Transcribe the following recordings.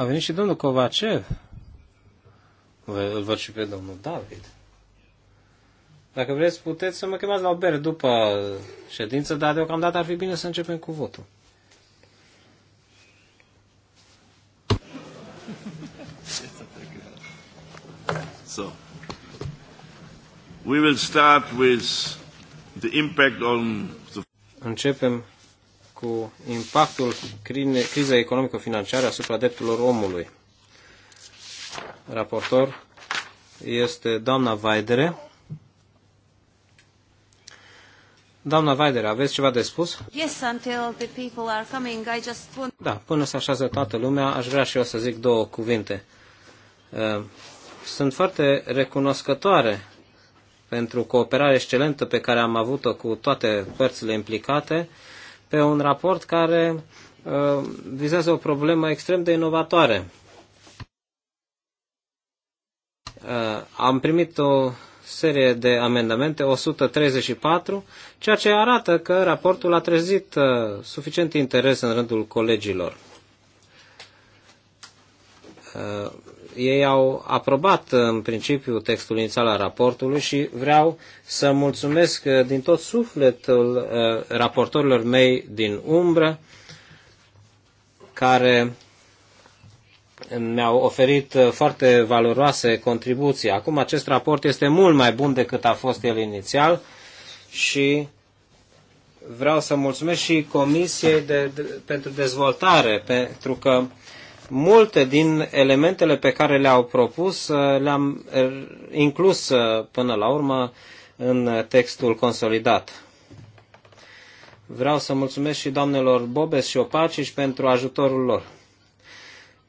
A venit și domnul Covacev. Îl văd și pe domnul David. Dacă vreți, puteți să mă chemați la o bere după ședință, dar deocamdată ar fi bine să începem cu votul. So, we will start with the impact on the... Începem cu impactul crizei economico-financiare asupra drepturilor omului. Raportor este doamna Vaidere. Doamna Vaidere, aveți ceva de spus? Yes, until the people are coming, I just want... Da, până se așează toată lumea, aș vrea și eu să zic două cuvinte. Uh, sunt foarte recunoscătoare pentru cooperarea excelentă pe care am avut-o cu toate părțile implicate pe un raport care uh, vizează o problemă extrem de inovatoare. Uh, am primit o serie de amendamente, 134, ceea ce arată că raportul a trezit uh, suficient interes în rândul colegilor ei au aprobat în principiu textul inițial al raportului și vreau să mulțumesc uh, din tot sufletul uh, raportorilor mei din umbră care mi-au oferit uh, foarte valoroase contribuții. Acum acest raport este mult mai bun decât a fost el inițial și vreau să mulțumesc și Comisiei de, de, pentru Dezvoltare, pentru că multe din elementele pe care le-au propus uh, le-am uh, inclus uh, până la urmă în textul consolidat. Vreau să mulțumesc și doamnelor Bobes și și pentru ajutorul lor.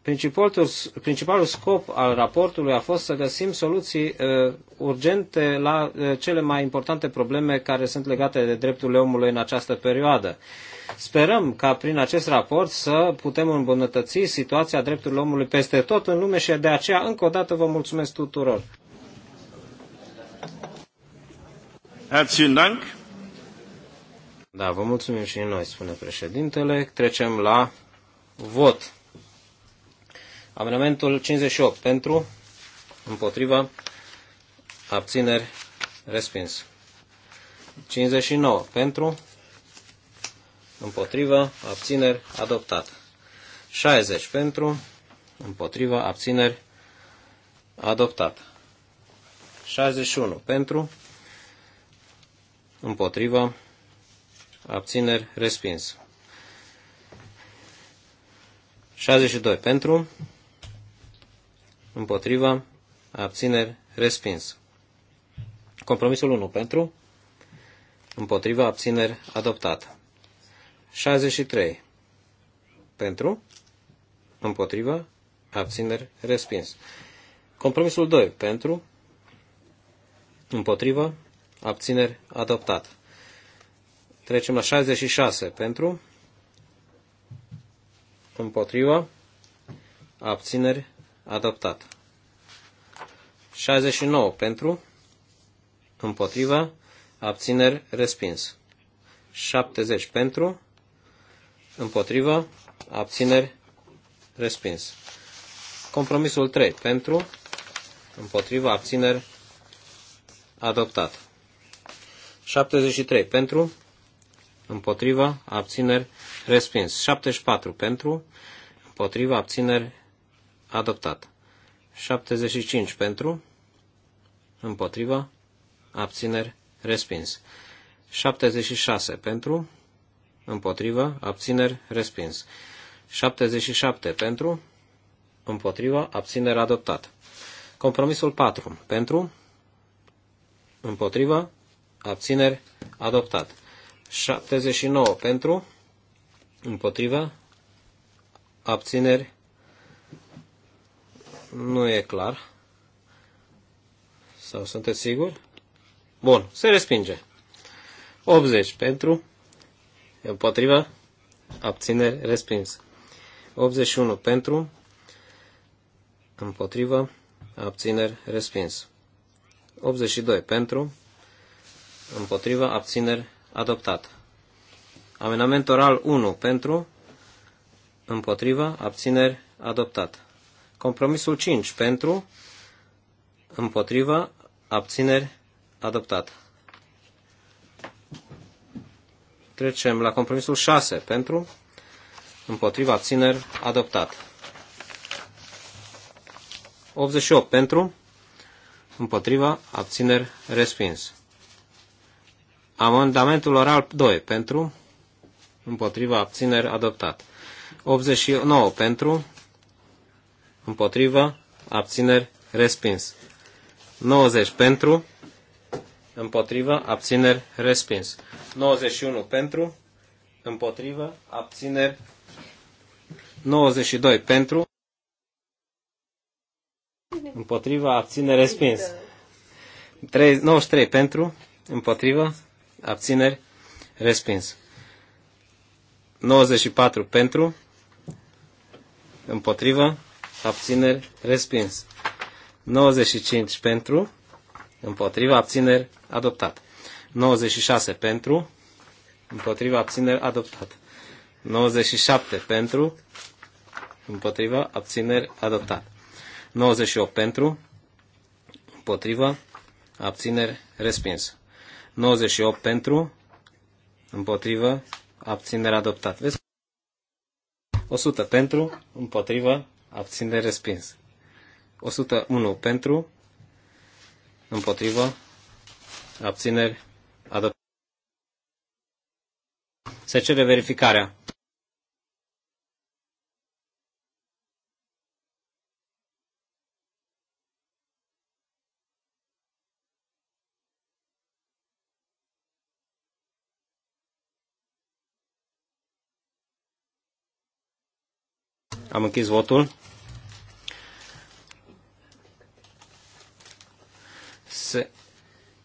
Principalul, principalul scop al raportului a fost să găsim soluții uh, urgente la uh, cele mai importante probleme care sunt legate de drepturile omului în această perioadă. Uh, Sperăm ca prin acest raport să putem îmbunătăți situația drepturilor omului peste tot în lume și de aceea încă o dată vă mulțumesc tuturor. Herzlichen Dank. Da, vă mulțumim și noi, spune președintele. Trecem la vot. Amendamentul 58 pentru, împotriva, abțineri, respins. 59 pentru, împotrivă, abțineri, adoptat. 60 pentru, împotrivă, abțineri, adoptat. 61 pentru, împotrivă, abțineri, respins. 62 pentru, împotriva, abțineri, respins. Compromisul 1 pentru, împotriva, abțineri, adoptat. 63. Pentru, împotrivă, abțineri, respins. Compromisul 2. Pentru, împotrivă, abțineri, adoptat. Trecem la 66. Pentru, împotrivă, abțineri, adoptat. 69. Pentru, împotrivă, abțineri, respins. 70. Pentru, împotrivă, abțineri, respins. Compromisul 3, pentru, împotrivă, abțineri, adoptat. 73, pentru, împotrivă, abțineri, respins. 74, pentru, împotrivă, abțineri, adoptat. 75, pentru, împotrivă, abțineri, respins. 76, pentru, împotrivă, abțineri, respins. 77 pentru, împotrivă, abțineri, adoptat. Compromisul 4 pentru, împotrivă, abțineri, adoptat. 79 pentru, împotrivă, abțineri, nu e clar. Sau sunteți siguri? Bun, se respinge. 80 pentru, Împotriva? Abțineri? Respins. 81 pentru. Împotriva? Abțineri? Respins. 82 pentru. Împotriva? Abțineri? Adoptat. Amenament oral 1 pentru. Împotriva? Abțineri? Adoptat. Compromisul 5 pentru. Împotriva? Abțineri? Adoptat. Trecem la compromisul 6 pentru, împotriva țineri adoptat. 88 pentru, împotriva abțineri, respins. Amendamentul oral 2 pentru, împotriva abțineri, adoptat. 89 pentru, împotriva abțineri, respins. 90 pentru, împotrivă, abțineri, respins. 91 pentru, împotrivă, abțineri, 92 pentru, împotrivă, abțineri, respins. 93 pentru, împotrivă, abțineri, respins. 94 pentru, împotrivă, abțineri, respins. 95 pentru, împotriva abțineri adoptat. 96 pentru, împotriva abțineri adoptat. 97 pentru, împotriva abțineri adoptat. 98 pentru, împotriva abțineri respins. 98 pentru, împotriva abțineri adoptat. Vezi? 100 pentru, împotriva abțineri respins. 101 pentru, împotrivă, abțineri, adoptat. Se cere verificarea. Am închis votul.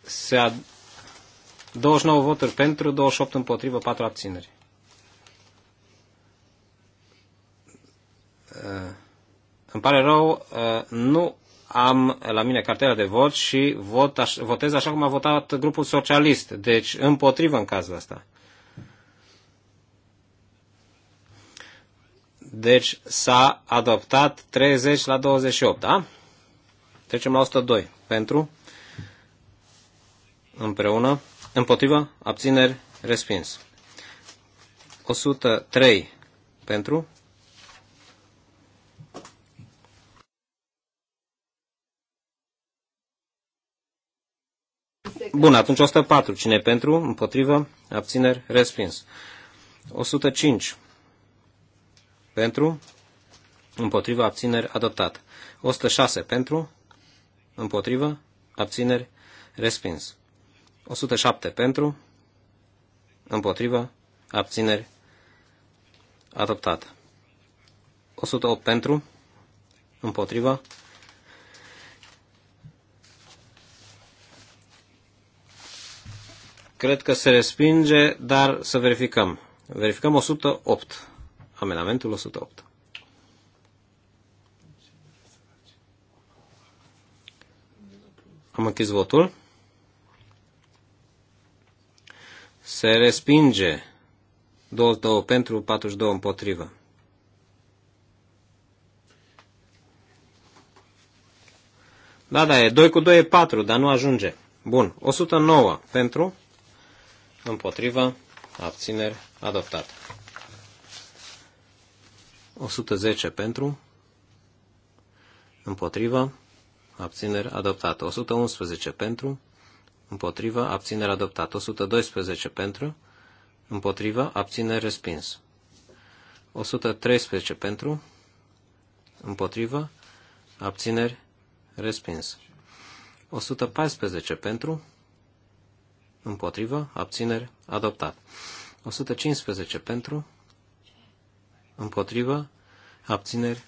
se ad... 29 voturi pentru, 28 împotrivă, 4 abțineri. Uh, îmi pare rău, uh, nu am la mine cartela de vot și vot aș, votez așa cum a votat grupul socialist. Deci împotrivă în cazul ăsta. Deci s-a adoptat 30 la 28, da? Trecem la 102. Pentru? împreună, împotriva, abțineri, respins. 103 pentru, Bun, atunci 104. Cine pentru? Împotrivă? Abțineri? Respins. 105. Pentru? Împotrivă? Abțineri? Adoptat. 106. Pentru? Împotrivă? Abțineri? Respins. 107 pentru, împotrivă, abțineri, adoptată. 108 pentru, împotrivă, Cred că se respinge, dar să verificăm. Verificăm 108. amenamentul 108. Am închis votul. Se respinge 22 pentru, 42 împotrivă. Da, da, e 2 cu 2 e 4, dar nu ajunge. Bun, 109 pentru, împotrivă, abțineri, adoptat. 110 pentru, împotrivă, abțineri, adoptat. 111 pentru, împotrivă, abținere adoptat. 112 pentru, împotrivă, abținere respins. 113 pentru, împotrivă, abțineri respins. 114 pentru, împotrivă, abțineri adoptat. 115 pentru, împotrivă, abțineri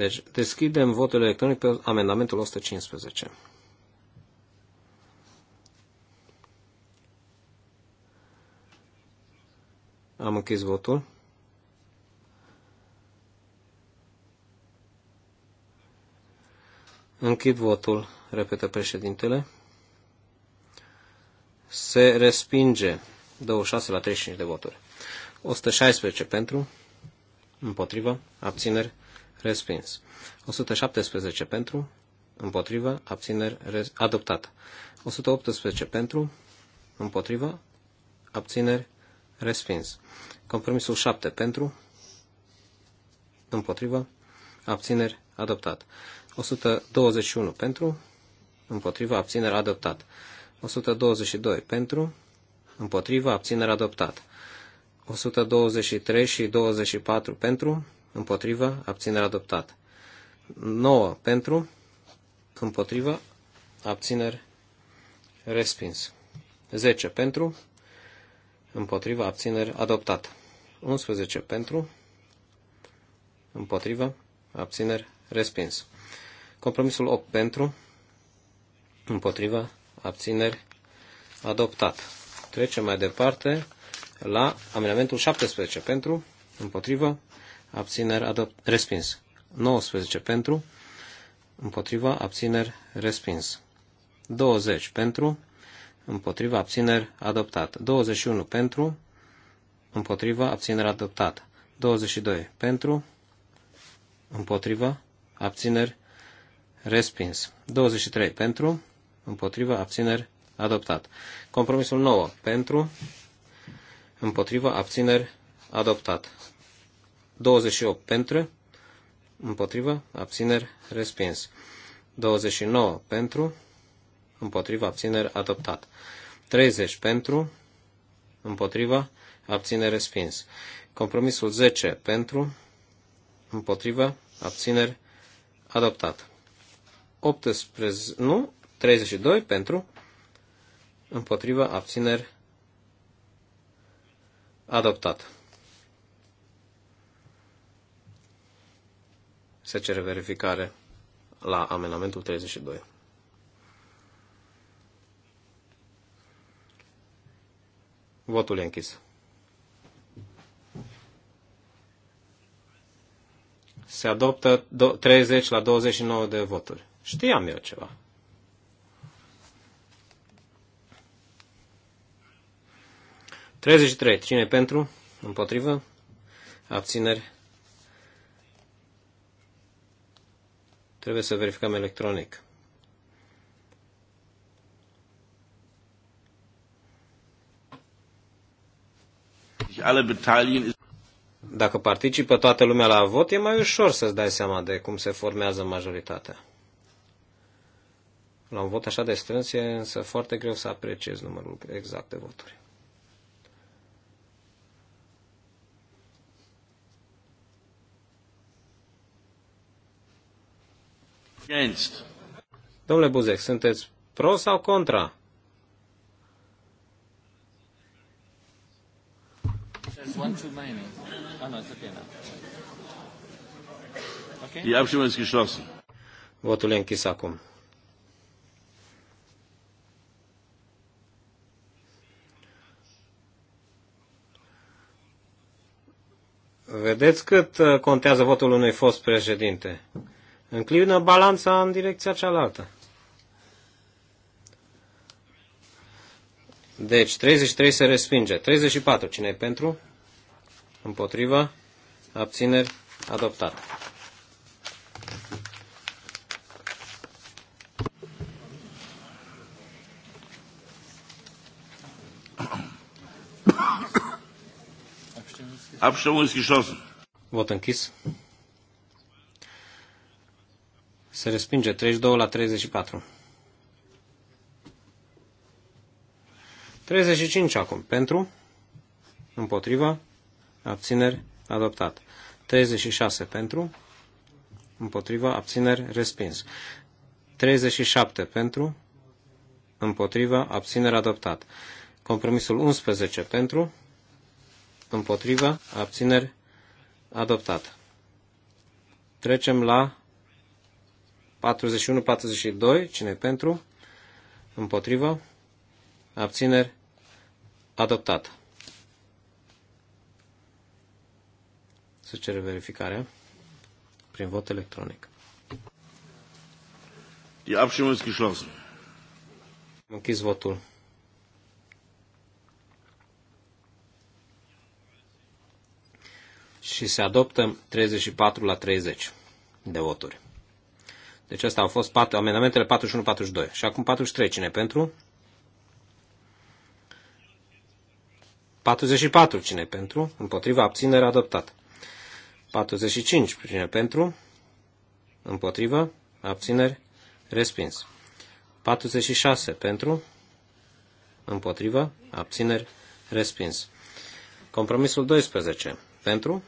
Deci deschidem votul electronic pe amendamentul 115. Am închis votul. Închid votul, repetă președintele. Se respinge 26 la 35 de voturi. 116 pentru, împotrivă, abțineri, respins. 117 pentru, împotrivă, abțineri, res, adoptat. 118 pentru, împotrivă, abțineri, respins. Compromisul 7 pentru, împotrivă, abțineri, adoptat. 121 pentru, împotrivă, abțineri, adoptat. 122 pentru, împotrivă, abțineri, adoptat. 123 și 24 pentru, împotrivă, abținere adoptat. 9 pentru, împotrivă, abțineri respins. 10 pentru, împotrivă, abțineri adoptat. 11 pentru, împotrivă, abțineri respins. Compromisul 8 pentru, împotrivă, abțineri adoptat. Trecem mai departe la amendamentul 17 pentru, împotrivă, abțineri, adopt, respins. 19 pentru, împotriva, abțineri, respins. 20 pentru, împotriva, abțineri, adoptat. 21 pentru, împotriva, abțineri, adoptat. 22 pentru, împotriva, abțineri, respins. 23 pentru, împotriva, abțineri, adoptat. Compromisul 9 pentru, împotriva, abțineri, adoptat. 28 pentru, împotrivă, abțineri, respins. 29 pentru, împotrivă, abțineri, adoptat. 30 pentru, împotrivă, abțineri, respins. Compromisul 10 pentru, împotrivă, abțineri, adoptat. 18, nu, 32 pentru, împotrivă, abțineri, adoptat. Se cere verificare la amenamentul 32. Votul e închis. Se adoptă 30 la 29 de voturi. Știam eu ceva. Treizeci trei. Cine pentru? Împotrivă? Abțineri? Trebuie să verificăm electronic. Dacă participă toată lumea la vot, e mai ușor să-ți dai seama de cum se formează majoritatea. La un vot așa de strâns e însă foarte greu să apreciezi numărul exact de voturi. Domnule Buzec, sunteți pro sau contra? Ah, Die Abstimmung ist geschlossen. Votul e închis acum. Vedeți cât uh, contează votul unui fost președinte înclină balanța în direcția cealaltă. Deci, 33 se respinge. 34. Cine e pentru? Împotriva. Abțineri. Adoptat. Abstimmung ist geschlossen. Vot închis. Se respinge 32 la 34. 35 acum. Pentru, împotriva, abțineri, adoptat. 36 pentru, împotriva, abțineri, respins. 37 pentru, împotriva, abțineri, adoptat. Compromisul 11 pentru, împotriva, abțineri, adoptat. Trecem la 41-42, cine pentru, împotrivă, abțineri, adoptat. Să cere verificarea prin vot electronic. Die Abstimmung ist geschlossen. Am închis votul. și se adoptă 34 la 30 de voturi. Deci asta au fost pat, amendamentele 41-42. Și acum 43. Cine pentru? 44. Cine pentru? Împotriva abținere adoptat. 45. Cine pentru? Împotrivă? Abțineri? Respins. 46. Pentru? Împotrivă? Abțineri? Respins. Compromisul 12. Pentru?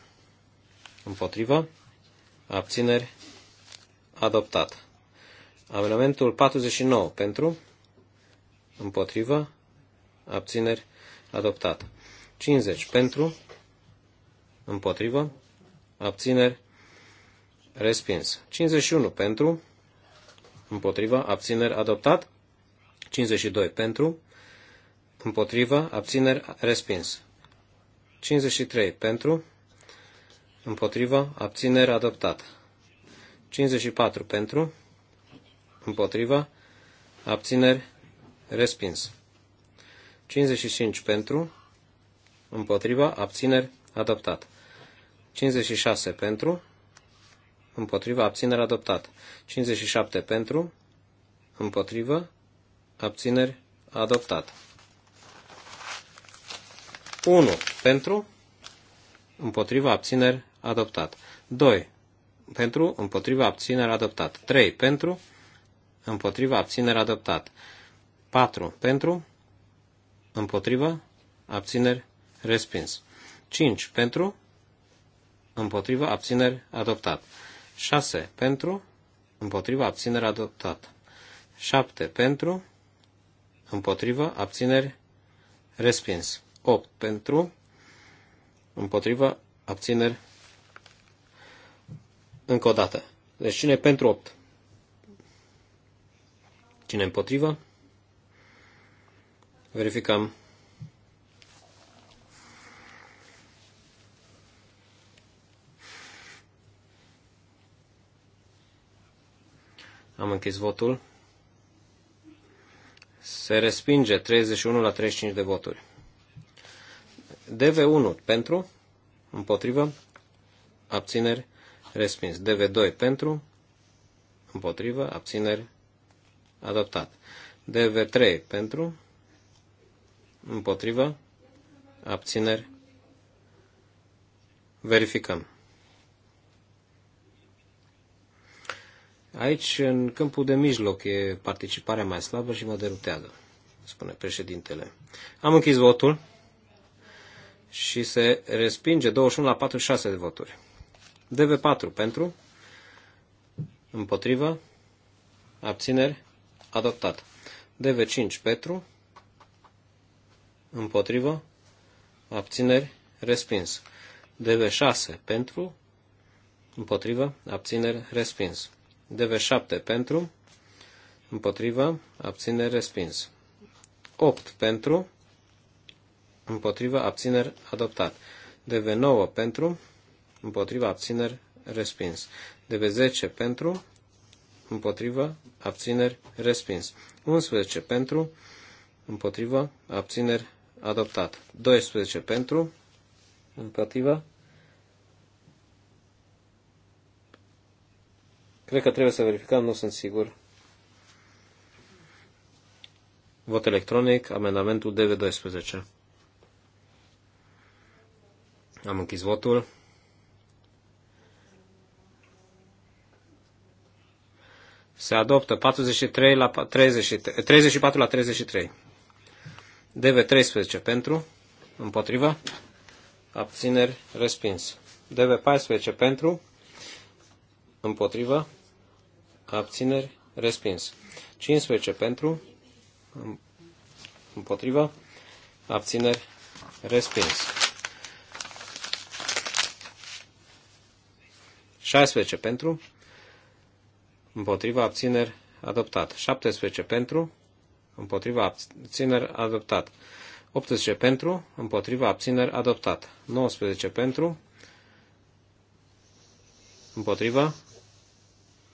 Împotrivă? Abțineri? adoptat. Amendamentul 49 pentru, împotrivă, abțineri, adoptat. 50 pentru, împotrivă, abțineri, respins. 51 pentru, împotrivă, abțineri, adoptat. 52 pentru, împotrivă, abțineri, respins. 53 pentru, împotrivă, abțineri, adoptat. 54 pentru, împotriva, abțineri, respins. 55 pentru, împotriva, abțineri, adoptat. 56 pentru, împotriva, abțineri, adoptat. 57 pentru, împotriva, abțineri, adoptat. 1 pentru, împotriva, abțineri, adoptat. 2 pentru, împotriva abținere adoptat. 3 pentru, împotriva abținere adoptat. 4 pentru, împotriva abțineri respins. 5 pentru, împotriva abțineri adoptat. 6 pentru, împotriva abțineri adoptat. 7 pentru, împotriva abțineri respins. 8 pentru, împotriva abțineri respins. Încă o dată. Deci cine pentru 8? Cine împotrivă? Verificăm. Am închis votul. Se respinge 31 la 35 de voturi. DV1 pentru, împotrivă, abțineri, respins. DV2 pentru, împotrivă, abțineri, adoptat. DV3 pentru, împotrivă, abțineri, verificăm. Aici, în câmpul de mijloc, e participarea mai slabă și mă derutează, spune președintele. Am închis votul și se respinge 21 la 46 de voturi. DV4 pentru, împotrivă, abțineri, adoptat. DV5 pentru, împotrivă, abțineri, respins. DV6 pentru, împotrivă, abțineri, respins. DV7 pentru, împotrivă, abțineri, respins. 8 pentru, împotrivă, abțineri, adoptat. DV9 pentru, împotriva abțineri respins. DB10 pentru, împotriva abțineri respins. 11 pentru, împotriva abțineri adoptat. 12 pentru, împotriva Cred că trebuie să verificăm, nu sunt sigur. Vot electronic, amendamentul DV12. Am închis votul. Se adoptă 43 la 30, 34 la 33. DV13 pentru, împotriva, abțineri, respins. DV14 pentru, împotriva, abțineri, respins. 15 pentru, împotriva, abțineri, respins. 16 pentru, împotriva abțineri adoptat. 17 pentru, împotriva abțineri adoptat. 18 pentru, împotriva abțineri adoptat. 19 pentru, împotriva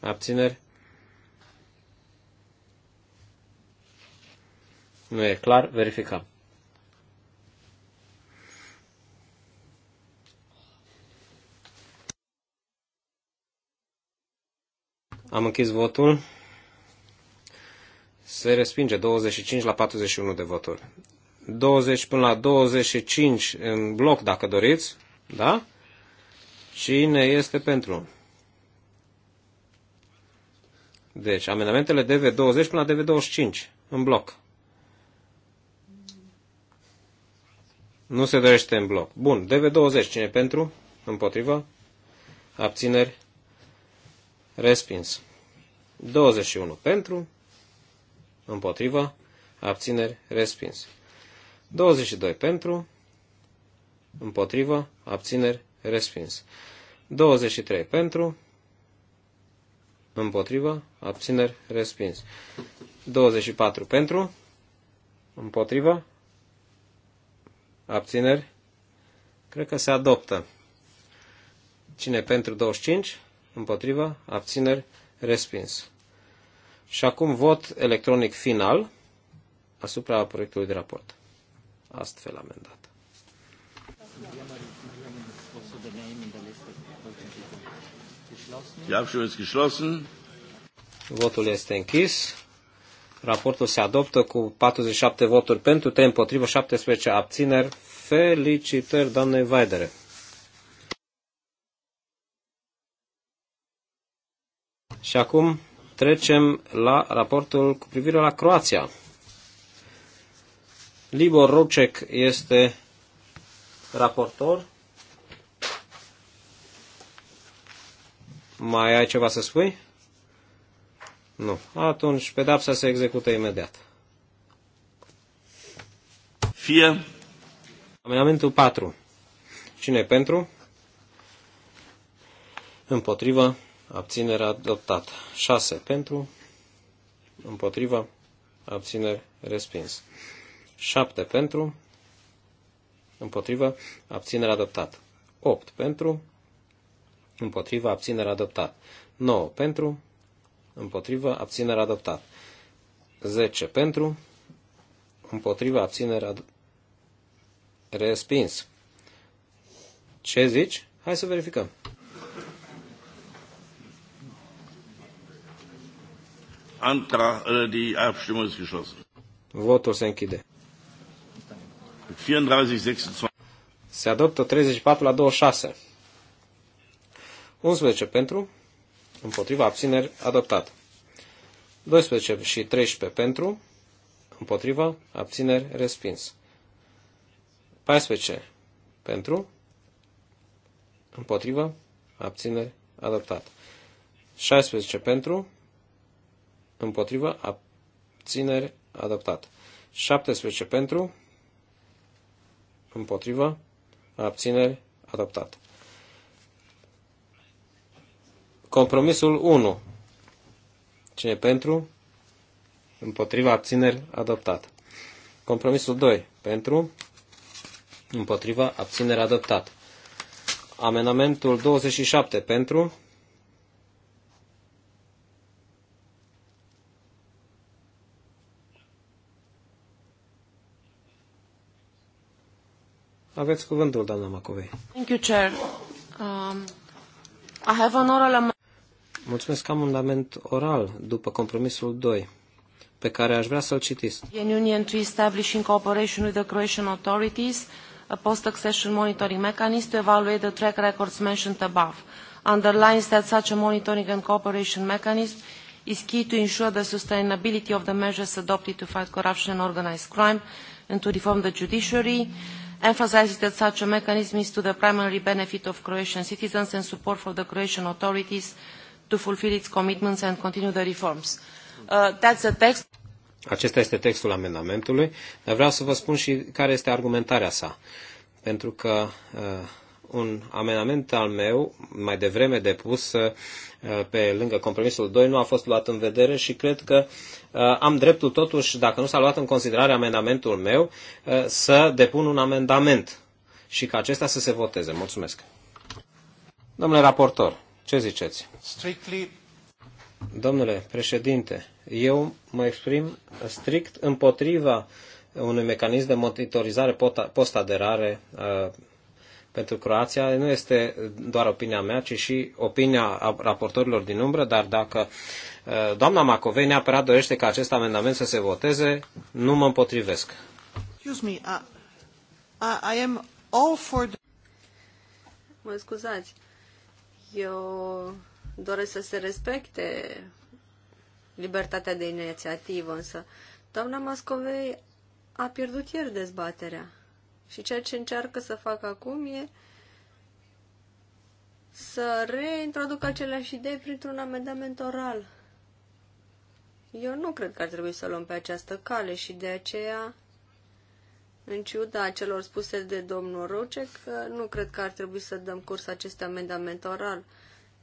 abțineri. Nu e clar, verificăm. Am închis votul. Se respinge 25 la 41 de voturi. 20 până la 25 în bloc, dacă doriți. Da? Cine este pentru? Deci, amendamentele DV20 până la DV25 în bloc. Nu se dorește în bloc. Bun, DV20, cine pentru? Împotrivă? Abțineri? Respins. 21 pentru, împotriva, abțineri, respins. 22 pentru, împotriva, abțineri, respins. 23 pentru, împotriva, abțineri, respins. 24 pentru, împotriva, abțineri, cred că se adoptă. Cine pentru 25? împotrivă, abțineri, respins. Și acum vot electronic final asupra proiectului de raport. Astfel amendat. Votul este închis. Raportul se adoptă cu 47 voturi pentru, 3 împotrivă, 17 abțineri. Felicitări, doamne Vaidere. Și acum trecem la raportul cu privire la Croația. Libor Rocek este raportor. Mai ai ceva să spui? Nu. Atunci pedapsa se execută imediat. Fie. Amendamentul 4. Cine pentru? Împotrivă abținere adoptat. 6 pentru, împotriva, abțineri respins. 7 pentru, împotriva, abținere adoptat. 8 pentru, împotriva, abținere adoptat. 9 pentru, împotriva, abținere adoptat. 10 pentru, împotriva, abținere respins. Ce zici? Hai să verificăm. Antrag, äh, die Abstimmung ist geschlossen. Votul se închide. 34, 26. Se adoptă 34 la 26. 11 pentru, împotriva abțineri, adoptat. 12 și 13 pentru, împotriva, abțineri, respins. 14 pentru, împotriva, abțineri, adoptat. 16 pentru, împotrivă, abțineri, adoptat. 17 pentru, împotrivă, abțineri, adoptat. Compromisul 1. Cine pentru? Împotriva abțineri, adoptat. Compromisul 2. Pentru? Împotriva abțineri, adoptat. Amenamentul 27. Pentru? Aveți cuvântul, doamna Macovei. Thank you, Chair. Um, I have an oral amendment. Mulțumesc că am un amendament oral după compromisul 2 pe care aș vrea să-l citesc. citiți. Union to establish in cooperation with the Croatian authorities a post-accession monitoring mechanism to evaluate the track records mentioned above. Underlines that such a monitoring and cooperation mechanism is key to ensure the sustainability of the measures adopted to fight corruption and organized crime and to reform the judiciary. Uh, emphasizes that such a mechanism is to the primary benefit of Croatian citizens and support for the Croatian authorities to fulfill its commitments and continue the reforms. Uh, that's the text. Acesta este textul amendamentului, dar vreau să vă spun și care este argumentarea sa. Pentru că uh, un amenament al meu, mai devreme depus uh, pe lângă compromisul 2, nu a fost luat în vedere și cred că uh, am dreptul totuși, dacă nu s-a luat în considerare amendamentul meu, uh, să depun un amendament și ca acesta să se voteze. Mulțumesc. Domnule raportor, ce ziceți? Strictly... Domnule președinte, eu mă exprim strict împotriva unui mecanism de monitorizare post-aderare pentru Croația nu este doar opinia mea, ci și opinia raportorilor din umbră, dar dacă uh, doamna Macovei neapărat dorește ca acest amendament să se voteze, nu mă împotrivesc. Excuse me, I, uh, uh, I am all for the... Mă scuzați, eu doresc să se respecte libertatea de inițiativă, însă doamna Mascovei a pierdut ieri dezbaterea. Și ceea ce încearcă să facă acum e să reintroducă aceleași idei printr-un amendament oral. Eu nu cred că ar trebui să luăm pe această cale și de aceea, în ciuda celor spuse de domnul Rocek, nu cred că ar trebui să dăm curs acest amendament oral.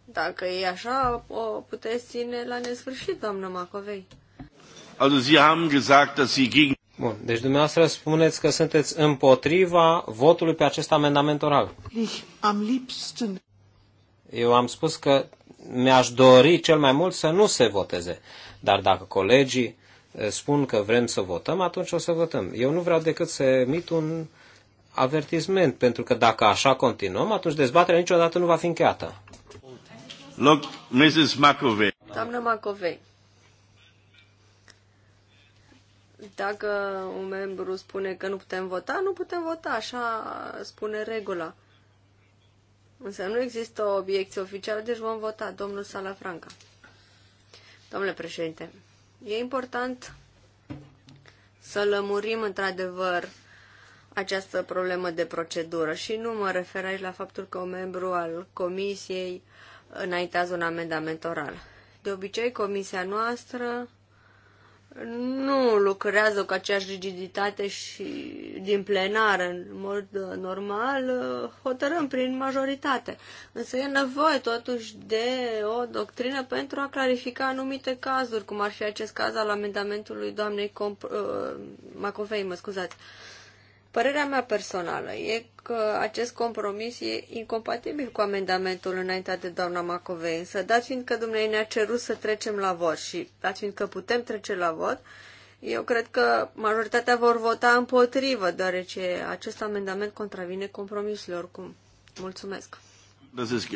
Dacă e așa, o puteți ține la nesfârșit, doamnă Macovei. Also Sie haben gesagt, dass Sie gegen Bun, deci dumneavoastră spuneți că sunteți împotriva votului pe acest amendament oral. Eu am spus că mi-aș dori cel mai mult să nu se voteze. Dar dacă colegii eh, spun că vrem să votăm, atunci o să votăm. Eu nu vreau decât să emit un avertisment, pentru că dacă așa continuăm, atunci dezbaterea niciodată nu va fi încheiată. Look, Mrs. McAvey. Doamna McAvey. Dacă un membru spune că nu putem vota, nu putem vota, așa spune regula. Însă nu există o obiecție oficială, deci vom vota. Domnul Salafranca. Domnule președinte, e important să lămurim într-adevăr această problemă de procedură și nu mă refer aici la faptul că un membru al comisiei înaintează un amendament oral. De obicei, comisia noastră nu lucrează cu aceeași rigiditate și din plenară, în mod normal, hotărâm prin majoritate. Însă e nevoie totuși de o doctrină pentru a clarifica anumite cazuri, cum ar fi acest caz al amendamentului doamnei Comp- uh, Macovei, mă scuzați. Uh, Părerea mea personală e că acest compromis e incompatibil cu amendamentul înaintea de doamna Macovei, însă dat fiindcă dumneavoastră ne-a cerut să trecem la vot și dat fiindcă putem trece la vot, eu cred că majoritatea vor vota împotrivă, deoarece acest amendament contravine compromisurilor oricum. Mulțumesc.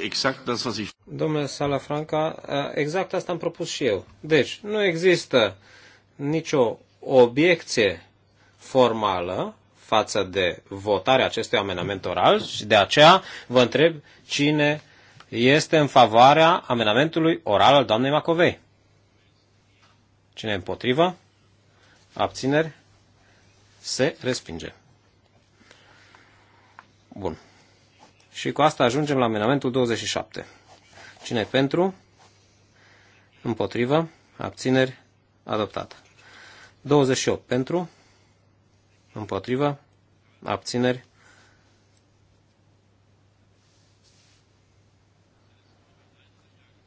Exact Domnule Salafranca, exact asta am propus și eu. Deci, nu există nicio obiecție formală față de votarea acestui amendament oral și de aceea vă întreb cine este în favoarea amendamentului oral al doamnei Macovei. Cine împotrivă? Abțineri? Se respinge. Bun. Și cu asta ajungem la amendamentul 27. Cine pentru? Împotrivă? Abțineri? Adoptat. 28 pentru? Împotrivă? Abțineri?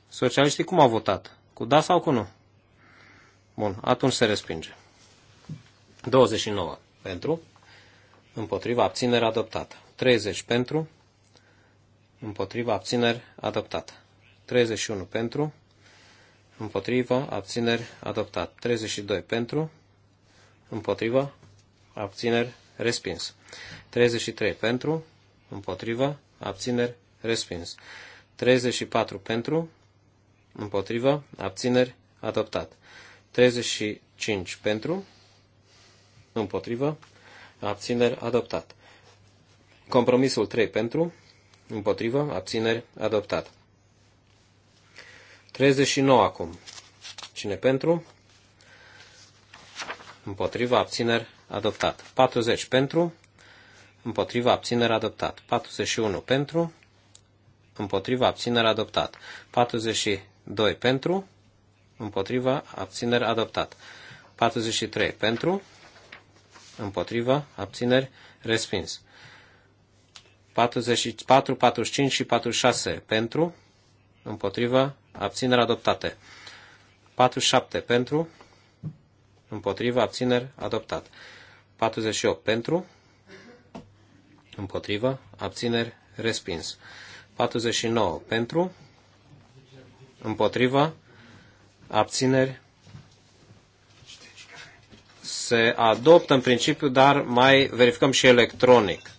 Socialiștii cum au votat? Cu da sau cu nu? Bun, atunci se respinge. 29 pentru, împotriva abțineri adoptată. 30 pentru, împotriva abțineri adoptată. 31 pentru, împotriva abțineri adoptat. 32 pentru, împotriva abțineri, respins. 33 pentru, împotriva, abțineri, respins. 34 pentru, împotriva, abțineri, adoptat. 35 pentru, împotriva, abțineri, adoptat. Compromisul 3 pentru, împotriva, abțineri, adoptat. 39 acum. Cine pentru? împotriva abțineri adoptat. 40 pentru, împotriva abțineri adoptat. 41 pentru, împotriva abțineri adoptat. 42 pentru, împotriva abțineri adoptat. 43 pentru, împotriva abțineri respins. 44, 45 și 46 pentru, împotriva abțineri adoptate. 47 pentru, împotrivă, abțineri, adoptat. 48 pentru, împotrivă, abțineri, respins. 49 pentru, împotrivă, abțineri, se adoptă în principiu, dar mai verificăm și electronic.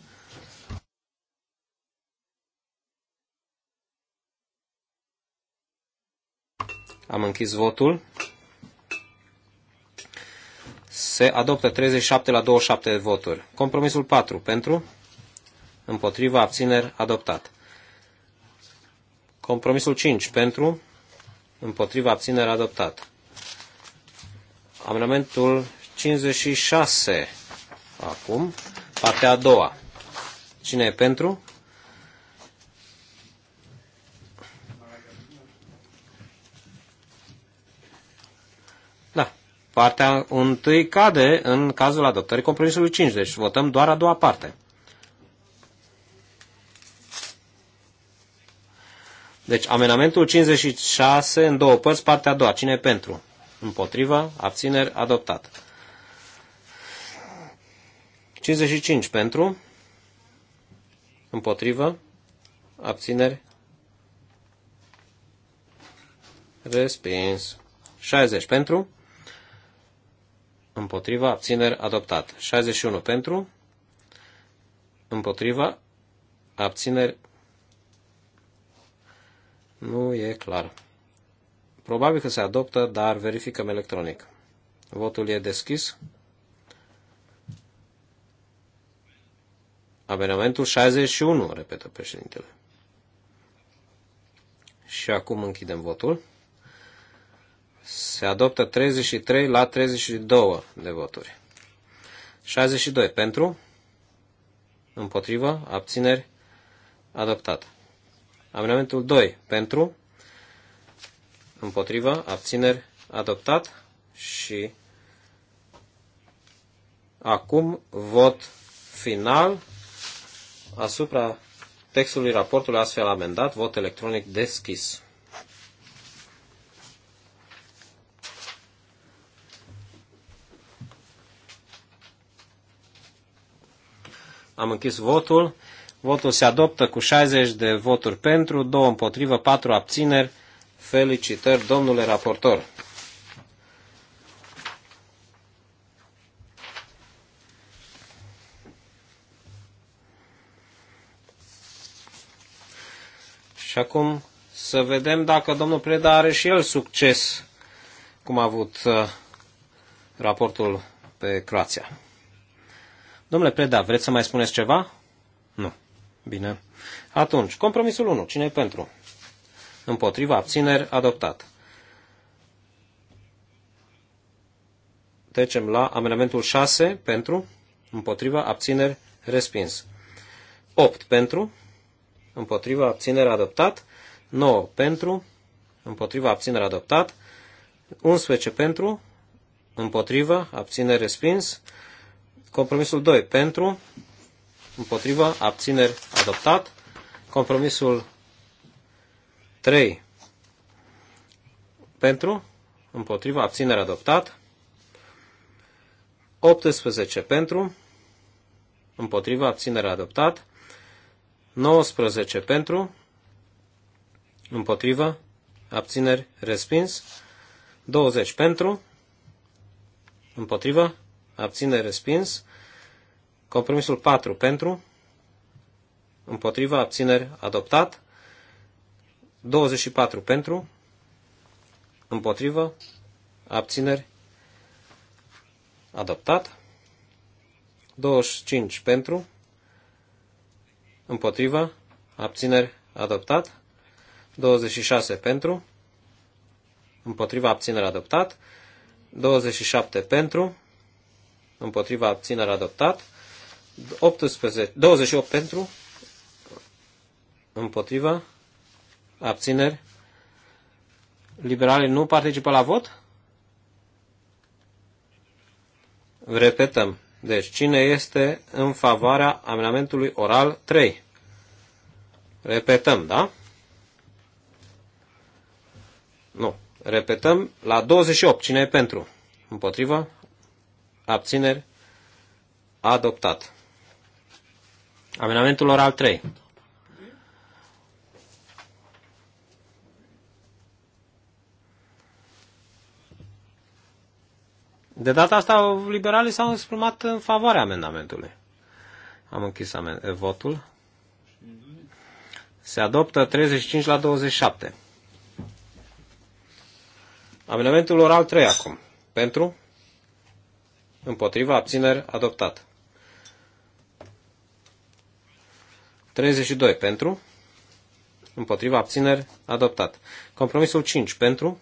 Am închis votul. Se adoptă 37 la 27 de voturi. Compromisul 4 pentru, împotriva, abțineri, adoptat. Compromisul 5 pentru, împotriva, abțineri, adoptat. Amendamentul 56 acum, partea a doua. Cine e pentru? Partea întâi cade în cazul adoptării compromisului 5, deci votăm doar a doua parte. Deci amenamentul 56 în două părți, partea a doua. Cine pentru? Împotriva, abțineri, adoptat. 55 pentru, împotrivă, abțineri, respins. 60 pentru, împotriva, abțineri, adoptat. 61 pentru, împotriva, abțineri, nu e clar. Probabil că se adoptă, dar verificăm electronic. Votul e deschis. Amenamentul 61, repetă președintele. Și acum închidem votul. Se adoptă 33 la 32 de voturi. 62 pentru, împotrivă, abțineri, adoptat. Amendamentul 2 pentru, împotrivă, abțineri, adoptat și acum vot final asupra textului raportului astfel amendat, vot electronic deschis. Am închis votul. Votul se adoptă cu 60 de voturi pentru, 2 împotrivă, 4 abțineri. Felicitări, domnule raportor! Și acum să vedem dacă domnul Preda are și el succes, cum a avut uh, raportul pe Croația. Domnule Preda, vreți să mai spuneți ceva? Nu. Bine. Atunci, compromisul 1. cine e pentru? Împotriva abțineri, adoptat. Trecem la amendamentul 6 pentru, împotriva abțineri, respins. 8 pentru, împotriva abțineri, adoptat. 9 pentru, împotriva abțineri, adoptat. 11 pentru, împotriva abțineri, respins. Compromisul 2 pentru, împotrivă, abțineri, adoptat. Compromisul 3 pentru, împotrivă, abțineri, adoptat. 18 pentru, împotrivă, abținere adoptat. 19 pentru, împotrivă, abțineri respins. 20 pentru, împotrivă, abține respins. Compromisul 4 pentru, împotriva, abțineri adoptat. 24 pentru, împotrivă, abțineri adoptat. 25 pentru, împotriva, abțineri adoptat. 26 pentru, împotriva abțineri adoptat, 27 pentru, împotriva abținere adoptat, 18, 28 pentru, împotriva, abțineri, liberalii nu participă la vot? Repetăm. Deci, cine este în favoarea amendamentului oral 3? Repetăm, da? Nu. Repetăm la 28. Cine e pentru? Împotriva? abțineri, adoptat. Amendamentul oral 3. De data asta, liberalii s-au exprimat în favoarea amendamentului. Am închis amen- eh, votul. Se adoptă 35 la 27. Amendamentul oral 3 acum. Pentru? împotriva, abțineri, adoptat. 32 pentru, împotriva, abțineri, adoptat. Compromisul 5 pentru,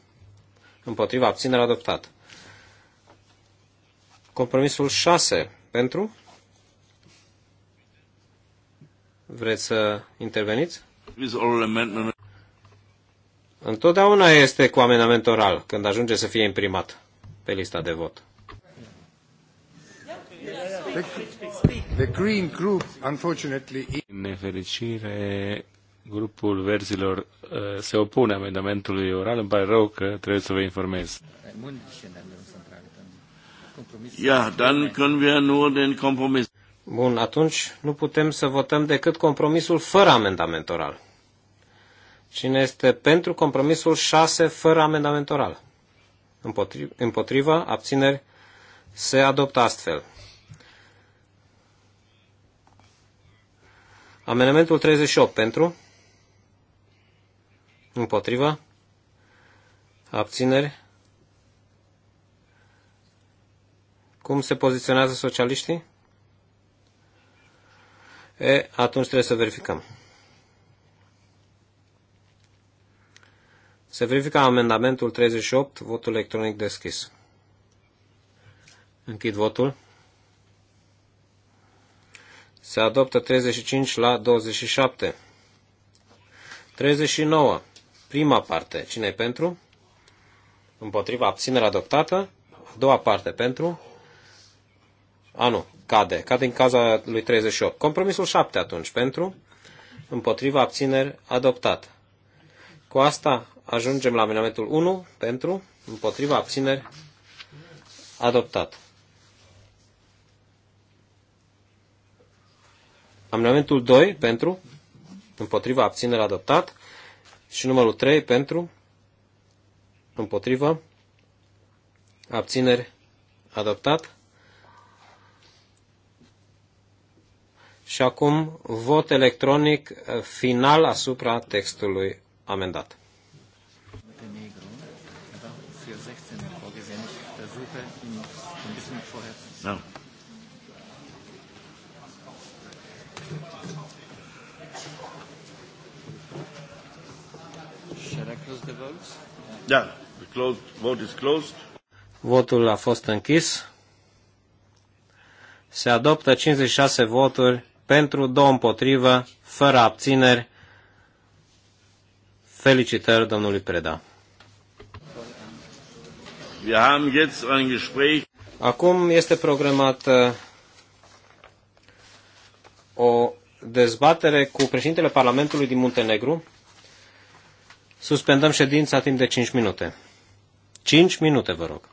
împotriva, abțineri, adoptat. Compromisul 6 pentru, Vreți să interveniți? Întotdeauna este cu amendament oral când ajunge să fie imprimat pe lista de vot. The, Green Group, unfortunately... În nefericire, grupul verzilor uh, se opune amendamentului oral. Îmi pare rău că trebuie să vă informez. Ja, dann können wir nur den Kompromiss. Bun, atunci nu putem să votăm decât compromisul fără amendament oral. Cine este pentru compromisul 6 fără amendament oral? Împotriva, împotriva abțineri, se adoptă astfel. Amendamentul 38 pentru, împotriva, abțineri. Cum se poziționează socialiștii? E, atunci trebuie să verificăm. Se verifică amendamentul 38, votul electronic deschis. Închid votul. Se adoptă 35 la 27. 39. Prima parte. Cine e pentru? Împotriva abținerea adoptată. A doua parte pentru. A, nu. Cade. Cade în caza lui 38. Compromisul 7 atunci. Pentru. Împotriva abțineri adoptată. Cu asta ajungem la amendamentul 1 pentru. Împotriva abțineri adoptat. Amendamentul 2 pentru, împotriva, abținerea adoptat. Și numărul 3 pentru, împotriva, abțineri adoptat. Și acum vot electronic final asupra textului amendat. No. Da, the closed, vote is closed. Votul a fost închis. Se adoptă 56 voturi pentru, două împotrivă, fără abțineri. Felicitări domnului Preda. Wir haben jetzt ein Gespräch. Acum este programat uh, o dezbatere cu președintele Parlamentului din Muntenegru, Suspendăm ședința timp de 5 minute. 5 minute, vă rog.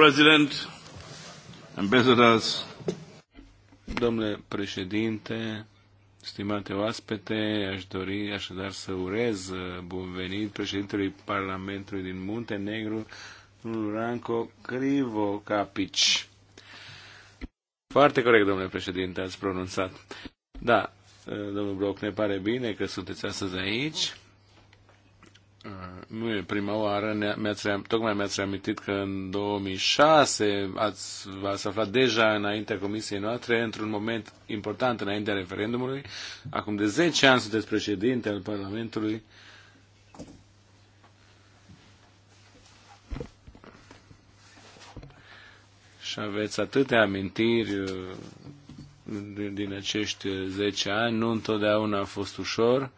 President, ambassadors. Domnule președinte, stimate oaspete, aș dori așadar să urez uh, bun venit președintelui Parlamentului din Muntenegru, domnul Ranco Crivo Capici. Foarte corect, domnule președinte, ați pronunțat. Da, uh, domnul Bloc, ne pare bine că sunteți astăzi aici nu e prima oară, mi-ați tocmai mi-ați reamintit că în 2006 ați, v-ați aflat deja înaintea comisiei noastre, într-un moment important înaintea referendumului. Acum de 10 ani sunteți președinte al Parlamentului. Și aveți atâtea amintiri uh, din acești 10 ani, nu întotdeauna a fost ușor. Uh,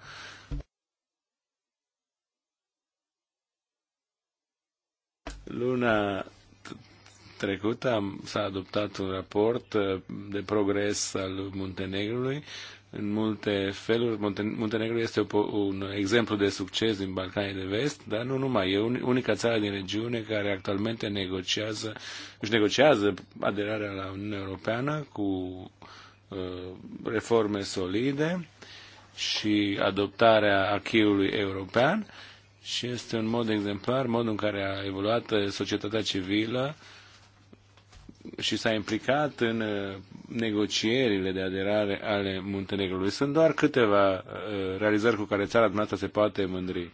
Luna trecută s-a adoptat un raport uh, de progres al Muntenegrului. În multe feluri, Muntenegru este un exemplu de succes din Balcanii de Vest, dar nu numai. E unica țară din regiune care actualmente negociază, își negociază aderarea la Uniunea Europeană cu uh, reforme solide și adoptarea acquis european și este un mod exemplar, modul în care a evoluat uh, societatea civilă și s-a implicat în uh, negocierile de aderare ale Muntenegrului. Sunt doar câteva uh, realizări cu care țara dumneavoastră se poate mândri.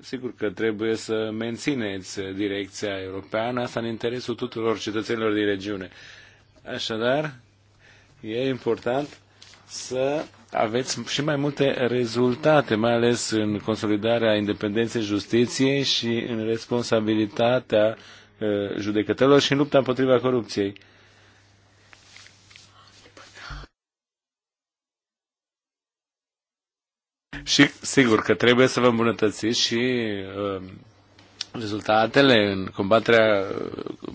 Sigur că trebuie să mențineți direcția europeană, asta în interesul tuturor cetățenilor din regiune. Așadar, e important să aveți și mai multe rezultate, mai ales în consolidarea independenței justiției și în responsabilitatea uh, judecătorilor și în lupta împotriva corupției. Și sigur că trebuie să vă îmbunătățiți și uh, rezultatele în combaterea uh,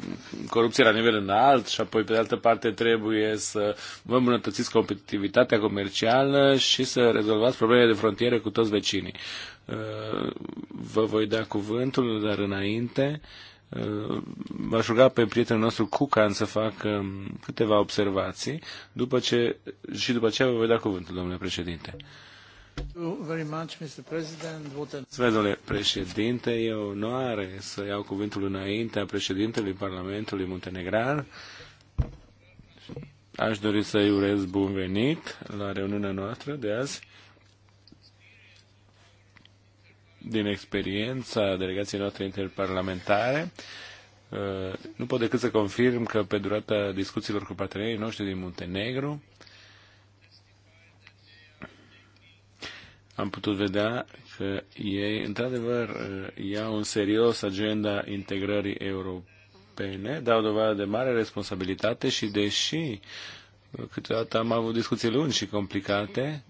corupției la nivel înalt și apoi, pe de altă parte, trebuie să vă îmbunătățiți competitivitatea comercială și să rezolvați problemele de frontiere cu toți vecinii. Uh, vă voi da cuvântul, dar înainte uh, v-aș ruga pe prietenul nostru Cucan să facă câteva observații după ce, și după aceea vă voi da cuvântul, domnule președinte domnule președinte. E o onoare să iau cuvântul înaintea președintelui Parlamentului Muntenegran. Aș dori să-i urez bun venit la reuniunea noastră de azi. Din experiența delegației noastre interparlamentare, uh, nu pot decât să confirm că pe durata discuțiilor cu partenerii noștri din Muntenegru, am putut vedea că ei, într-adevăr, iau în serios agenda integrării europene, dau dovadă de mare responsabilitate și, deși câteodată am avut discuții lungi și complicate,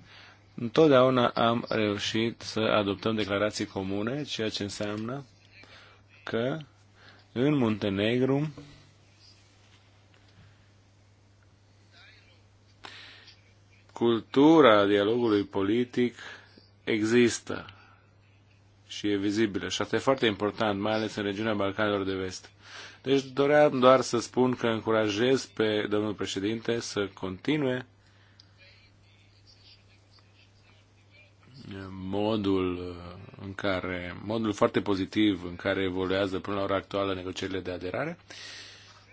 întotdeauna am reușit să adoptăm declarații comune, ceea ce înseamnă că în Muntenegru cultura dialogului politic există și e vizibilă. Și asta e foarte important, mai ales în regiunea Balcanilor de Vest. Deci doream doar să spun că încurajez pe domnul președinte să continue modul în care, modul foarte pozitiv în care evoluează până la ora actuală negocierile de aderare.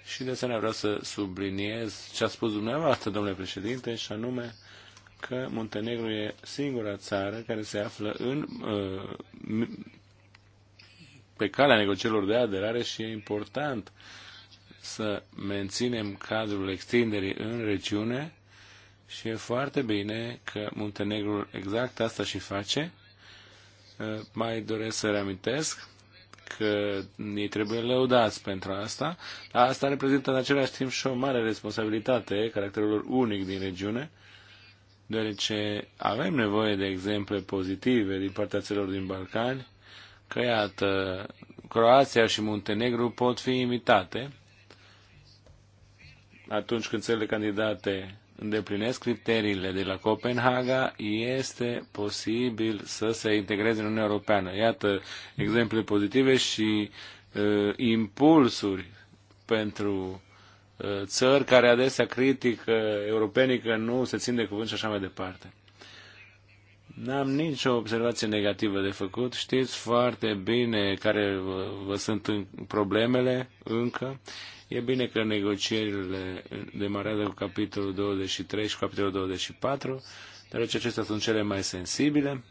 Și de asemenea vreau să subliniez ce a spus dumneavoastră, domnule președinte, și anume că Muntenegru e singura țară care se află în, uh, pe calea negocierilor de aderare și e important să menținem cadrul extinderii în regiune și e foarte bine că Muntenegru exact asta și face. Uh, mai doresc să reamintesc că ei trebuie lăudați pentru asta. Asta reprezintă în același timp și o mare responsabilitate caracterul unic din regiune deoarece avem nevoie de exemple pozitive din partea celor din Balcani, că iată, Croația și Muntenegru pot fi imitate atunci când țările candidate îndeplinesc criteriile de la Copenhaga, este posibil să se integreze în Uniunea Europeană. Iată exemple pozitive și uh, impulsuri pentru țări care adesea critică uh, europenii că nu se țin de cuvânt și așa mai departe. N-am nicio observație negativă de făcut. Știți foarte bine care vă, sunt în problemele încă. E bine că negocierile demarează cu capitolul 23 și capitolul 24, deoarece acestea sunt cele mai sensibile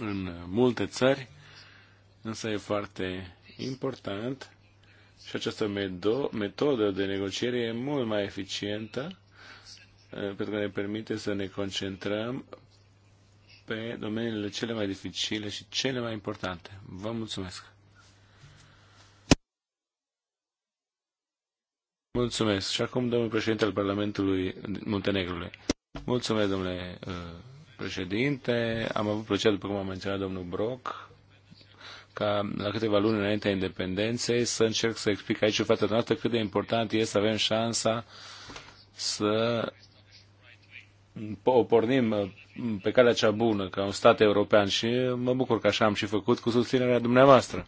în multe țări, însă e foarte important și această metodă de negociere e mult mai eficientă eh, pentru că ne permite să ne concentrăm pe domeniile cele mai dificile și cele mai importante. Vă mulțumesc! Mulțumesc. Și acum, domnul președinte al Parlamentului Muntenegrului. Mulțumesc, domnule eh, președinte. Am avut plăcerea, după cum a menționat domnul Brock, ca la câteva luni înaintea independenței să încerc să explic aici în fața noastră cât de important este să avem șansa să o pornim uh, pe calea cea bună ca un stat european și mă bucur că așa am și făcut cu susținerea dumneavoastră.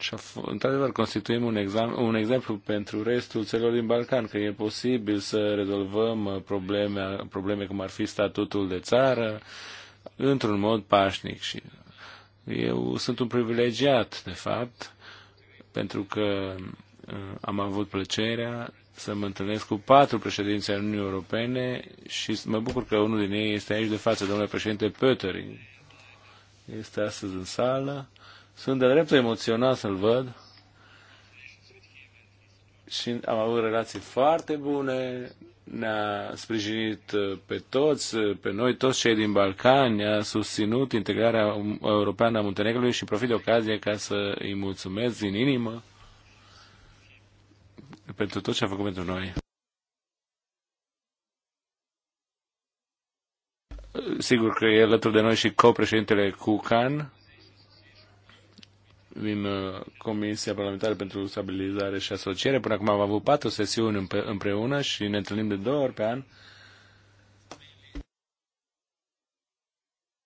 Și într-adevăr constituim un, exam, un exemplu pentru restul țărilor din Balcan, că e posibil să rezolvăm uh, probleme, probleme cum ar fi statutul de țară, într-un mod pașnic și eu sunt un privilegiat, de fapt, pentru că uh, am avut plăcerea să mă întâlnesc cu patru președinți ai Uniunii Europene și mă bucur că unul din ei este aici de față, domnule președinte Pöttering. Este astăzi în sală. Sunt de drept emoționat să-l văd și am avut relații foarte bune, ne-a sprijinit uh, pe toți, uh, pe noi, toți cei din Balcani, a susținut integrarea um, europeană a Muntenegrului și profit de ocazie ca să îi mulțumesc din inimă pentru tot ce a făcut pentru noi. Sigur că e alături de noi și copreședintele Cucan, din uh, Comisia Parlamentară pentru Stabilizare și Asociere. Până acum am avut patru sesiuni împreună și ne întâlnim de două ori pe an.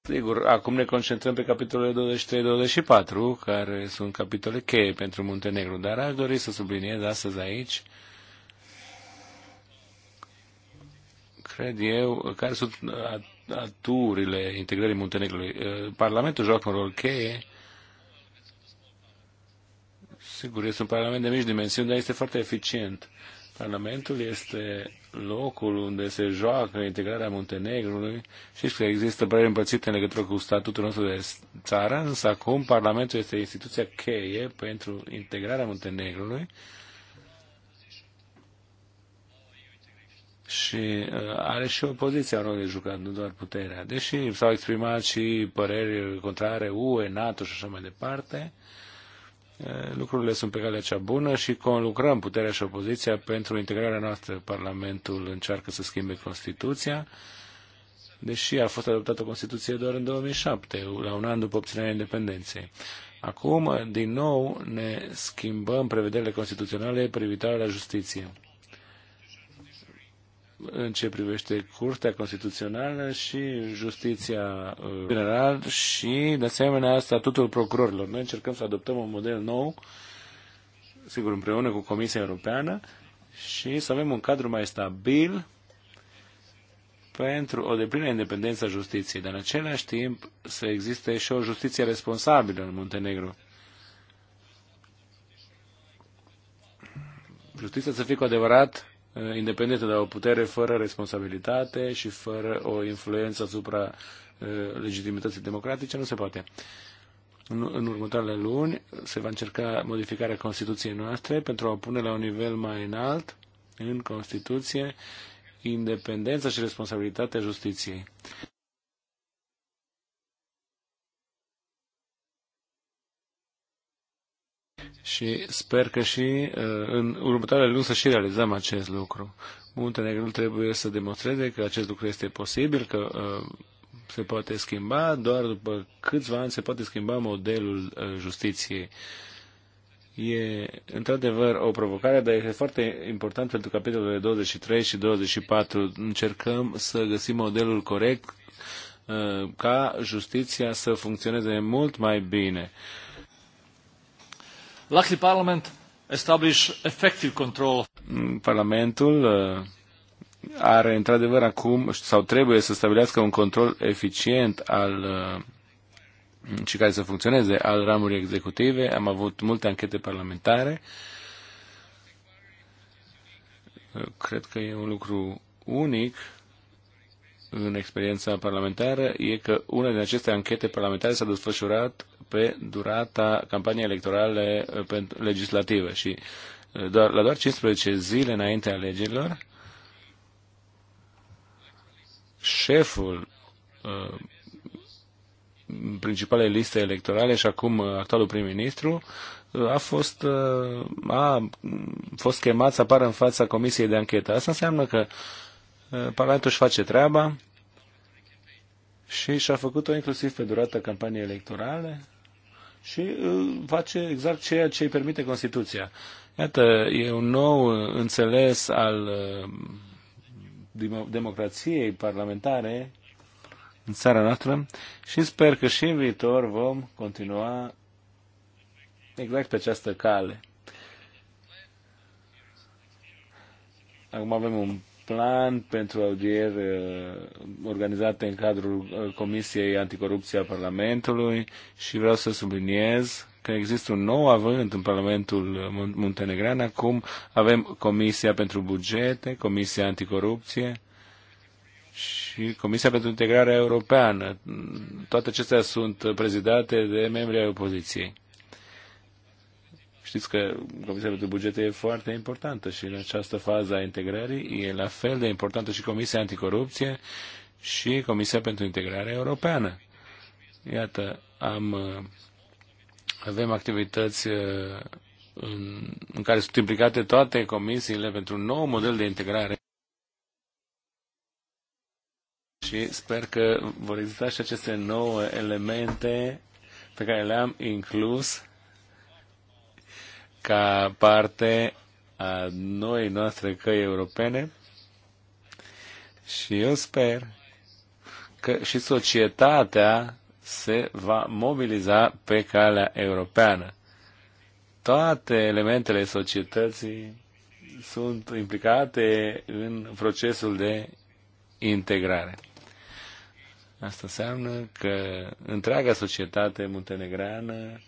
Sigur, acum ne concentrăm pe capitolele 23-24, care sunt capitole cheie pentru Muntenegru, dar aș dori să subliniez astăzi aici, cred eu, care sunt aturile integrării Muntenegrului. Uh, Parlamentul joacă un rol cheie Sigur, este un parlament de mici dimensiuni, dar este foarte eficient. Parlamentul este locul unde se joacă integrarea Muntenegrului. Știți că există păreri împărțite în legătură cu statutul nostru de țară, însă acum Parlamentul este instituția cheie pentru integrarea Muntenegrului. și uh, are și o poziție a rol de jucat, nu doar puterea. Deși s-au exprimat și păreri contrare UE, NATO și așa mai departe, lucrurile sunt pe calea cea bună și conlucrăm puterea și opoziția pentru integrarea noastră. Parlamentul încearcă să schimbe Constituția, deși a fost adoptată Constituție doar în 2007, la un an după obținerea independenței. Acum, din nou, ne schimbăm prevederile constituționale privitoare la justiție în ce privește Curtea Constituțională și Justiția uh, General și, de asemenea, statutul procurorilor. Noi încercăm să adoptăm un model nou, sigur, împreună cu Comisia Europeană, și să avem un cadru mai stabil pentru o deplină independență a justiției, dar în același timp să existe și o justiție responsabilă în Muntenegru. Justiția să fie cu adevărat Uh, independentă, dar o putere fără responsabilitate și fără o influență asupra uh, legitimității democratice nu se poate. În, în următoarele luni se va încerca modificarea Constituției noastre pentru a pune la un nivel mai înalt în Constituție independența și responsabilitatea justiției. și sper că și uh, în următoarele luni să și realizăm acest lucru. Muntenegrul trebuie să demonstreze că acest lucru este posibil, că uh, se poate schimba, doar după câțiva ani se poate schimba modelul uh, justiției. E într-adevăr o provocare, dar este foarte important pentru capitolele 23 și 24. Încercăm să găsim modelul corect ca justiția să funcționeze mult mai bine. Luckily, Parliament establish effective control. Mm, Parlamentul uh, are într-adevăr acum sau trebuie să stabilească un control eficient al uh, și care să funcționeze al ramurii executive. Am avut multe anchete parlamentare. Uh, cred că e un lucru unic în experiența parlamentară e că una din aceste anchete parlamentare s-a desfășurat pe durata campaniei electorale uh, legislative și uh, doar, la doar 15 zile înainte alegerilor, șeful uh, principalei liste electorale și acum uh, actualul prim-ministru a fost, uh, a fost chemat să apară în fața comisiei de anchetă. Asta înseamnă că uh, Eh, Parlamentul își face treaba și și-a făcut-o inclusiv pe durata campaniei electorale și eh, face exact ceea ce îi permite Constituția. Iată, e un nou înțeles al eh, democrației parlamentare în țara noastră și sper că și în viitor vom continua exact pe această cale. Acum avem un plan pentru audieri uh, organizate în cadrul uh, Comisiei Anticorupție a Parlamentului și vreau să subliniez că există un nou avânt în Parlamentul Muntenegran. Acum avem Comisia pentru Bugete, Comisia Anticorupție și Comisia pentru Integrarea Europeană. Toate acestea sunt prezidate de membrii ai opoziției. Știți că Comisia pentru Bugete e foarte importantă și în această fază a integrării e la fel de importantă și Comisia Anticorupție și Comisia pentru Integrare Europeană. Iată, am, avem activități uh, în, în care sunt implicate toate comisiile pentru un nou model de integrare și sper că vor exista și aceste nouă elemente pe care le-am inclus ca parte a noi noastre căi europene și eu sper că și societatea se va mobiliza pe calea europeană. Toate elementele societății sunt implicate în procesul de integrare. Asta înseamnă că întreaga societate muntenegreană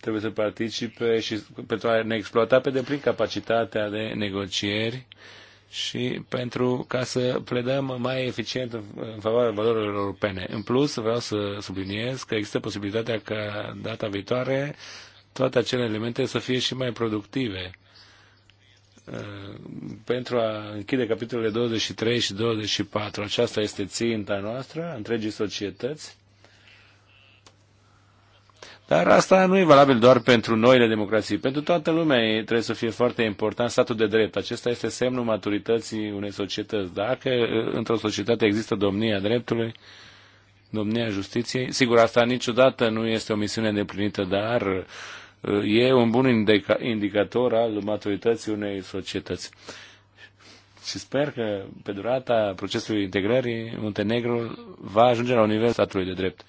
trebuie să participe și pentru a ne exploata pe deplin capacitatea de negocieri și pentru ca să pledăm mai eficient în favoarea valorilor europene. În plus, vreau să subliniez că există posibilitatea ca data viitoare toate acele elemente să fie și mai productive uh, pentru a închide capitolele 23 și 24. Aceasta este ținta noastră, întregii societăți dar asta nu e valabil doar pentru noile democrații. Pentru toată lumea trebuie să fie foarte important statul de drept. Acesta este semnul maturității unei societăți. Dacă într-o societate există domnia dreptului, domnia justiției, sigur, asta niciodată nu este o misiune îndeplinită, dar e un bun indica indicator al maturității unei societăți. Și sper că pe durata procesului integrării, Muntenegru va ajunge la un nivel statului de drept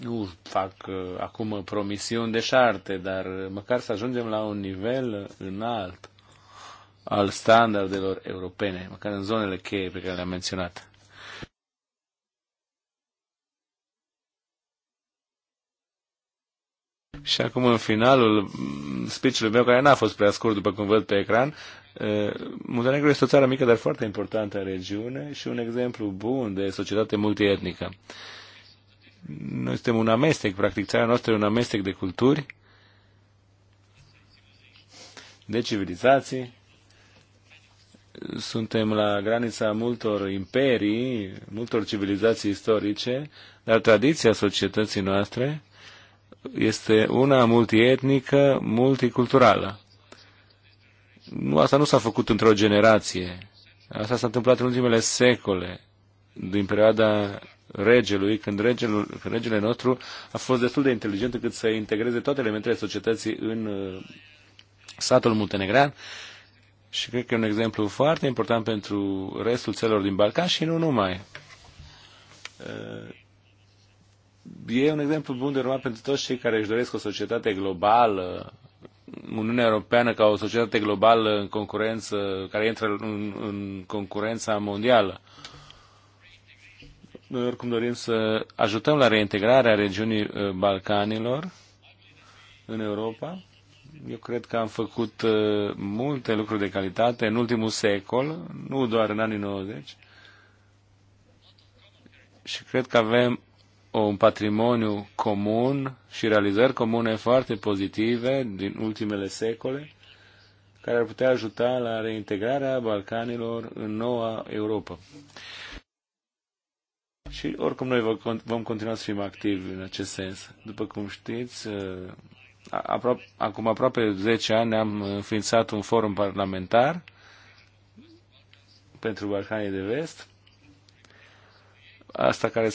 nu fac uh, acum promisiuni de șarte, dar măcar să ajungem la un nivel înalt al standardelor europene, măcar în zonele cheie pe care le-am menționat. Și acum, în finalul mm, speech-ului meu, care n-a fost prea scurt, după cum văd pe ecran, uh, Muntenegru este o țară mică, dar foarte importantă în regiune și un exemplu bun de societate multietnică noi suntem un amestec, practic țara noastră e un amestec de culturi, de civilizații. Suntem la granița multor imperii, multor civilizații istorice, dar tradiția societății noastre este una multietnică, multiculturală. Nu, asta nu s-a făcut într-o generație. Asta s-a întâmplat în ultimele secole, din perioada regelui, când, regelul, când regele nostru a fost destul de inteligent încât să integreze toate elementele societății în uh, satul muntenegran și cred că e un exemplu foarte important pentru restul țelor din Balcan și nu numai. Uh, e un exemplu bun de urmat pentru toți cei care își doresc o societate globală, Uniunea Europeană ca o societate globală în concurență, care intră în, în concurența mondială. Uh, noi oricum dorim să ajutăm la reintegrarea regiunii uh, Balcanilor în Europa. Eu cred că am făcut uh, multe lucruri de calitate în ultimul secol, nu doar în anii 90. Și cred că avem un patrimoniu comun și realizări comune foarte pozitive din ultimele secole, care ar putea ajuta la reintegrarea Balcanilor în noua Europa. Și oricum noi vom continua să fim activi în acest sens. După cum știți, uh, apro- acum aproape 10 ani am înființat un forum parlamentar pentru Balcanii de Vest, asta care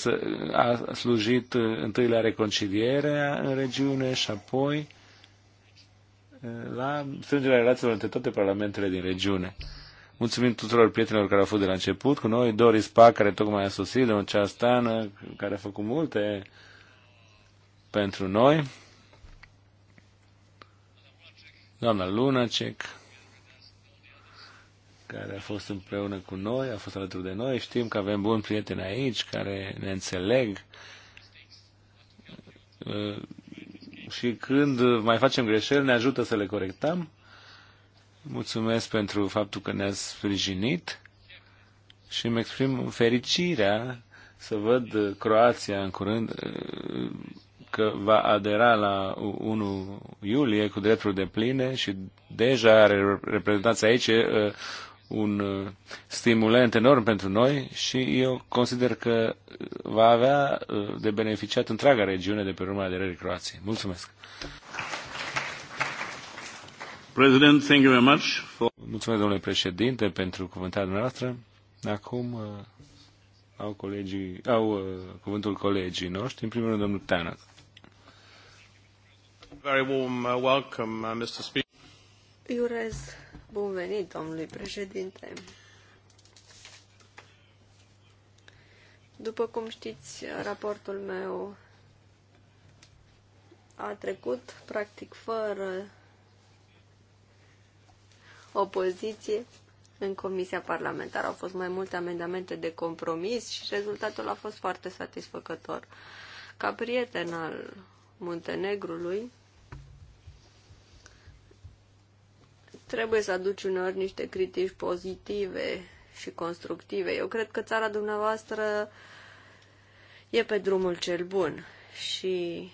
a slujit uh, întâi la reconcilierea în regiune și apoi uh, la strângerea relațiilor între toate parlamentele din regiune. Mulțumim tuturor prietenilor care au fost de la început cu noi, Doris Pa, care tocmai a sosit, domnul Ceastană, care a făcut multe pentru noi, doamna Lunacek, care a fost împreună cu noi, a fost alături de noi. Știm că avem buni prieteni aici care ne înțeleg uh, și când mai facem greșeli ne ajută să le corectăm. Mulțumesc pentru faptul că ne-ați sprijinit și îmi exprim fericirea să văd Croația în curând că va adera la 1 iulie cu drepturi de pline și deja are reprezentanța aici un stimulant enorm pentru noi și eu consider că va avea de beneficiat întreaga regiune de pe urma aderării Croației. Mulțumesc! Mulțumesc, domnule președinte, pentru cuvântarea dumneavoastră. Acum uh, au, colegii, au uh, cuvântul colegii noștri, în primul rând domnul Tanak. Very warm uh, welcome, Mr. Speaker. Îi urez bun venit, domnului președinte. După cum știți, raportul meu a trecut practic fără opoziție în Comisia Parlamentară. Au fost mai multe amendamente de compromis și rezultatul a fost foarte satisfăcător. Ca prieten al Muntenegrului, trebuie să aduci uneori niște critici pozitive și constructive. Eu cred că țara dumneavoastră e pe drumul cel bun și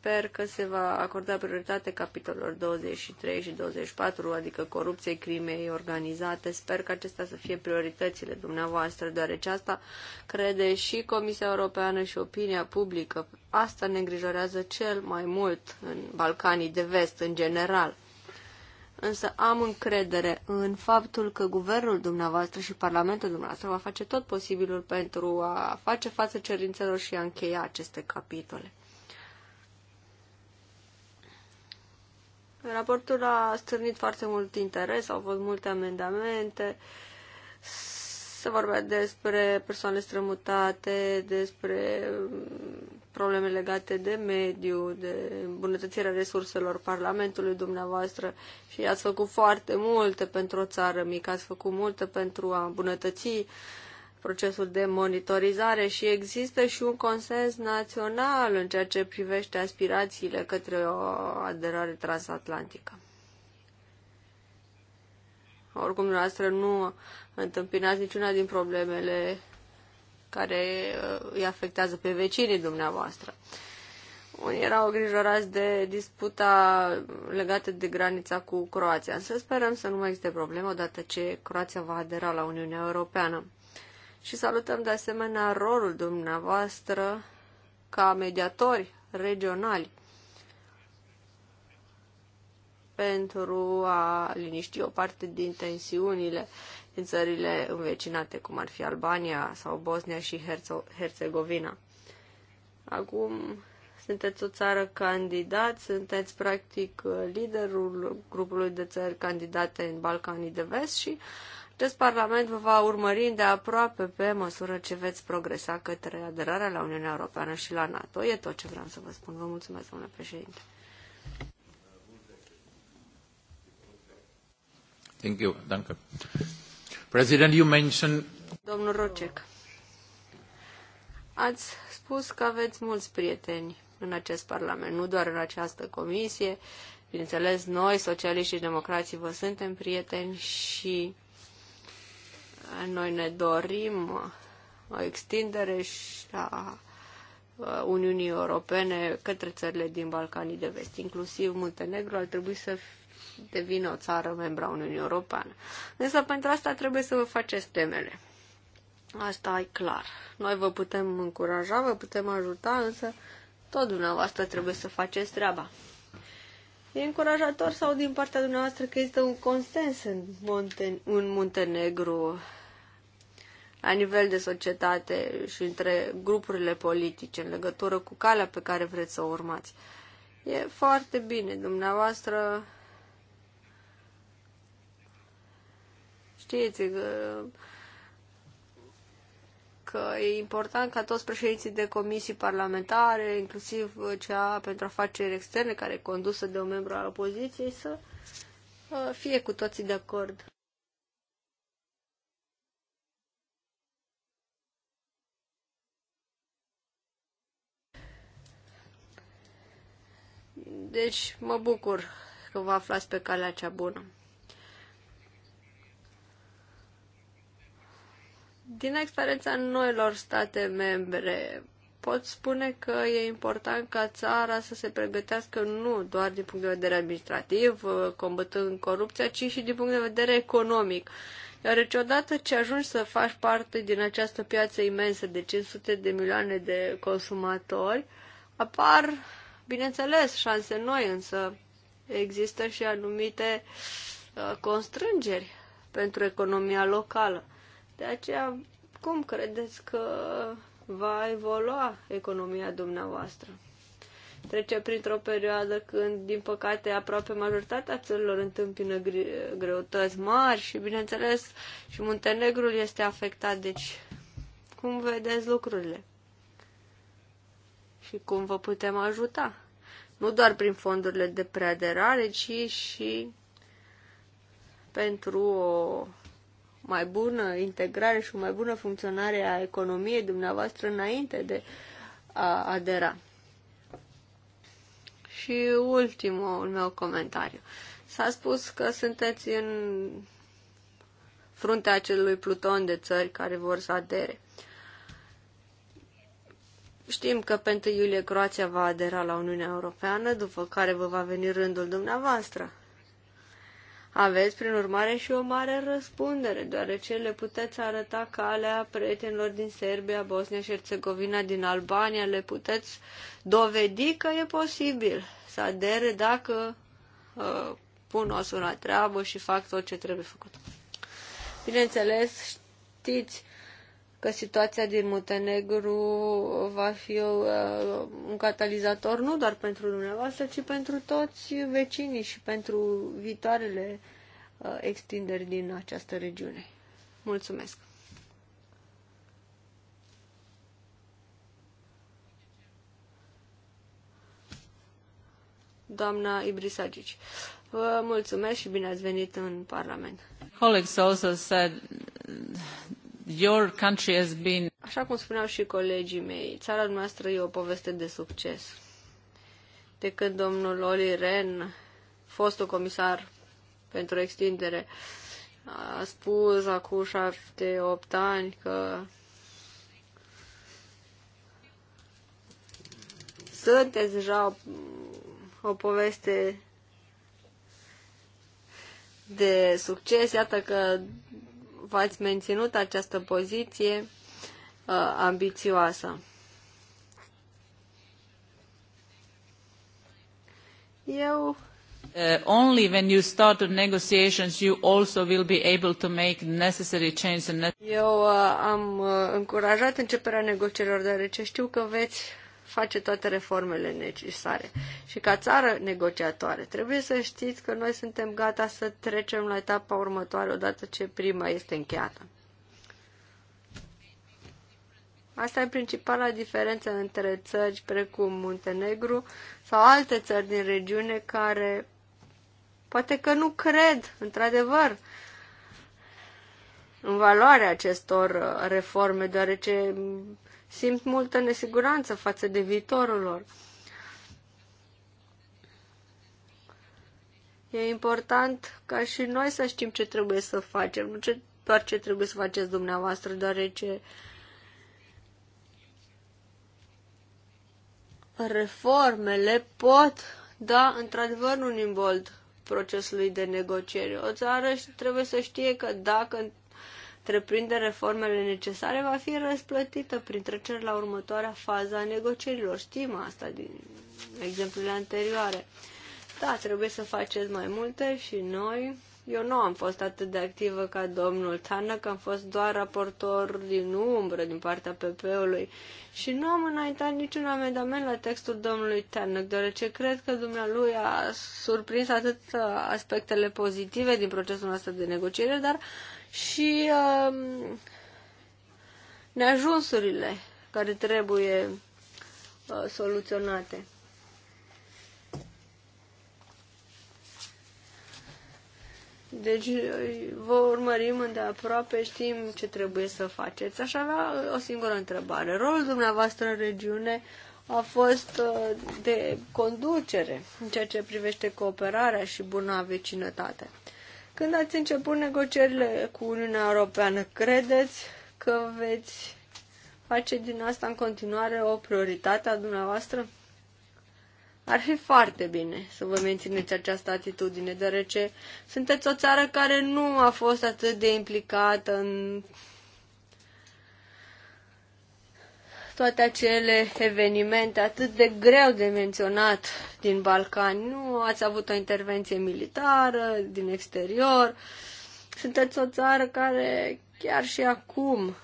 sper că se va acorda prioritate capitolelor 23 și 24, adică corupției, crimei organizate. Sper că acestea să fie prioritățile dumneavoastră, deoarece asta crede și Comisia Europeană și opinia publică. Asta ne îngrijorează cel mai mult în Balcanii de vest, în general însă am încredere în faptul că guvernul dumneavoastră și parlamentul dumneavoastră va face tot posibilul pentru a face față cerințelor și a încheia aceste capitole. Raportul a strânit foarte mult interes, au fost multe amendamente, se vorbea despre persoane strămutate, despre mm, probleme legate de mediu, de îmbunătățirea resurselor Parlamentului dumneavoastră și ați făcut foarte multe pentru o țară mică, ați făcut multe pentru a îmbunătăți uh, procesul de monitorizare și există și un consens național în ceea ce privește aspirațiile către o aderare transatlantică. Oricum, dumneavoastră nu întâmpinați niciuna din problemele care uh, îi afectează pe vecinii dumneavoastră. Unii erau grijorați de disputa legată de granița cu Croația, însă sperăm să nu mai existe probleme odată ce Croația va adera la Uniunea Europeană și salutăm de asemenea rolul dumneavoastră ca mediatori regionali pentru a liniști o parte din tensiunile din țările învecinate, cum ar fi Albania sau Bosnia și Herțegovina. Acum sunteți o țară candidat, sunteți practic liderul grupului de țări candidate în Balcanii de Vest și uh, acest Parlament vă va urmări de aproape pe măsură ce veți progresa către aderarea la Uniunea Europeană și la NATO. E tot ce vreau să vă spun. Vă mulțumesc, domnule președinte. Thank you. Danke. President, you mentioned... Domnul Rocek, ați spus că aveți mulți prieteni în acest Parlament, nu doar în această comisie. Bineînțeles, noi, socialiști și democrații, vă suntem prieteni și noi ne dorim o extindere și a Uniunii Europene către țările din Balcanii de Vest, inclusiv Muntenegru, ar trebui să devină o țară membra Uniunii Europene. Însă pentru asta trebuie să vă faceți temele. Asta e clar. Noi vă putem încuraja, vă putem ajuta, însă tot dumneavoastră trebuie să faceți treaba. E încurajator sau din partea dumneavoastră că există un consens în, în Muntenegru la nivel de societate și între grupurile politice în legătură cu calea pe care vreți să o urmați. E foarte bine, dumneavoastră știți că, uh, că e important ca toți președinții de comisii parlamentare, inclusiv cea pentru afaceri externe, care e condusă de un membru al opoziției, să uh, fie cu toții de acord. Deci mă bucur că vă aflați pe calea cea bună. Din experiența noilor state membre, pot spune că e important ca țara să se pregătească nu doar din punct de vedere administrativ, uh, combătând corupția, ci și din punct de vedere economic. Deoarece odată ce ajungi să faci parte din această piață imensă de 500 de milioane de consumatori, apar bineînțeles, șanse noi, însă există și anumite uh, constrângeri pentru economia locală. De aceea, cum credeți că va evolua economia dumneavoastră? Trece printr-o perioadă când, din păcate, aproape majoritatea țărilor întâmpină gre greutăți mari și, bineînțeles, și Muntenegrul este afectat. Deci, cum vedeți lucrurile? și cum vă putem ajuta. Nu doar prin fondurile de preaderare, ci și pentru o mai bună integrare și o mai bună funcționare a economiei dumneavoastră înainte de a adera. Și ultimul meu comentariu. S-a spus că sunteți în fruntea acelui pluton de țări care vor să adere. Știm că pe 1 iulie Croația va adera la Uniunea Europeană, după care vă va veni rândul dumneavoastră. Aveți, prin urmare, și o mare răspundere, deoarece le puteți arăta calea prietenilor din Serbia, Bosnia și Herțegovina, din Albania, le puteți dovedi că e posibil să adere dacă uh, pun o la treabă și fac tot ce trebuie făcut. Bineînțeles, știți că situația din Muntenegru va fi uh, un catalizator nu doar pentru dumneavoastră, ci pentru toți vecinii și pentru viitoarele uh, extinderi din această regiune. Mulțumesc! Doamna Ibrisagici, vă mulțumesc și bine ați venit în Parlament. Colleagues also said your country has been... Așa cum spuneau și colegii mei, țara noastră e o poveste de succes. De când domnul Oli Ren, fostul comisar pentru extindere, a spus acum șapte, opt ani că sunteți deja o, o poveste de succes. Iată că v-ați menținut această poziție uh, ambițioasă. Eu Uh, only when you start the negotiations you also will be able to make necessary changes. Eu uh, am uh, încurajat începerea negocierilor, deoarece știu că veți face toate reformele necesare. Și ca țară negociatoare, trebuie să știți că noi suntem gata să trecem la etapa următoare odată ce prima este încheiată. Asta e principala diferență între țări precum Muntenegru sau alte țări din regiune care poate că nu cred, într-adevăr, în valoarea acestor uh, reforme, deoarece simt multă nesiguranță față de viitorul lor. E important ca și noi să știm ce trebuie să facem, nu ce, doar ce trebuie să faceți dumneavoastră, deoarece reformele pot da într-adevăr un imbold procesului de negociere. O țară trebuie să știe că dacă întreprinde reformele necesare, va fi răsplătită prin trecerea la următoarea fază a negocierilor. Știm asta din exemplele anterioare. Da, trebuie să faceți mai multe și noi. Eu nu am fost atât de activă ca domnul Tană, că am fost doar raportor din umbră din partea PP-ului și nu am înaintat niciun amendament la textul domnului Tană, deoarece cred că dumnealui a surprins atât aspectele pozitive din procesul nostru de negociere, dar și um, neajunsurile care trebuie uh, soluționate. Deci uh, vă urmărim îndeaproape, știm ce trebuie să faceți. Aș avea uh, o singură întrebare. Rolul dumneavoastră în regiune a fost de conducere în ceea ce privește cooperarea și buna vecinătate. Când ați început negocierile cu Uniunea Europeană, credeți că veți face din asta în continuare o prioritate a dumneavoastră? Ar fi foarte bine să vă mențineți această atitudine, deoarece sunteți o țară care nu a fost atât de implicată în toate acele evenimente atât de greu de menționat din Balcani. Nu ați avut o intervenție militară din exterior. Sunteți o țară care chiar și acum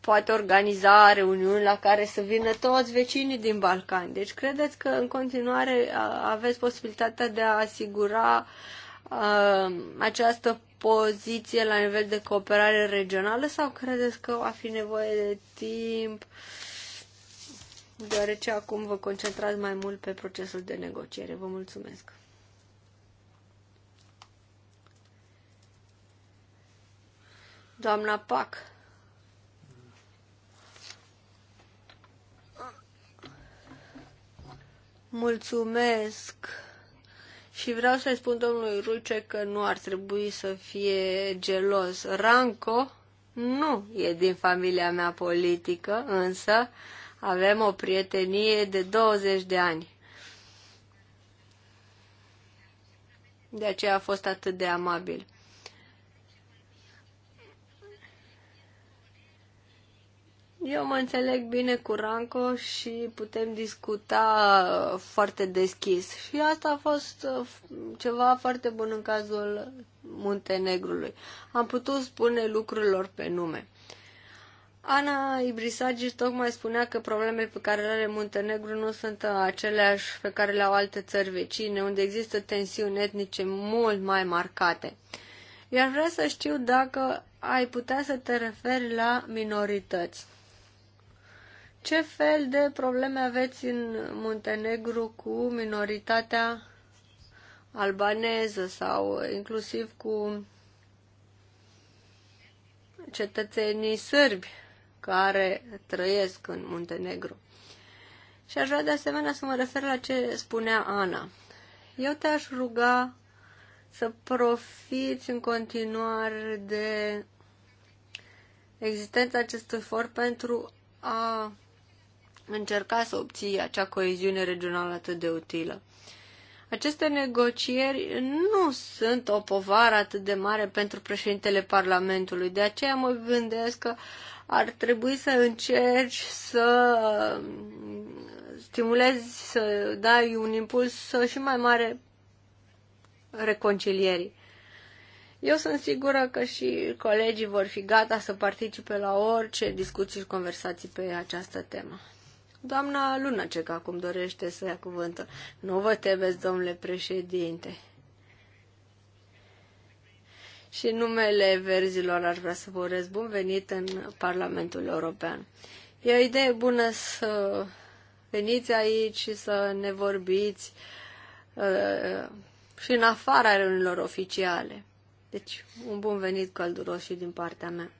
poate organiza reuniuni la care să vină toți vecinii din Balcani. Deci credeți că în continuare aveți posibilitatea de a asigura uh, această poziție la nivel de cooperare regională sau credeți că va fi nevoie de timp deoarece acum vă concentrați mai mult pe procesul de negociere? Vă mulțumesc! Doamna Pac. Mulțumesc! Și vreau să-i spun domnului Ruce că nu ar trebui să fie gelos. Ranco nu e din familia mea politică, însă avem o prietenie de 20 de ani. De aceea a fost atât de amabil. Eu mă înțeleg bine cu Ranco și putem discuta uh, foarte deschis. Și asta a fost uh, ceva foarte bun în cazul Muntenegrului. Am putut spune lucrurilor pe nume. Ana Ibrisagi tocmai spunea că problemele pe care le are Muntenegru nu sunt uh, aceleași pe care le au alte țări vecine, unde există tensiuni etnice mult mai marcate. Iar vrea să știu dacă ai putea să te referi la minorități. Ce fel de probleme aveți în Muntenegru cu minoritatea albaneză sau inclusiv cu cetățenii sârbi care trăiesc în Muntenegru? Și aș vrea de asemenea să mă refer la ce spunea Ana. Eu te-aș ruga să profiți în continuare de existența acestui for pentru a încerca să obții acea coeziune regională atât de utilă. Aceste negocieri nu sunt o povară atât de mare pentru președintele Parlamentului, de aceea mă gândesc că ar trebui să încerci să stimulezi, să dai un impuls și mai mare reconcilierii. Eu sunt sigură că și colegii vor fi gata să participe la orice discuții și conversații pe această temă. Doamna Lunacek acum dorește să ia cuvântul. Nu vă temeți, domnule președinte. Și numele verzilor ar vrea să vă urez bun venit în Parlamentul European. E o idee bună să veniți aici și să ne vorbiți uh, și în afara reunilor oficiale. Deci, un bun venit călduros și din partea mea.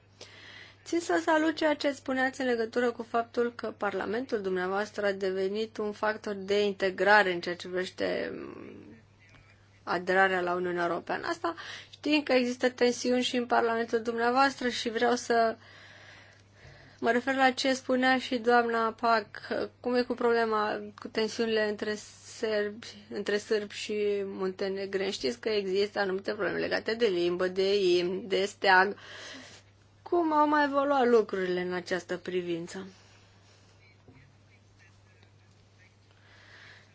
Țin să salut ceea ce spuneați în legătură cu faptul că Parlamentul dumneavoastră a devenit un factor de integrare în ceea ce privește mm, aderarea la Uniunea Europeană. Asta știind că există tensiuni și în Parlamentul dumneavoastră și vreau să mă refer la ce spunea și doamna Pac, cum e cu problema cu tensiunile între sârbi, între sârbi și muntenegreni. Știți că există anumite probleme legate de limbă, de imn, de steag. Uh, cum au mai evoluat lucrurile în această privință?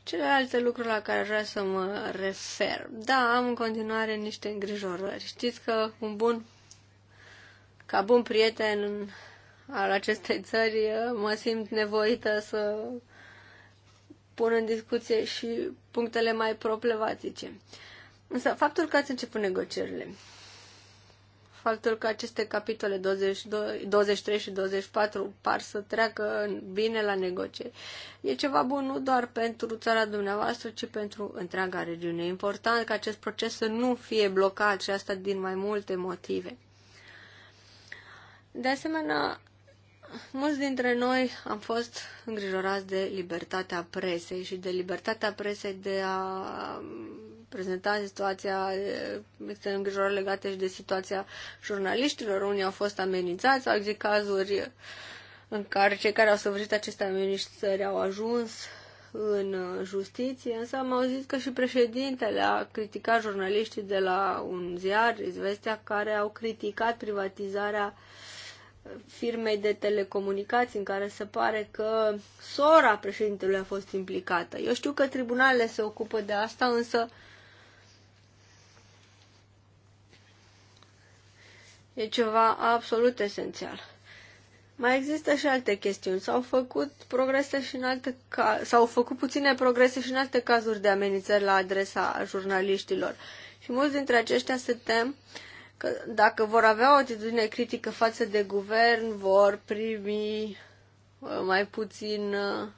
Celelalte lucruri la care vreau să mă refer. Da, am în continuare niște îngrijorări. Știți că un bun, ca bun prieten al acestei țări, mă simt nevoită să pun în discuție și punctele mai problematice. Însă, faptul că ați început negocierile faptul că aceste capitole 22, 23 și 24 par să treacă bine la negocieri. E ceva bun nu doar pentru țara dumneavoastră, ci pentru întreaga regiune. E important ca acest proces să nu fie blocat și asta din mai multe motive. De asemenea, mulți dintre noi am fost îngrijorați de libertatea presei și de libertatea presei de a prezenta situația, este îngrijorări legate și de situația jurnaliștilor, unii au fost amenințați, au existat cazuri în care cei care au săvârșit aceste amenințări au ajuns în uh, justiție, însă am auzit că și președintele a criticat jurnaliștii de la un ziar, Izvestea, care au criticat privatizarea uh, firmei de telecomunicații în care se pare că sora președintelui a fost implicată. Eu știu că tribunalele se ocupă de asta, însă uh, E ceva absolut esențial. Mai există și alte chestiuni. S-au făcut progrese și în alte ca... s-au făcut puține progrese și în alte cazuri de amenințări la adresa jurnaliștilor. Și mulți dintre aceștia se tem că dacă vor avea o atitudine critică față de guvern, vor primi uh, mai puțin uh,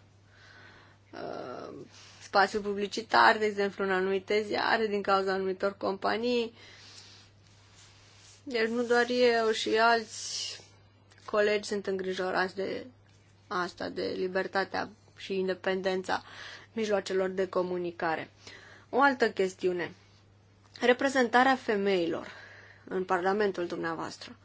uh, spațiu publicitar, de exemplu, în anumite ziare din cauza anumitor companii. Uh, deci nu doar eu și alți colegi sunt îngrijorați de asta, de libertatea și independența mijloacelor de comunicare. O altă chestiune. Reprezentarea femeilor în Parlamentul dumneavoastră.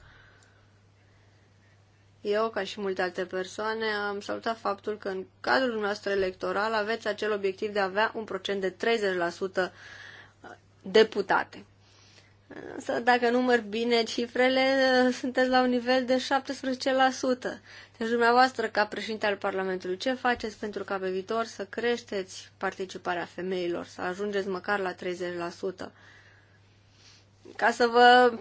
Eu, ca și multe alte persoane, am salutat faptul că în cadrul dumneavoastră electoral aveți acel obiectiv de a avea un procent de 30% deputate. Însă dacă număr bine cifrele, sunteți la un nivel de 17%. Deci dumneavoastră, ca președinte al Parlamentului, ce faceți pentru ca pe viitor să creșteți participarea femeilor, să ajungeți măcar la 30%? Ca să vă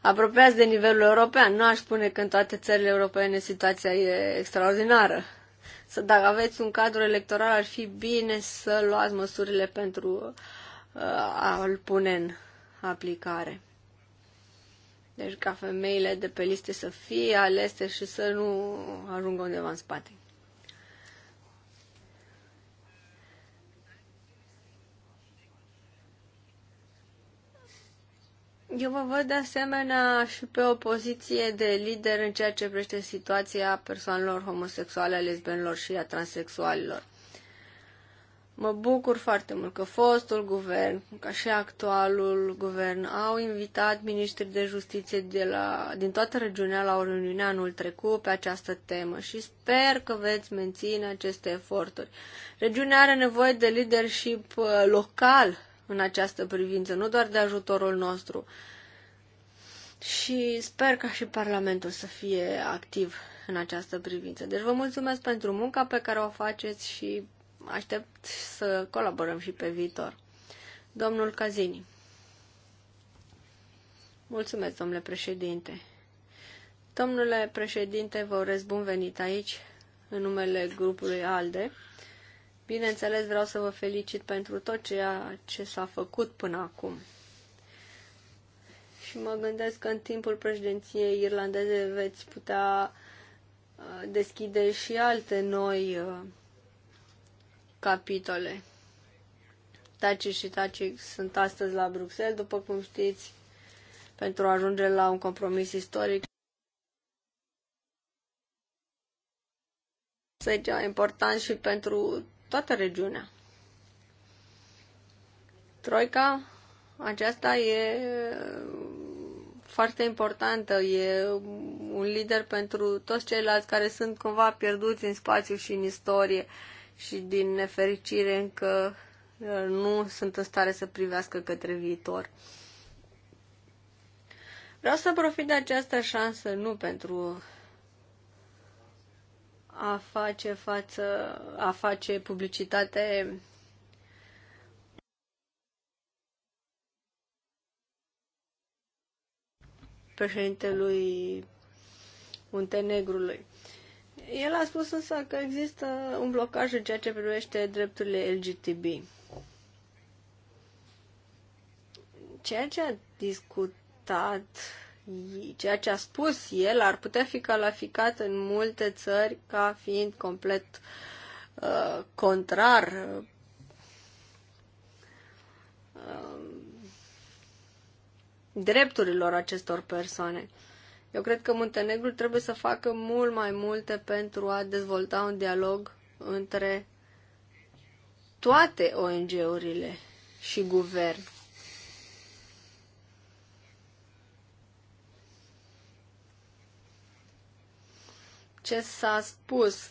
apropiați de nivelul european. Nu aș spune că în toate țările europene situația e extraordinară. Să dacă aveți un cadru electoral, ar fi bine să luați măsurile pentru uh, a-l pune în aplicare. Deci ca femeile de pe liste să fie alese și să nu ajungă undeva în spate. Eu vă văd de asemenea și pe o poziție de lider în ceea ce privește situația persoanelor homosexuale, lesbenilor și a transexualilor. Mă bucur foarte mult că fostul guvern, ca și actualul guvern, au invitat ministrii de justiție de la, din toată regiunea la o reuniune anul trecut pe această temă și sper că veți menține aceste eforturi. Regiunea are nevoie de leadership uh, local în această privință, nu doar de ajutorul nostru. Și sper ca și Parlamentul să fie activ în această privință. Deci vă mulțumesc pentru munca pe care o faceți și aștept să colaborăm și pe viitor. Domnul Cazini. Mulțumesc, domnule președinte. Domnule președinte, vă urez bun venit aici, în numele grupului ALDE. Bineînțeles, vreau să vă felicit pentru tot ceea ce s-a făcut până acum. Și mă gândesc că în timpul președinției irlandeze veți putea uh, deschide și alte noi uh, capitole. Taci și Taci sunt astăzi la Bruxelles, după cum știți, pentru a ajunge la un compromis istoric. e important și pentru toată regiunea. Troica aceasta e foarte importantă, e un lider pentru toți ceilalți care sunt cumva pierduți în spațiu și în istorie. Uh, și din nefericire încă uh, nu sunt în stare să privească către viitor. Vreau să profit de această șansă nu pentru a face față, a face publicitate președintelui Muntenegrului. El a spus însă că există un blocaj în ceea ce privește drepturile LGTB. Ceea ce a discutat, ceea ce a spus el, ar putea fi calificat în multe țări ca fiind complet uh, contrar uh, drepturilor acestor persoane. Uh, eu cred că Muntenegru trebuie să facă mult mai multe pentru a dezvolta un dialog între toate ONG-urile și guvern. Ce s-a spus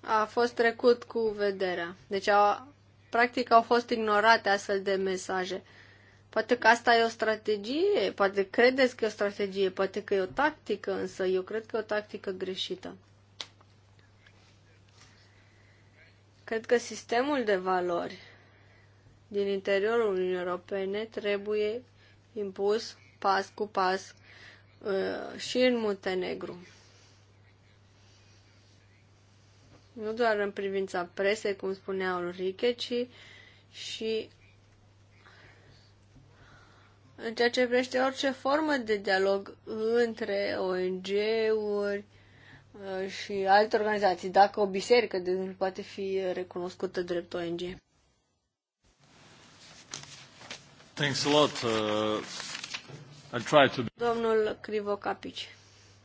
a fost trecut cu vederea. Deci, a, practic, au fost ignorate astfel de mesaje. Poate că asta e o strategie, poate credeți că e o strategie, poate că e o tactică, însă eu cred că e o tactică greșită. Cred că sistemul de valori din interiorul Uniunii Europene trebuie impus pas cu pas uh, și în Muntenegru. Nu doar în privința presei, cum spunea Ulrike, ci și în ceea ce privește orice formă de dialog între ONG-uri uh, și alte organizații, dacă o biserică de exemplu, poate fi recunoscută drept ONG. Thanks a lot. Uh, I'll try to... Domnul Crivocapici,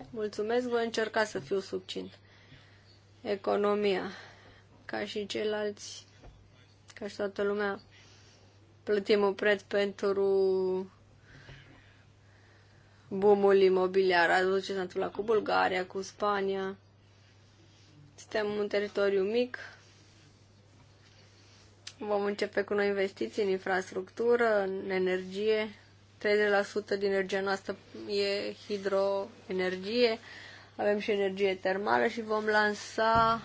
mulțumesc, voi încerca să fiu subțint. Economia, ca și ceilalți, ca și toată lumea, plătim un preț pentru boomul imobiliar. Ați văzut ce s-a întâmplat cu Bulgaria, cu Spania. Suntem un teritoriu mic. Vom începe cu noi investiții în infrastructură, în energie. 30% din energia noastră e hidroenergie. Avem și energie termală și vom lansa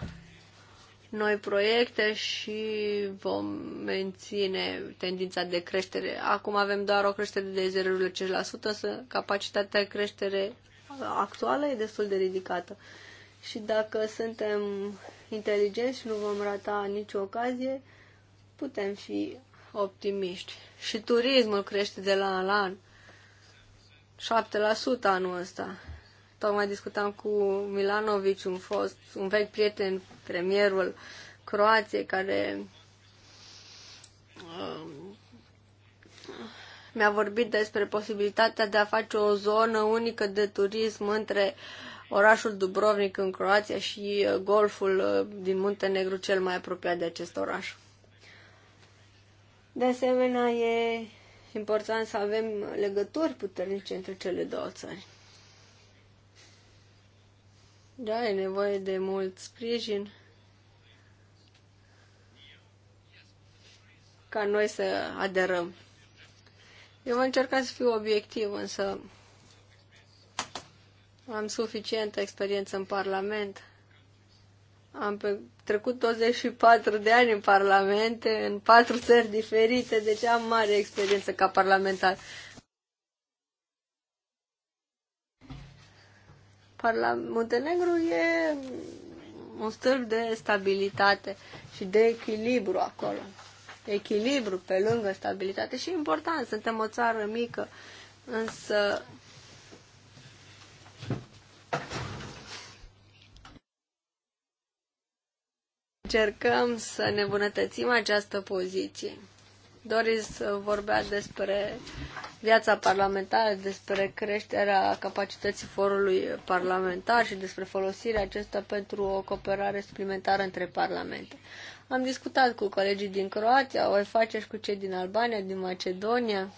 noi proiecte și vom menține tendința de creștere. Acum avem doar o creștere de 0,5%, însă capacitatea de creștere actuală e destul de ridicată. Și dacă suntem inteligenți și nu vom rata nicio ocazie, putem fi optimiști. Și turismul crește de la an la an. 7% anul ăsta. Tocmai discutam cu Milanovici, un fost, un vechi prieten, premierul Croației, care um, mi-a vorbit despre posibilitatea de a face o zonă unică de turism între orașul Dubrovnik în Croația și uh, golful uh, din Muntenegru cel mai apropiat de acest oraș. De asemenea, e important să avem legături puternice între cele două țări. Da, e nevoie de mult sprijin ca noi să aderăm. Eu voi încerca să fiu obiectiv, însă am suficientă experiență în Parlament. Am trecut 24 de ani în Parlamente, în patru țări diferite, deci am mare experiență ca parlamentar. Parlament, Muntenegru e un stâlp de stabilitate și de echilibru acolo. Echilibru pe lângă stabilitate și important, suntem o țară mică, însă încercăm să ne bunătățim această poziție. Doris uh, vorbea despre viața parlamentară, despre creșterea capacității forului parlamentar și despre folosirea acesta pentru o cooperare suplimentară între parlamente. Am discutat cu colegii din Croația, o face și cu cei din Albania, din Macedonia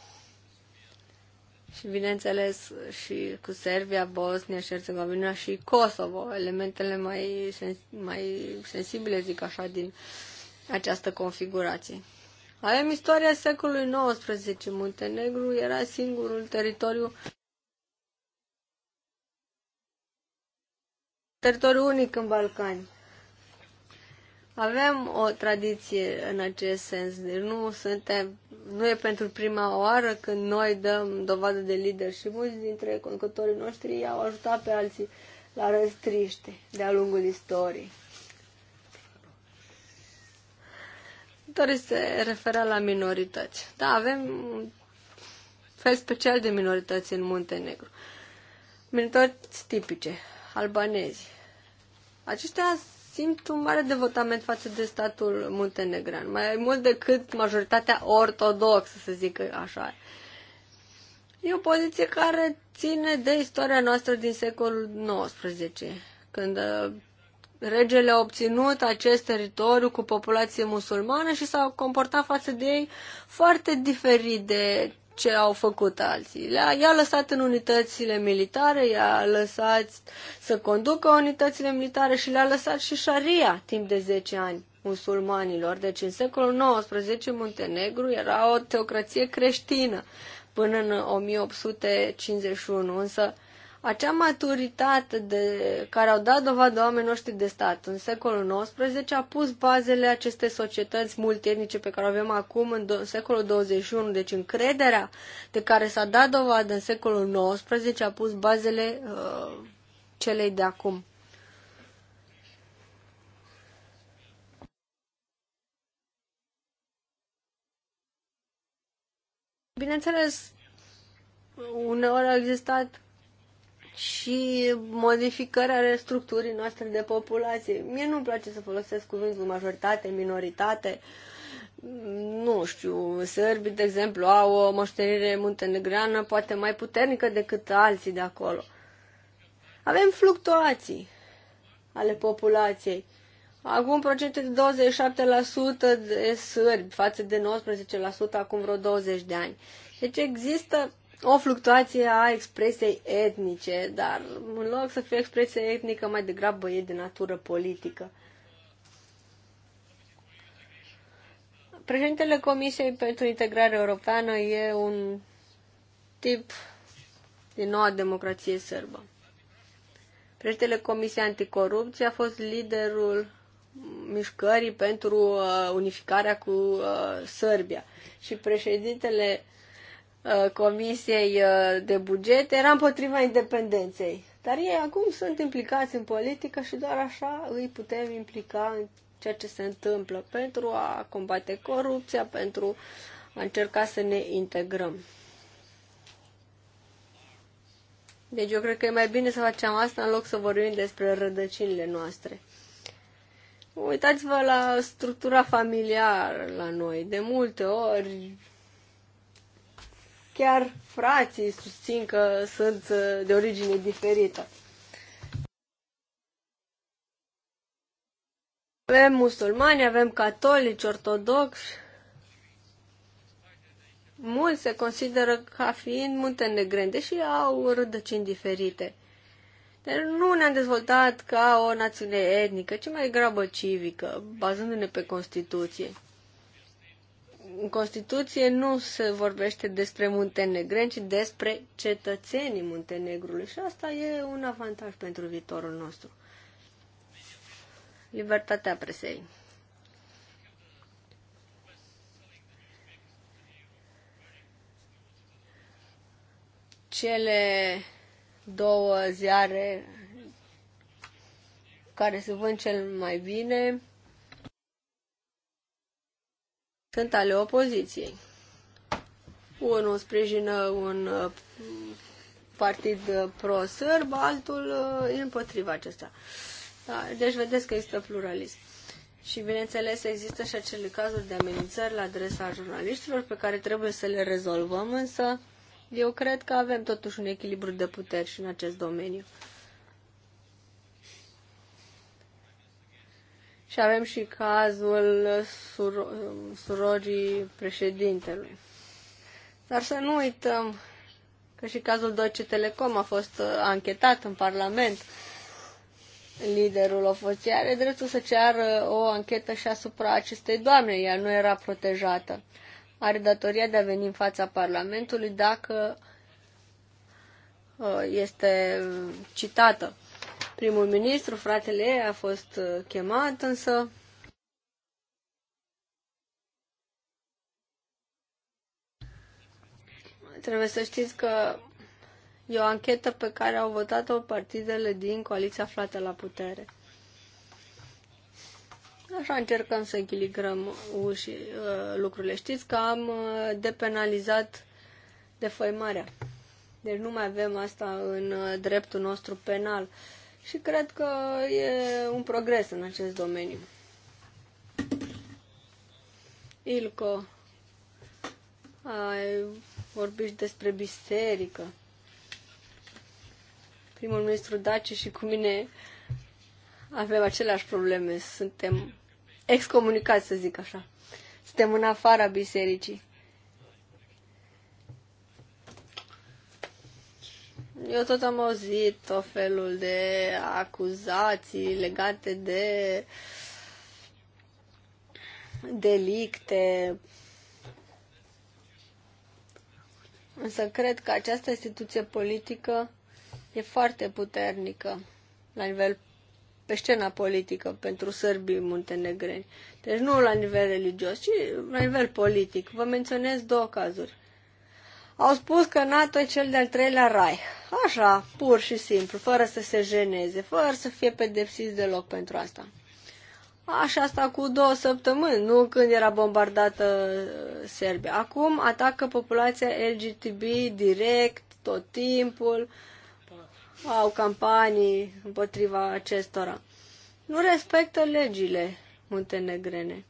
și, bineînțeles, și cu Serbia, Bosnia, Herzegovina și Kosovo, elementele mai, sens- mai sensibile, zic așa, din această configurație. Avem istoria secolului XIX. Muntenegru era singurul teritoriu teritoriu unic în Balcani. Avem o tradiție în acest sens, deci nu suntem, nu e pentru prima oară când noi dăm dovadă de lider și mulți dintre conducătorii noștri i-au ajutat pe alții la răstriște de-a lungul istoriei. care se referă la minorități. Da, avem un fel special de minorități în Muntenegru. Minorități tipice, albanezi. Aceștia simt un mare devotament față de statul muntenegran, mai mult decât majoritatea ortodoxă, să zic așa. E o poziție care ține de istoria noastră din secolul XIX, când Regele a obținut acest teritoriu cu populație musulmană și s-a comportat față de ei foarte diferit de ce au făcut alții. I-a lăsat în unitățile militare, i-a lăsat să conducă unitățile militare și le-a lăsat și șaria timp de 10 ani musulmanilor. Deci în secolul XIX Muntenegru era o teocrație creștină până în 1851, însă acea maturitate de care au dat dovadă oamenii noștri de stat în secolul XIX a pus bazele acestei societăți multietnice pe care o avem acum în do- secolul 21. Deci încrederea de care s-a dat dovadă în secolul XIX a pus bazele uh, celei de acum. Bineînțeles, uneori au existat și modificarea structurii noastre de populație. Mie nu-mi place să folosesc cuvântul majoritate, minoritate. Nu știu, sârbii, de exemplu, au o moștenire muntenegreană poate mai puternică decât alții de acolo. Avem fluctuații ale populației. Acum procente de 27% de sârbi față de 19% acum vreo 20 de ani. Deci există o fluctuație a expresiei etnice, dar în loc să fie expresie etnică, mai degrabă e de natură politică. Președintele Comisiei pentru Integrare Europeană e un tip din noua democrație sârbă. Președintele Comisiei Anticorupție a fost liderul mișcării pentru uh, unificarea cu uh, Sârbia și președintele Uh, Comisiei uh, de Buget era împotriva independenței. Dar ei acum sunt implicați în politică și doar așa îi putem implica în ceea ce se întâmplă pentru a combate corupția, pentru a încerca să ne integrăm. Deci eu cred că e mai bine să facem asta în loc să vorbim despre rădăcinile noastre. Uitați-vă la structura familiară la noi. De multe ori Chiar frații susțin că sunt uh, de origine diferită. Avem musulmani, avem catolici, ortodoxi. Mulți se consideră ca fiind muntenegreni, deși au rădăcini diferite. Dar nu ne-am dezvoltat ca o națiune etnică, ci mai grabă civică, bazându-ne pe Constituție în Constituție nu se vorbește despre muntenegreni, ci despre cetățenii Muntenegrului și asta e un avantaj pentru viitorul nostru. Libertatea presei. Cele două ziare care se vând cel mai bine sunt ale opoziției. Unul sprijină un uh, partid uh, pro-sârb, altul uh, împotriva acesta. Da, deci vedeți că există pluralism. Și bineînțeles există și acele cazuri de amenințări la adresa jurnaliștilor pe care trebuie să le rezolvăm, însă eu cred că avem totuși un echilibru de puteri și în acest domeniu. Și avem și cazul suro- surogii președintelui. Dar să nu uităm că și cazul Deutsche Telecom a fost uh, anchetat în Parlament. Liderul ofoții are dreptul să ceară o anchetă și asupra acestei doamne, ea nu era protejată. Are datoria de a veni în fața Parlamentului dacă uh, este citată primul ministru, fratele ei, a fost uh, chemat, însă trebuie să știți că e o anchetă pe care au votat-o partidele din coaliția aflată la putere. Așa încercăm să echilibrăm ușii, uh, lucrurile. Știți că am uh, depenalizat defăimarea. Deci nu mai avem asta în dreptul nostru penal și cred că e un progres în acest domeniu. Ilco, ai vorbit despre biserică. Primul ministru Dace și cu mine avem aceleași probleme. Suntem excomunicați, să zic așa. Suntem în afara bisericii. eu tot am auzit tot felul de acuzații legate de delicte. Însă cred că această instituție politică e foarte puternică la nivel pe scena politică pentru sârbii muntenegreni. Deci nu la nivel religios, ci la nivel politic. Vă menționez două cazuri. Au spus că NATO e cel de-al treilea rai. Așa, pur și simplu, fără să se jeneze, fără să fie pedepsiți deloc pentru asta. Așa asta cu două săptămâni, nu când era bombardată uh, Serbia. Acum atacă populația LGTB direct, tot timpul, au campanii împotriva acestora. Nu respectă legile muntenegrene.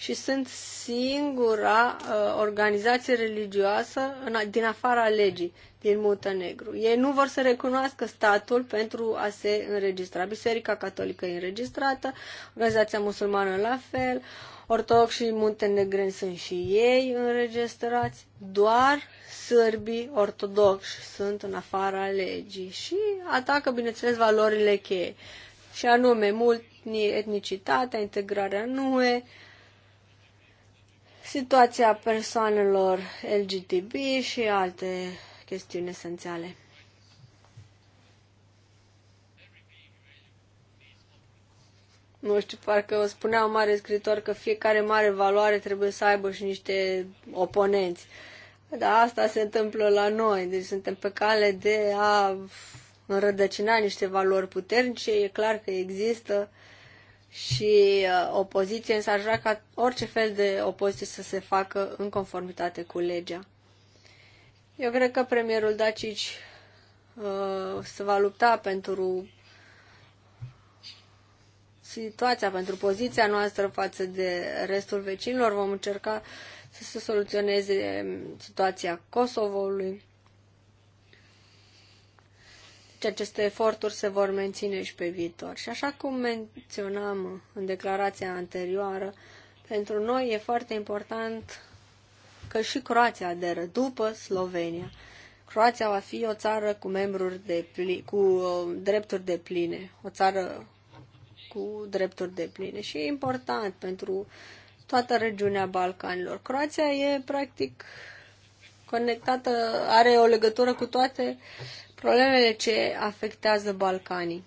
și sunt singura uh, organizație religioasă în, din afara legii din Muntenegru. Ei nu vor să recunoască statul pentru a se înregistra. Biserica Catolică e înregistrată, organizația musulmană la fel, ortodox și muntenegreni sunt și ei înregistrați, doar sârbii ortodoxi sunt în afara legii și atacă, bineînțeles, valorile cheie, și anume multietnicitatea, integrarea e, uh, situația persoanelor LGTB și alte chestiuni esențiale. Nu știu, parcă o spunea un mare scriitor că fiecare mare valoare trebuie să aibă și niște oponenți. Da, asta se întâmplă la noi, deci suntem pe cale de a înrădăcina niște valori puternice, e clar că există și uh, opoziție, însă aș vrea ca orice fel de opoziție să se facă în conformitate cu legea. Eu cred că premierul Dacici uh, se va lupta pentru situația, pentru poziția noastră față de restul vecinilor. Vom încerca să se soluționeze um, situația Kosovoului ce aceste eforturi se vor menține și pe viitor. Și așa cum menționam în declarația anterioară, pentru noi e foarte important că și Croația aderă după Slovenia. Croația va fi o țară cu membruri de pli, cu uh, drepturi de pline, o țară cu drepturi de pline și e important pentru toată regiunea Balcanilor. Croația e practic conectată, are o legătură cu toate problemele ce afectează Balcanii.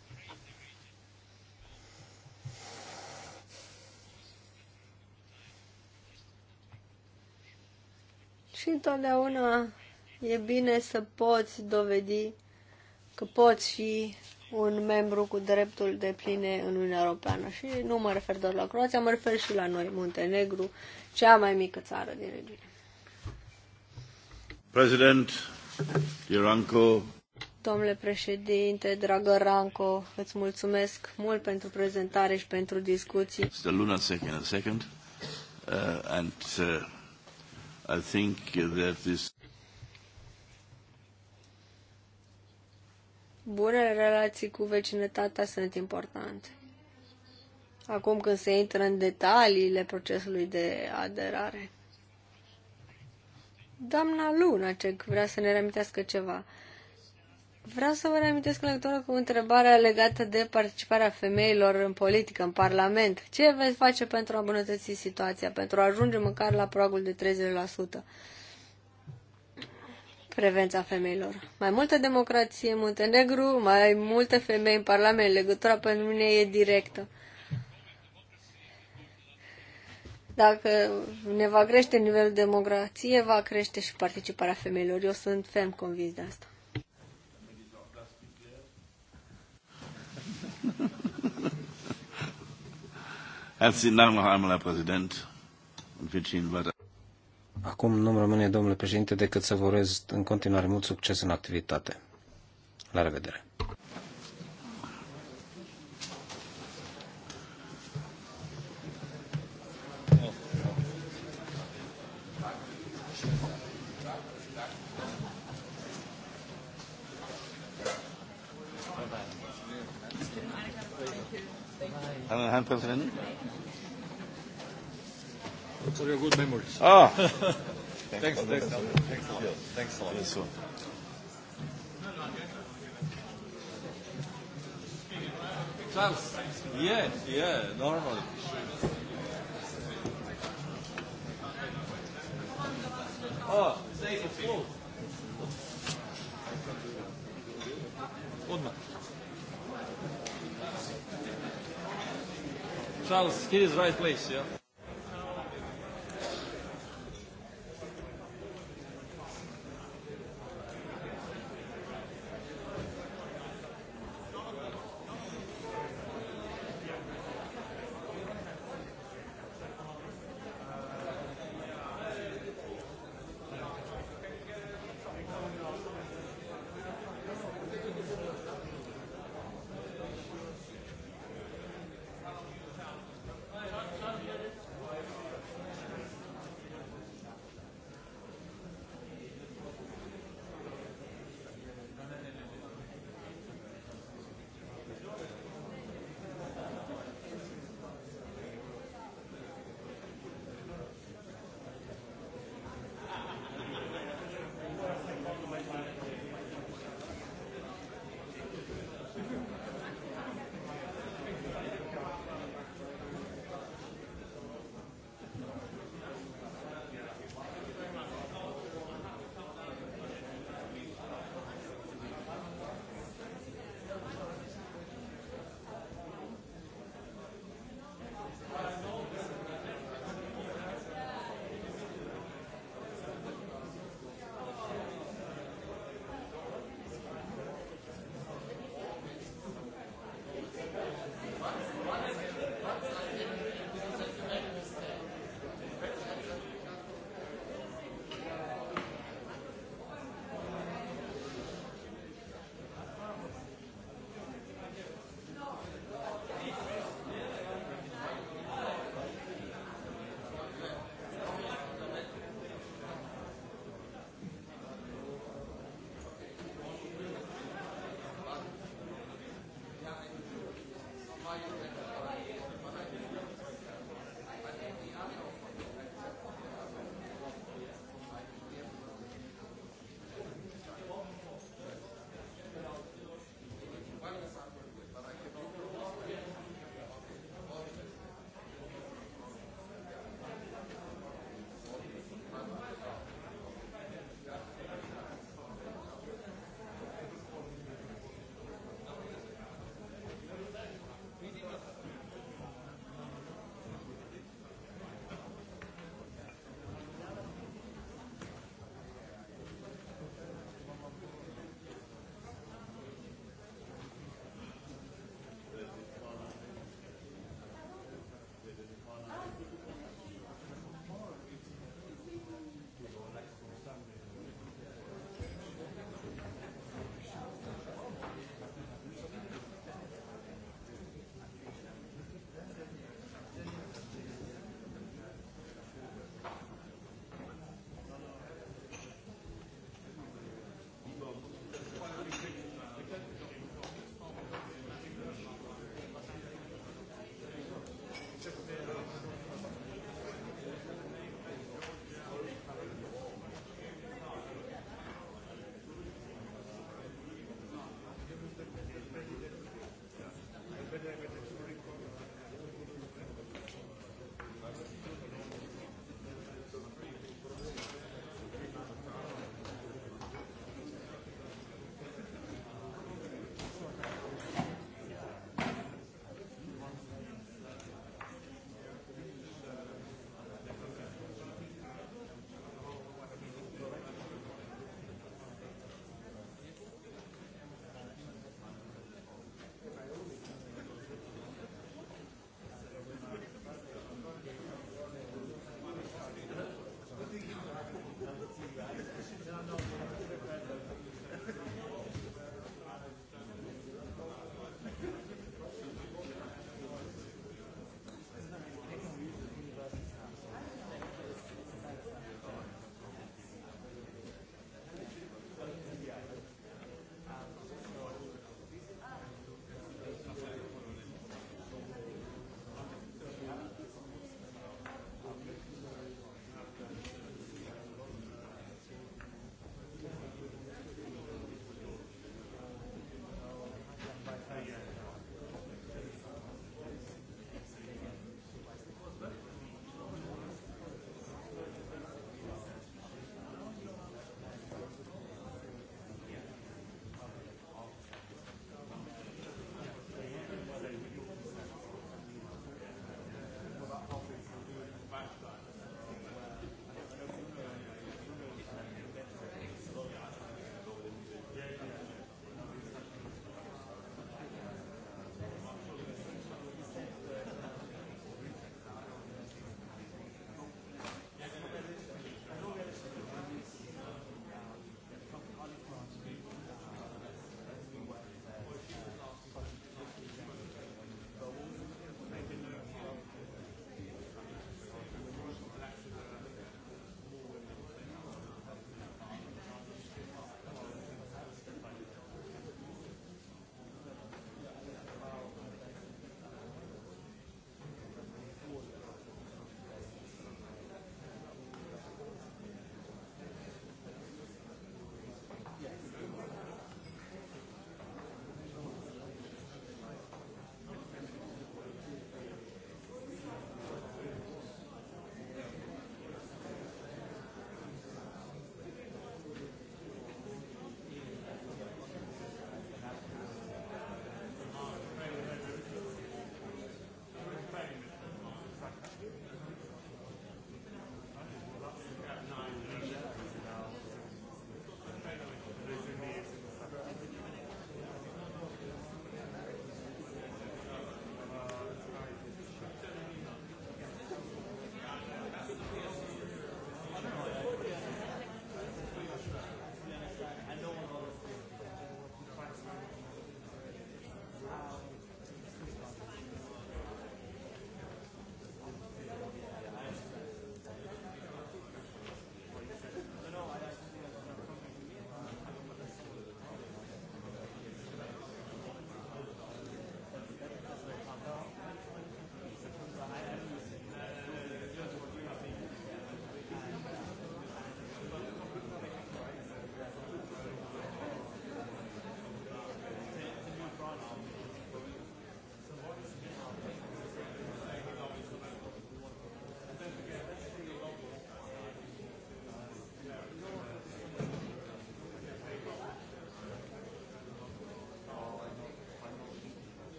Și întotdeauna e bine să poți dovedi că poți fi un membru cu dreptul de pline în Uniunea Europeană. Și nu mă refer doar la Croația, mă refer și la noi, Muntenegru, cea mai mică țară din regiune. President Iranco. Domnule președinte, dragă Ranco, îți mulțumesc mult pentru prezentare și pentru discuții. Mr. Luna in a second. Uh, and uh, I think that this... Bunele relații cu vecinătatea sunt importante. Acum când se intră în detaliile procesului de aderare. Doamna ce vrea să ne reamintească ceva. Vreau să vă reamintesc în legătură cu întrebarea legată de participarea femeilor în politică, în Parlament. Ce veți face pentru a îmbunătăți situația, pentru a ajunge măcar la pragul de 30%? Prevența femeilor. Mai multă democrație în Muntenegru, mai multe femei în Parlament. Legătura pentru mine e directă. Dacă ne va crește nivelul democrației, va crește și participarea femeilor. Eu sunt fem convins de asta. Herzlichen Dank noch einmal, Herr Präsident, und wünsche Ihnen weiter. Acum nu-mi rămâne, domnule președinte, decât să vă urez în continuare mult succes în activitate. La revedere! Herrn Präsidenten? For your good memories. Ah. thanks, thanks, thanks, thanks a lot. Thanks a lot. Klaus. Yeah, yeah, Oh, safe the floor. Good minute. Charles, here is right place, yeah?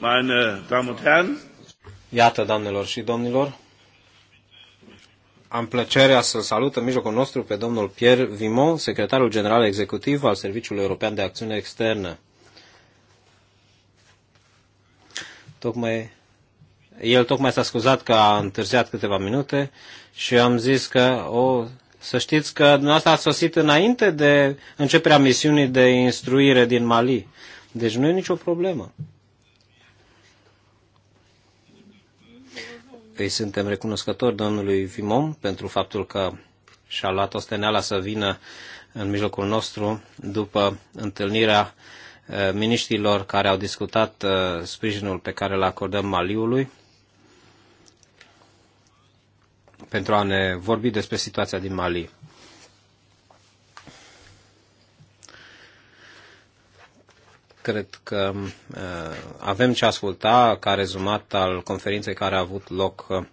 meine Damen und Herren. Iată, doamnelor și domnilor, am plăcerea să salut în mijlocul nostru pe domnul Pierre Vimon, secretarul general executiv al Serviciului European de Acțiune Externă. Tocmai, el tocmai s-a scuzat că a întârziat câteva minute și am zis că o să știți că dumneavoastră a sosit înainte de începerea misiunii de instruire din Mali. Deci nu e nicio problemă. Îi suntem recunoscători domnului Vimom pentru faptul că și-a luat osteneala să vină în mijlocul nostru după întâlnirea eh, miniștilor care au discutat eh, sprijinul pe care îl acordăm Maliului pentru a ne vorbi despre situația din Mali. Cred că uh, avem ce asculta ca rezumat al conferinței care a avut loc uh,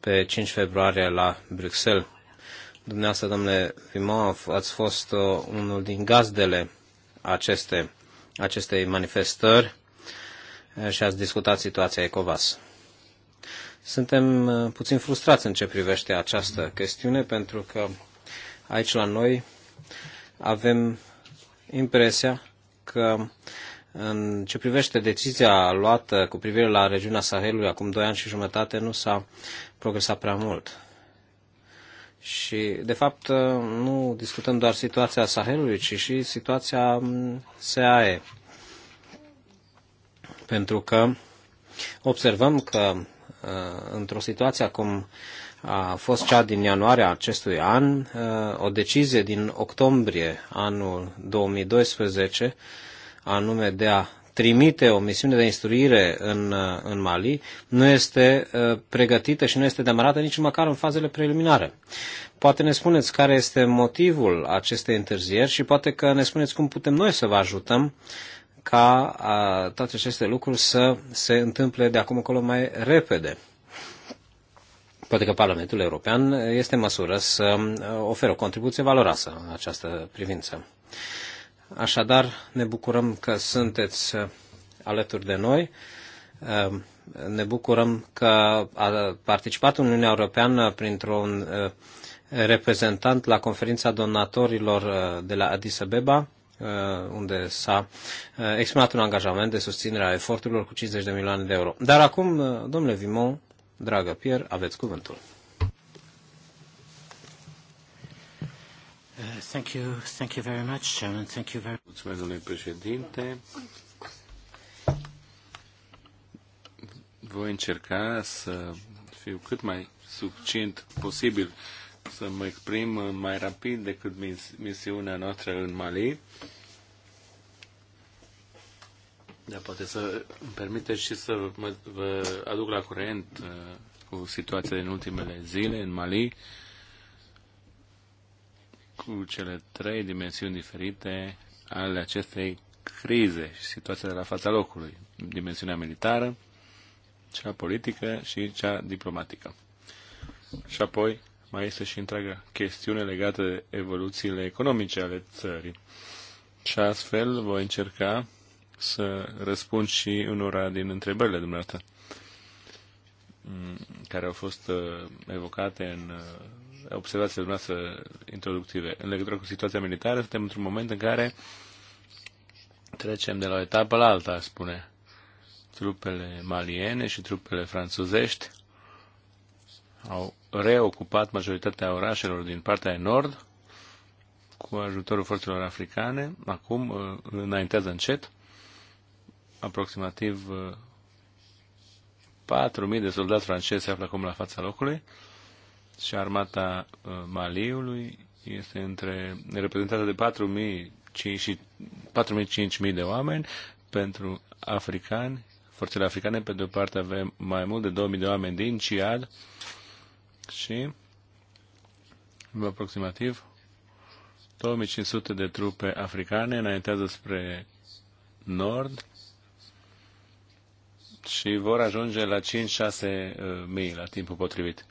pe 5 februarie la Bruxelles. Dumneavoastră, domnule Vimov, ați fost uh, unul din gazdele aceste, acestei manifestări și ați discutat situația ECOVAS. Suntem puțin frustrați în ce privește această chestiune, pentru că aici la noi avem impresia că în ce privește decizia luată cu privire la regiunea Sahelului acum 2 ani și jumătate, nu s-a progresat prea mult. Și, de fapt, nu discutăm doar situația Sahelului, ci și situația SAE. Pentru că observăm că ă, într-o situație acum a fost cea din ianuarie acestui an, uh, o decizie din octombrie anul 2012, anume de a trimite o misiune de instruire în, uh, în Mali, nu este uh, pregătită și nu este demarată nici măcar în fazele preliminare. Poate ne spuneți care este motivul acestei întârzieri și poate că ne spuneți cum putem noi să vă ajutăm ca a, toate aceste lucruri să se întâmple de acum încolo mai repede. Poate că Parlamentul European este în măsură să um, ofere o contribuție valoroasă în această privință. Așadar, ne bucurăm că sunteți uh, alături de noi. Um, ne bucurăm că a participat Uniunea Europeană printr-un uh, reprezentant la conferința donatorilor uh, de la Addis Abeba, unde s-a exprimat un angajament de susținere a eforturilor cu 50 de milioane de euro. Dar acum, domnule Vimon, Dragă Pierre, aveți cuvântul. Uh, thank you, thank you very much, Chairman. Thank you very Mulțumesc, domnule președinte. Voi încerca să fiu cât mai succint posibil, să mă exprim mai rapid decât misiunea noastră în Mali da, poate să îmi permiteți și să mă, vă aduc la curent uh, cu situația din ultimele zile în Mali, cu cele trei dimensiuni diferite ale acestei crize și situația de la fața locului. Dimensiunea militară, cea politică și cea diplomatică. Și apoi mai este și întreaga chestiune legată de evoluțiile economice ale țării. Și astfel voi încerca să răspund și unora din întrebările dumneavoastră mm, care au fost uh, evocate în uh, observațiile dumneavoastră introductive. În legătură cu situația militară, suntem într-un moment în care trecem de la o etapă la alta, spune. Trupele maliene și trupele franțuzești au reocupat majoritatea orașelor din partea de nord cu ajutorul forțelor africane. Acum uh, înaintează încet aproximativ 4.000 uh, de soldați francezi se află acum la fața locului și armata uh, Maliului este între, reprezentată de 4.000 și 4.000-5.000 de oameni pentru africani, forțele africane, pe de o parte avem mai mult de 2.000 de oameni din Ciad și aproximativ 2.500 de trupe africane înaintează spre nord și vor ajunge la 5-6 uh, mii la timpul potrivit.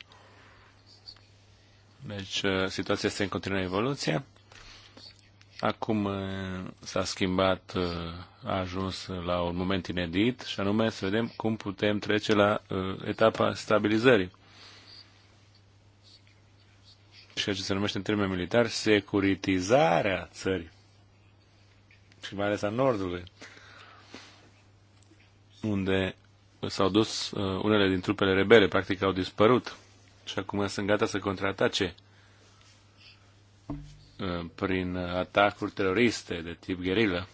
Deci uh, situația este în continuă evoluție. Acum uh, s-a schimbat, a ajuns la un moment inedit și anume să vedem cum putem trece la etapa stabilizării. Ceea ce se numește în termeni militari securitizarea țării și mai ales a Nordului unde s-au dus uh, unele din trupele rebele, practic au dispărut și acum sunt gata să contraatace uh, prin atacuri teroriste de tip gherilă.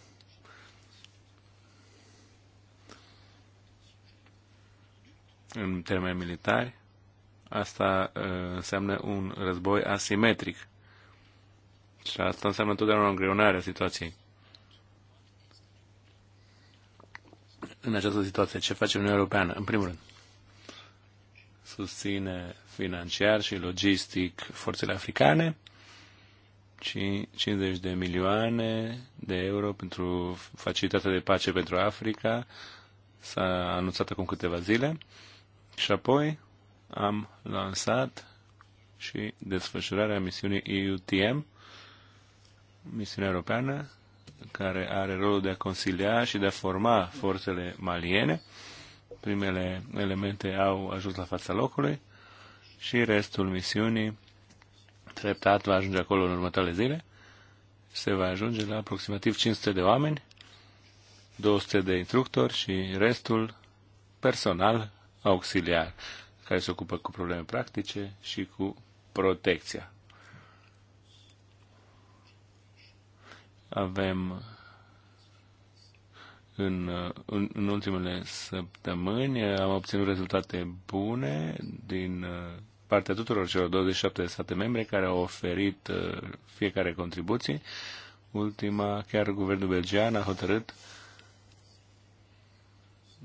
În termeni militari, asta uh, înseamnă un război asimetric. Și asta înseamnă întotdeauna o îngreunare a situației. în această situație, ce face Uniunea Europeană? În primul rând, susține financiar și logistic forțele africane, 50 de milioane de euro pentru facilitatea de pace pentru Africa, s-a anunțat acum câteva zile, și apoi am lansat și desfășurarea misiunii EUTM, misiunea europeană, care are rolul de a consilia și de a forma forțele maliene. Primele elemente au ajuns la fața locului și restul misiunii treptat va ajunge acolo în următoarele zile. Se va ajunge la aproximativ 500 de oameni, 200 de instructori și restul personal auxiliar care se ocupă cu probleme practice și cu protecția avem în, în, în ultimele săptămâni am obținut rezultate bune din uh, partea tuturor celor 27 de state membre care au oferit uh, fiecare contribuție. Ultima, chiar guvernul belgian a hotărât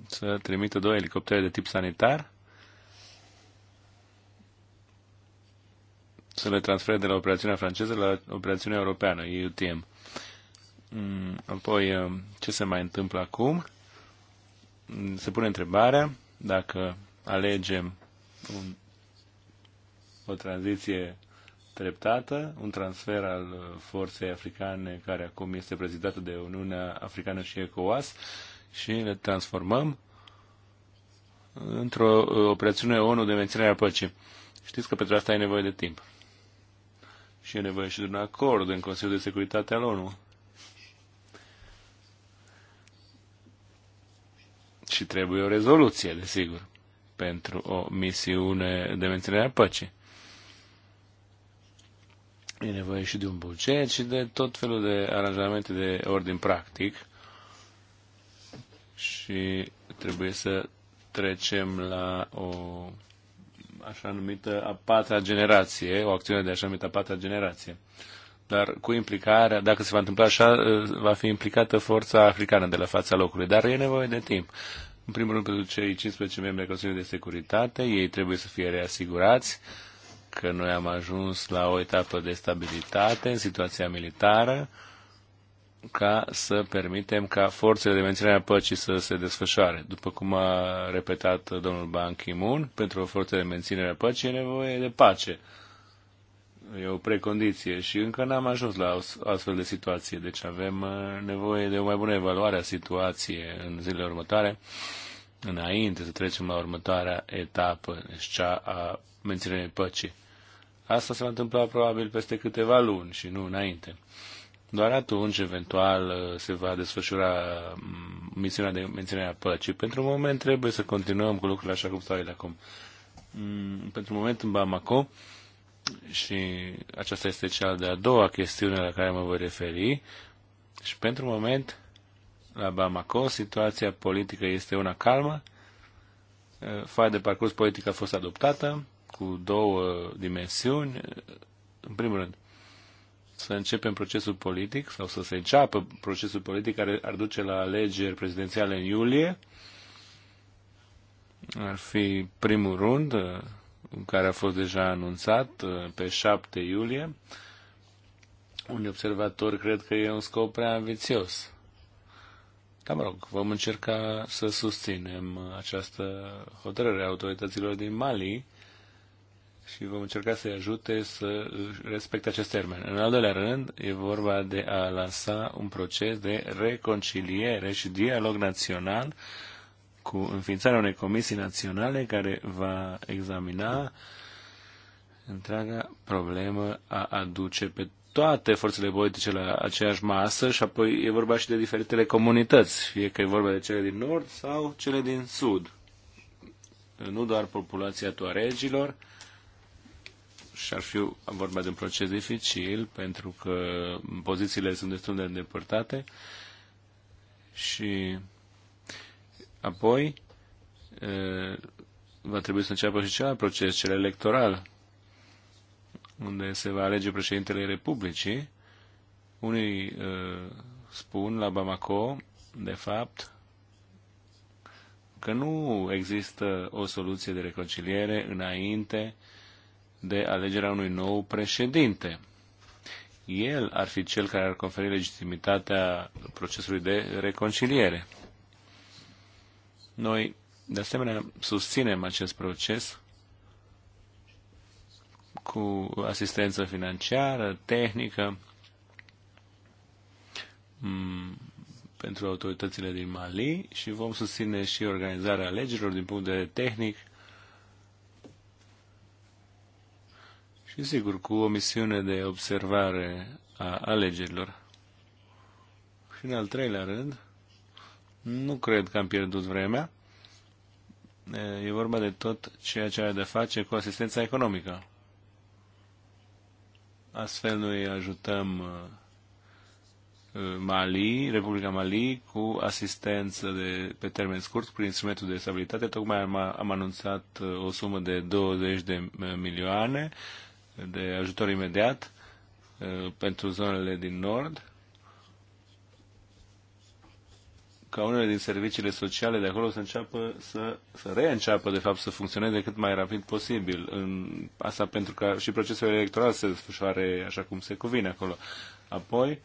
să trimită două elicoptere de tip sanitar să le transfere de la operațiunea franceză la operațiunea europeană, EUTM. Mm, apoi, uh, ce se mai întâmplă acum? Se pune întrebarea dacă alegem un, o tranziție treptată, un transfer al uh, forței africane care acum este prezidată de Uniunea Africană și ECOWAS și le transformăm într-o uh, operațiune ONU de menținere a păcii. Știți că pentru asta ai nevoie de timp. Și e nevoie și de un acord în Consiliul de Securitate al ONU. și trebuie o rezoluție, desigur, pentru o misiune de menținere a păcii. E nevoie și de un buget și de tot felul de aranjamente de ordin practic și trebuie să trecem la o așa numită a patra generație, o acțiune de așa numită a patra generație. Dar cu implicarea, dacă se va întâmpla așa, va fi implicată forța africană de la fața locului. Dar e nevoie de timp. În primul rând, pentru cei 15 membri ai Consiliului de Securitate, ei trebuie să fie reasigurați că noi am ajuns la o etapă de stabilitate în situația militară ca să permitem ca forțele de menținere a păcii să se desfășoare. După cum a repetat domnul Ban Ki-moon, pentru forțele de menținere a păcii e nevoie de pace e o precondiție și încă n-am ajuns la astfel de situație, deci avem uh, nevoie de o mai bună evaluare a situației în zilele următoare, înainte să trecem la următoarea etapă, deci cea a menținerii păcii. Asta se va întâmpla probabil peste câteva luni și nu înainte. Doar atunci, eventual, uh, se va desfășura mm, misiunea de menținere a păcii. Pentru moment trebuie să continuăm cu lucrurile așa cum stau ele acum. Mm, pentru moment, în Bamako, și aceasta este cea de-a doua chestiune la care mă voi referi. Și pentru moment, la Bamako, situația politică este una calmă. Foaia de parcurs politică a fost adoptată cu două dimensiuni. În primul rând, să începem procesul politic sau să se înceapă procesul politic care ar duce la alegeri prezidențiale în iulie. Ar fi primul rând care a fost deja anunțat uh, pe 7 iulie. Unii observatori cred că e un scop prea ambițios. Dar mă rog, vom încerca să susținem această hotărâre a autorităților din Mali și vom încerca să-i ajute să respecte acest termen. În al doilea rând, e vorba de a lansa un proces de reconciliere și dialog național uh, cu înființarea unei comisii naționale care va examina întreaga problemă a aduce pe toate forțele politice la aceeași masă și apoi e vorba și de diferitele comunități, fie că e vorba de cele din nord sau cele din sud. Nu doar populația toaregilor și ar fi vorba de un proces dificil pentru că pozițiile sunt destul de îndepărtate și Apoi, va trebui să înceapă și celălalt proces, cel electoral, unde se va alege președintele Republicii. Unii spun la Bamako, de fapt, că nu există o soluție de reconciliere înainte de alegerea unui nou președinte. El ar fi cel care ar conferi legitimitatea procesului de reconciliere. Noi, de asemenea, susținem acest proces cu asistență financiară, tehnică, mm, pentru autoritățile din Mali și vom susține și organizarea alegerilor din punct de vedere tehnic și, sigur, cu o misiune de observare a alegerilor. Și, în al treilea rând, nu cred că am pierdut vremea. E vorba de tot ceea ce are de face cu asistența economică. Astfel noi ajutăm uh, Mali, Republica Mali, cu asistență de, pe termen scurt prin instrumentul de stabilitate. Tocmai am, am anunțat uh, o sumă de 20 de uh, milioane de ajutor imediat pentru zonele din nord ca unele din serviciile sociale de acolo să înceapă să, să reînceapă, de fapt, să funcționeze cât mai rapid posibil. În, asta pentru că și procesul electoral se desfășoare așa cum se cuvine acolo. Apoi,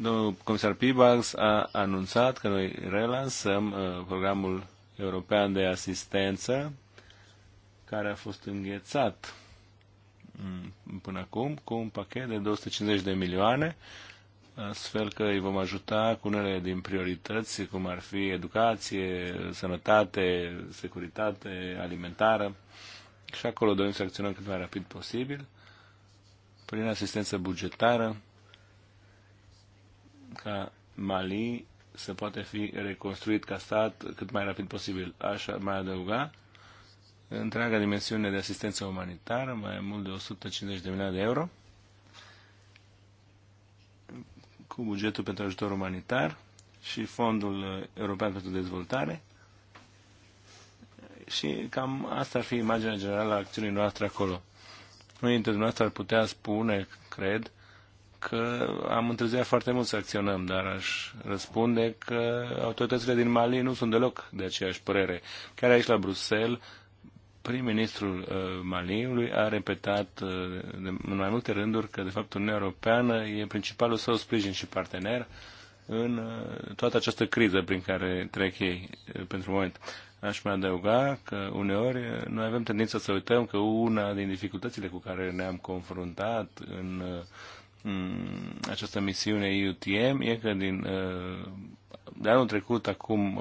domnul comisar Pibax a anunțat că noi relansăm uh, programul european de asistență care a fost înghețat mm, până acum cu un pachet de 250 de milioane uh, astfel că îi vom ajuta cu unele din priorități, cum ar fi educație, sănătate, securitate alimentară. Și acolo dorim să acționăm cât mai rapid posibil, prin asistență bugetară, ca Mali să poate fi reconstruit ca stat cât mai rapid posibil. Așa mai adăuga întreaga dimensiune de asistență umanitară, mai mult de 150 de milioane de euro cu bugetul pentru ajutor umanitar și Fondul European pentru Dezvoltare. Și cam asta ar fi imaginea generală a acțiunii noastre acolo. Unii dintre dumneavoastră ar putea spune, cred, că am întârziat foarte mult să acționăm, dar aș răspunde că autoritățile din Mali nu sunt deloc de aceeași părere. Chiar aici la Bruxelles prim-ministrul uh, Maliului a repetat uh, în mai multe rânduri că, de fapt, Uniunea Europeană e principalul său sprijin și partener în uh, toată această criză prin care trec ei pentru moment. Aș mai adăuga că uneori noi avem tendința să uităm că una din dificultățile cu care ne-am confruntat în, uh, mm, această misiune IUTM e că din de anul trecut, acum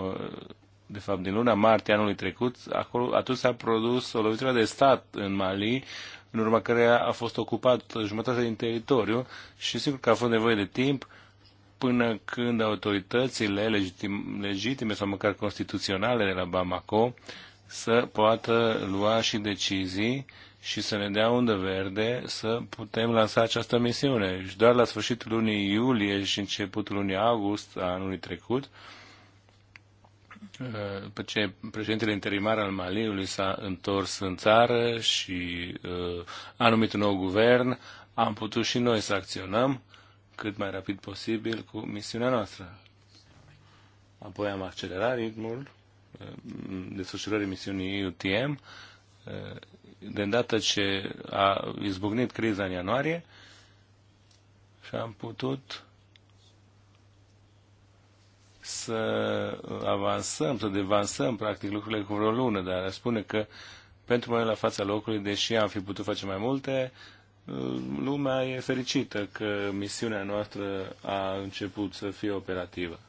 de fapt din luna martie anului trecut, acolo, atunci s-a produs o lovitură de stat în Mali, în urma căreia a fost ocupat jumătate din teritoriu și sigur că a fost nevoie de timp până când autoritățile legitim, legitime sau măcar constituționale de la Bamako să poată lua și decizii și să ne dea undă verde să putem lansa această misiune. Și doar la sfârșitul lunii iulie și începutul lunii august a anului trecut, după ce președintele interimar al Maliului s-a întors în țară și uh, a numit un nou guvern, am putut și noi să acționăm cât mai rapid posibil cu misiunea noastră. Apoi am accelerat ritmul uh, desfășurării misiunii UTM. Uh, de îndată ce a izbucnit criza în ianuarie și am putut să avansăm, să devansăm practic lucrurile cu vreo lună, dar aș spune că pentru noi la fața locului, deși am fi putut face mai multe, lumea e fericită că misiunea noastră a început să fie operativă.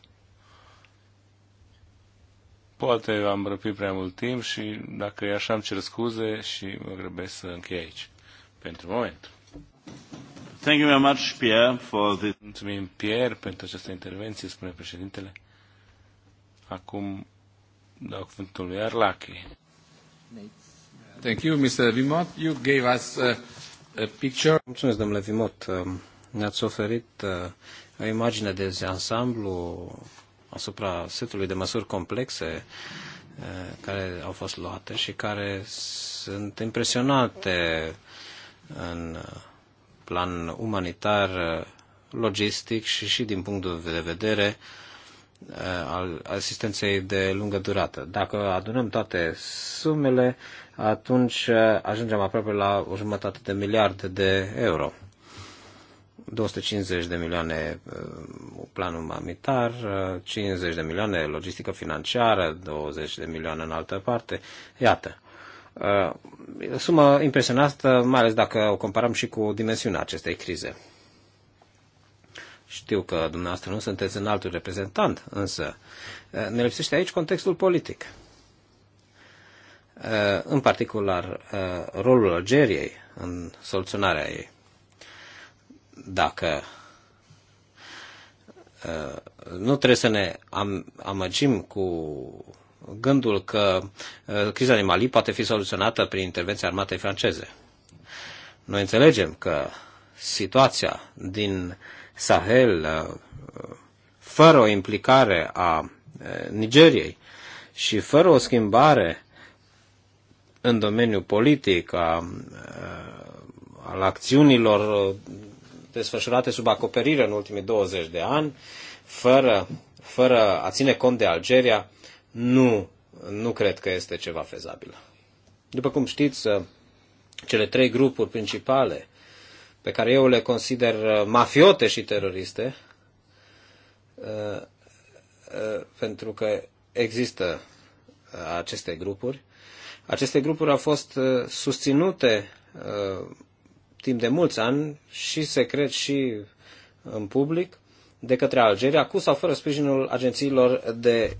Poate am răpit prea mult timp și dacă e așa îmi cer scuze și mă grăbesc să închei aici. Pentru moment. Thank you very much, Pierre, for the... Mulțumim, Pierre, pentru această intervenție, spune președintele. Acum dau cuvântul lui Arlache. Thank you, Mr. Vimot. You gave us a, a picture. Mulțumesc, domnule Vimot. Ne-ați oferit uh, o imagine de ansamblu asupra setului de măsuri complexe uh, care au fost luate și care sunt impresionate în uh, plan umanitar, logistic și și din punctul de vedere uh, Uh, al asistenței de lungă durată. Dacă adunăm toate sumele, atunci uh, ajungem aproape la o jumătate de miliarde de euro. 250 de milioane uh, planul mamitar, 50 de milioane logistică financiară, 20 de milioane în altă parte. Iată. Sumă impresionantă, mai ales dacă o comparăm și cu dimensiunea acestei crize. Știu că dumneavoastră nu sunteți în altul reprezentant, însă ne lipsește aici contextul politic. În particular, rolul Algeriei în soluționarea ei. Dacă nu trebuie să ne amăgim cu gândul că criza din Mali poate fi soluționată prin intervenția armatei franceze. Noi înțelegem că situația din Sahel, uh, fără o implicare a uh, Nigeriei și fără o schimbare în domeniul politic a, uh, al acțiunilor desfășurate sub acoperire în ultimii 20 de ani, fără, fără a ține cont de Algeria, nu, nu cred că este ceva fezabil. După cum știți, cele trei grupuri principale pe care eu le consider uh, mafiote și teroriste, uh, uh, pentru că există aceste grupuri. Aceste grupuri au fost susținute timp de mulți ani și secret și în public de către Algeria, cu sau fără sprijinul agențiilor de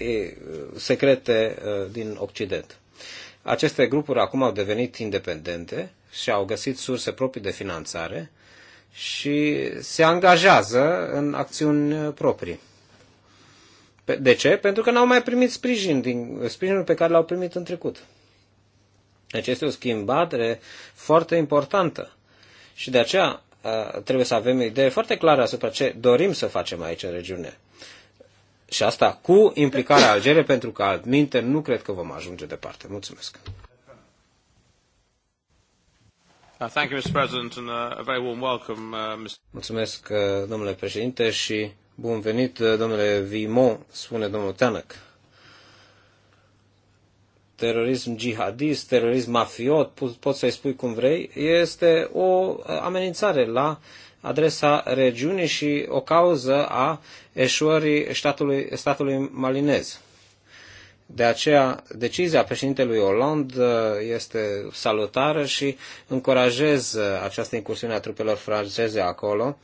secrete din Occident. Aceste grupuri acum au devenit independente și-au găsit surse proprii de finanțare și se angajează în acțiuni proprii. De ce? Pentru că n-au mai primit sprijin din sprijinul pe care l-au primit în trecut. Deci este o schimbare foarte importantă. Și de aceea trebuie să avem idee foarte clară asupra ce dorim să facem aici în regiune. Și asta cu implicarea Algeriei, pentru că altminte nu cred că vom ajunge departe. Mulțumesc! Mulțumesc, domnule președinte, și bun venit, uh, domnule Vimo, spune domnul Tanăc. Terorism jihadist, terorism mafiot, poți să-i spui cum vrei, este o uh, amenințare la adresa regiunii și o cauză a eșuării statului, statului malinez de aceea, decizia președintelui Oland uh, este salutară și încurajez uh, această incursiune a trupelor franceze acolo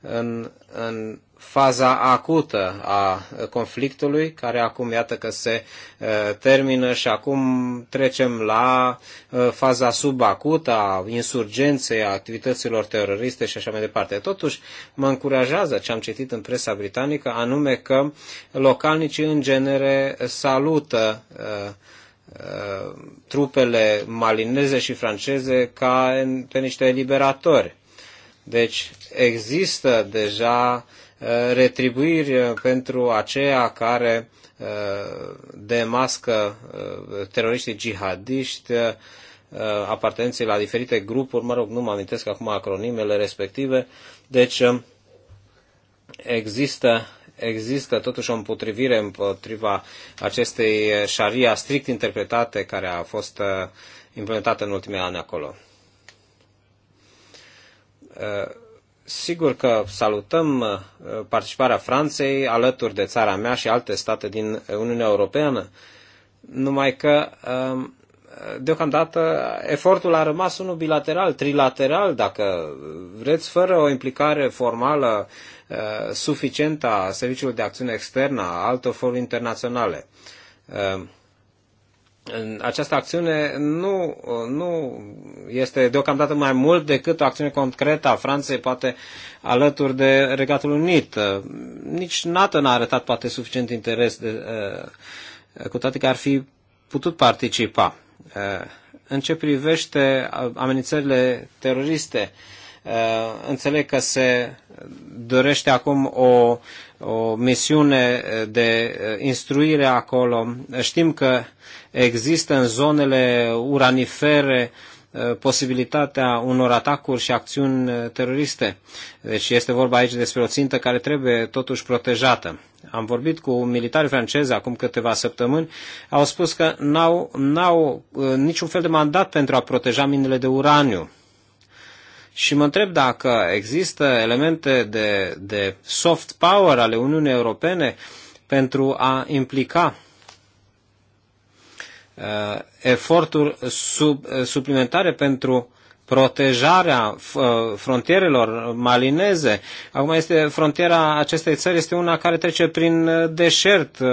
în, în faza acută a conflictului, care acum iată că se uh, termină și acum trecem la uh, faza subacută a insurgenței, a activităților teroriste și așa mai departe. Totuși, mă încurajează ce am citit în presa britanică, anume că localnicii în genere salută uh, trupele malineze și franceze ca pe niște eliberatori. Deci există deja uh, retribuiri uh, pentru aceia care uh, demască uh, teroriștii jihadiști, apartenții la diferite grupuri, mă rog, nu mă amintesc acum acronimele respective. Deci um, există, există totuși o împotrivire împotriva acestei șaria strict interpretate care a fost implementată în ultimii ani acolo Sigur că salutăm uh, participarea Franței alături de țara mea și alte state din Uniunea Europeană, numai că um, deocamdată efortul a rămas unul bilateral, trilateral, dacă vreți, fără o implicare formală uh, suficientă a Serviciului de Acțiune Externă, a altor foruri internaționale. Uh, această acțiune nu, nu este deocamdată mai mult decât o acțiune concretă a Franței, poate alături de Regatul Unit. Nici NATO n-a arătat poate suficient interes, de, eh, cu toate că ar fi putut participa. Eh, în ce privește amenințările teroriste, eh, înțeleg că se dorește acum o o misiune de eh, instruire acolo. Știm că există în zonele uranifere eh, posibilitatea unor atacuri și acțiuni eh, teroriste. Deci este vorba aici despre o țintă care trebuie totuși protejată. Am vorbit cu militari francezi acum câteva săptămâni, au spus că n-au, n-au niciun fel de mandat pentru a proteja minele de uraniu și mă întreb dacă există elemente de, de soft power ale Uniunii Europene pentru a implica uh, eforturi sub, uh, suplimentare pentru protejarea uh, frontierelor malineze. Acum este frontiera acestei țări este una care trece prin uh, deșert. Uh,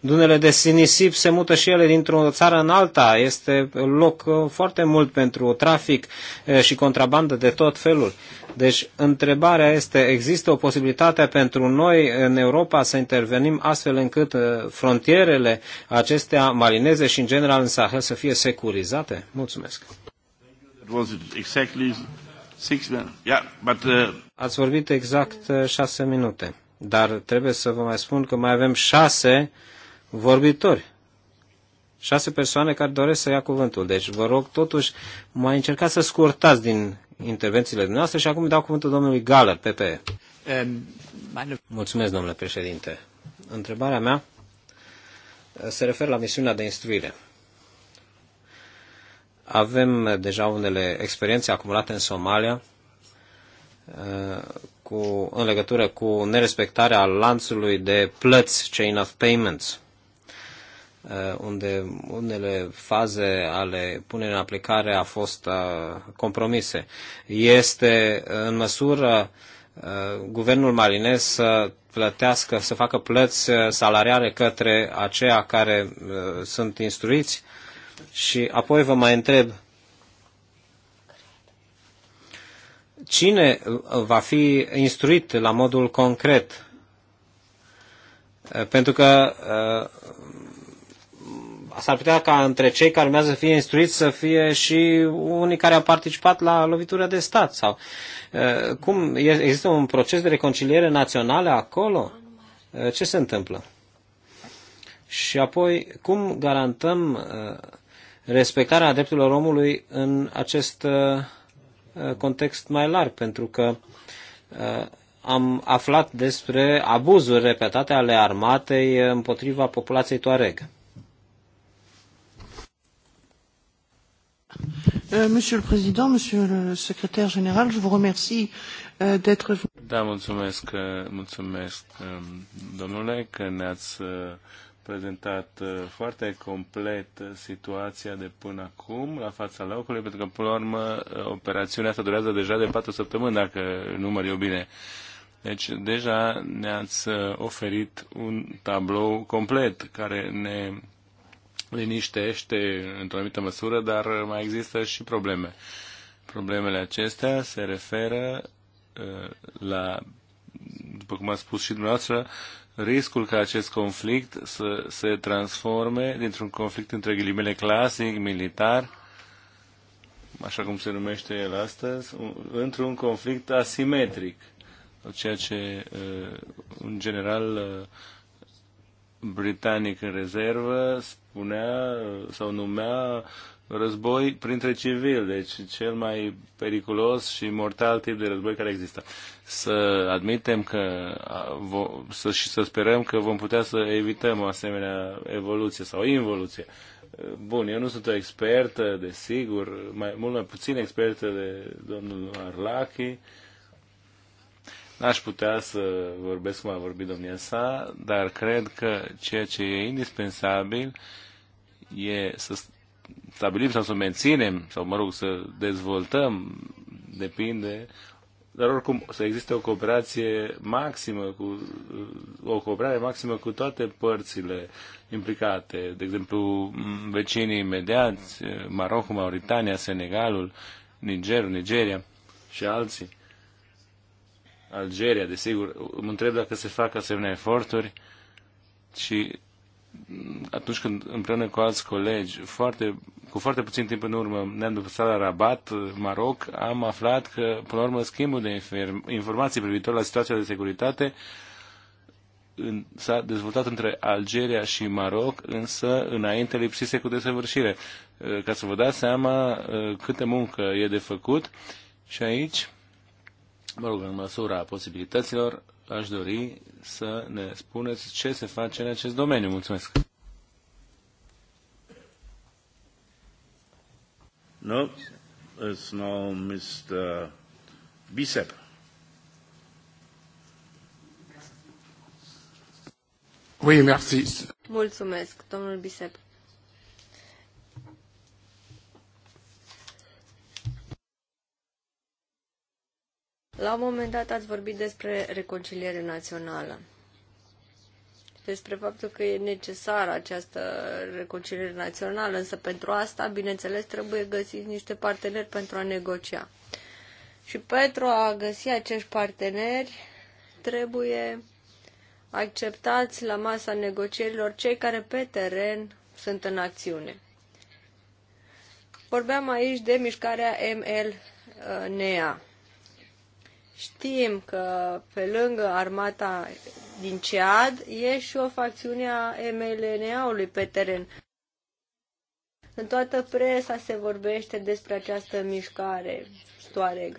dunele de sinisip se mută și ele dintr-o țară în alta. Este loc foarte mult pentru trafic și contrabandă de tot felul. Deci întrebarea este, există o posibilitate pentru noi în Europa să intervenim astfel încât frontierele acestea malineze și în general în Sahel să fie securizate? Mulțumesc! was it exactly six minutes? Yeah, but... Uh... Ați vorbit exact uh, șase minute, dar trebuie să vă mai spun că mai avem șase vorbitori. Șase persoane care doresc să ia cuvântul. Deci vă rog totuși mai încercați să scurtați din intervențiile dumneavoastră și acum dau cuvântul domnului Galler, PPE. Um, Mulțumesc, domnule președinte. Întrebarea mea uh, se referă la misiunea de instruire. Avem deja unele experiențe acumulate în Somalia uh, cu, în legătură cu nerespectarea lanțului de plăți, chain of payments, uh, unde unele faze ale punerii în aplicare a fost uh, compromise. Este în măsură guvernul malinez să plătească, să facă plăți salariare către aceia care sunt instruiți și apoi vă mai întreb, cine va fi instruit la modul concret? Eh, pentru că eh, s-ar putea ca între cei care urmează să fie instruiți să fie și unii care au participat la lovitura de stat sau eh, cum există un proces de reconciliere națională acolo? Ce se întâmplă? Și apoi, cum garantăm uh, respectarea drepturilor omului în acest uh, uh, context mai larg, pentru că uh, am aflat despre abuzuri repetate ale armatei împotriva populației Tuareg. Euh, Monsieur le Président, Monsieur le Secrétaire Général, je vous remercie euh, d'être venu. Da, mulțumesc, mulțumesc, um, domnule, că ne-ați prezentat uh, foarte complet uh, situația de până acum la fața locului, pentru că, până la urmă, uh, operațiunea asta durează deja de patru săptămâni, dacă număr eu bine. Deci, deja ne-ați oferit un tablou complet care ne liniștește într-o anumită măsură, dar mai există și probleme. Problemele acestea se referă la, după cum a spus și dumneavoastră, riscul ca acest conflict să se transforme dintr-un conflict între ghilimele clasic, militar, așa cum se numește el astăzi, într-un conflict asimetric, ceea ce, un uh, general, uh, britanic în rezervă spunea uh, sau numea război printre civili, deci cel mai periculos și mortal tip de război care există. Să admitem că să, și să sperăm că vom putea să evităm o asemenea evoluție sau involuție. Bun, eu nu sunt o expertă, desigur, mai, mult mai puțin expertă de domnul Arlachi. N-aș putea să vorbesc cum a vorbit domnia sa, dar cred că ceea ce e indispensabil e să stabilim sau să menținem sau, mă rog, să dezvoltăm, depinde, dar oricum să existe o cooperație maximă cu o cooperare maximă cu toate părțile implicate, de exemplu vecinii imediați, Marocul, Mauritania, Senegalul, Nigerul, Nigeria și alții. Algeria, desigur, mă întreb dacă se fac asemenea eforturi și atunci când împreună cu alți colegi, foarte, cu foarte puțin timp în urmă, ne-am deplasat la Rabat, Maroc, am aflat că, până la urmă, schimbul de informații privitor la situația de securitate în, s-a dezvoltat între Algeria și Maroc, însă înainte lipsise cu desăvârșire. Uh, ca să vă dați seama uh, câtă muncă e de făcut și aici, mă rog, în măsura posibilităților, aș dori să ne spuneți ce se face în acest domeniu. Mulțumesc! No, it's now Mr. Bisep. Oui, merci. Mulțumesc, domnul Bisep. La un moment dat ați vorbit despre reconciliere națională, despre faptul că e necesară această reconciliere națională, însă pentru asta, bineînțeles, trebuie găsiți niște parteneri pentru a negocia. Și pentru a găsi acești parteneri, trebuie acceptați la masa negocierilor cei care pe teren sunt în acțiune. Vorbeam aici de mișcarea MLNA. Știm că pe lângă armata din cead e și o facțiune a MLNA-ului pe teren. În toată presa se vorbește despre această mișcare Stoareg.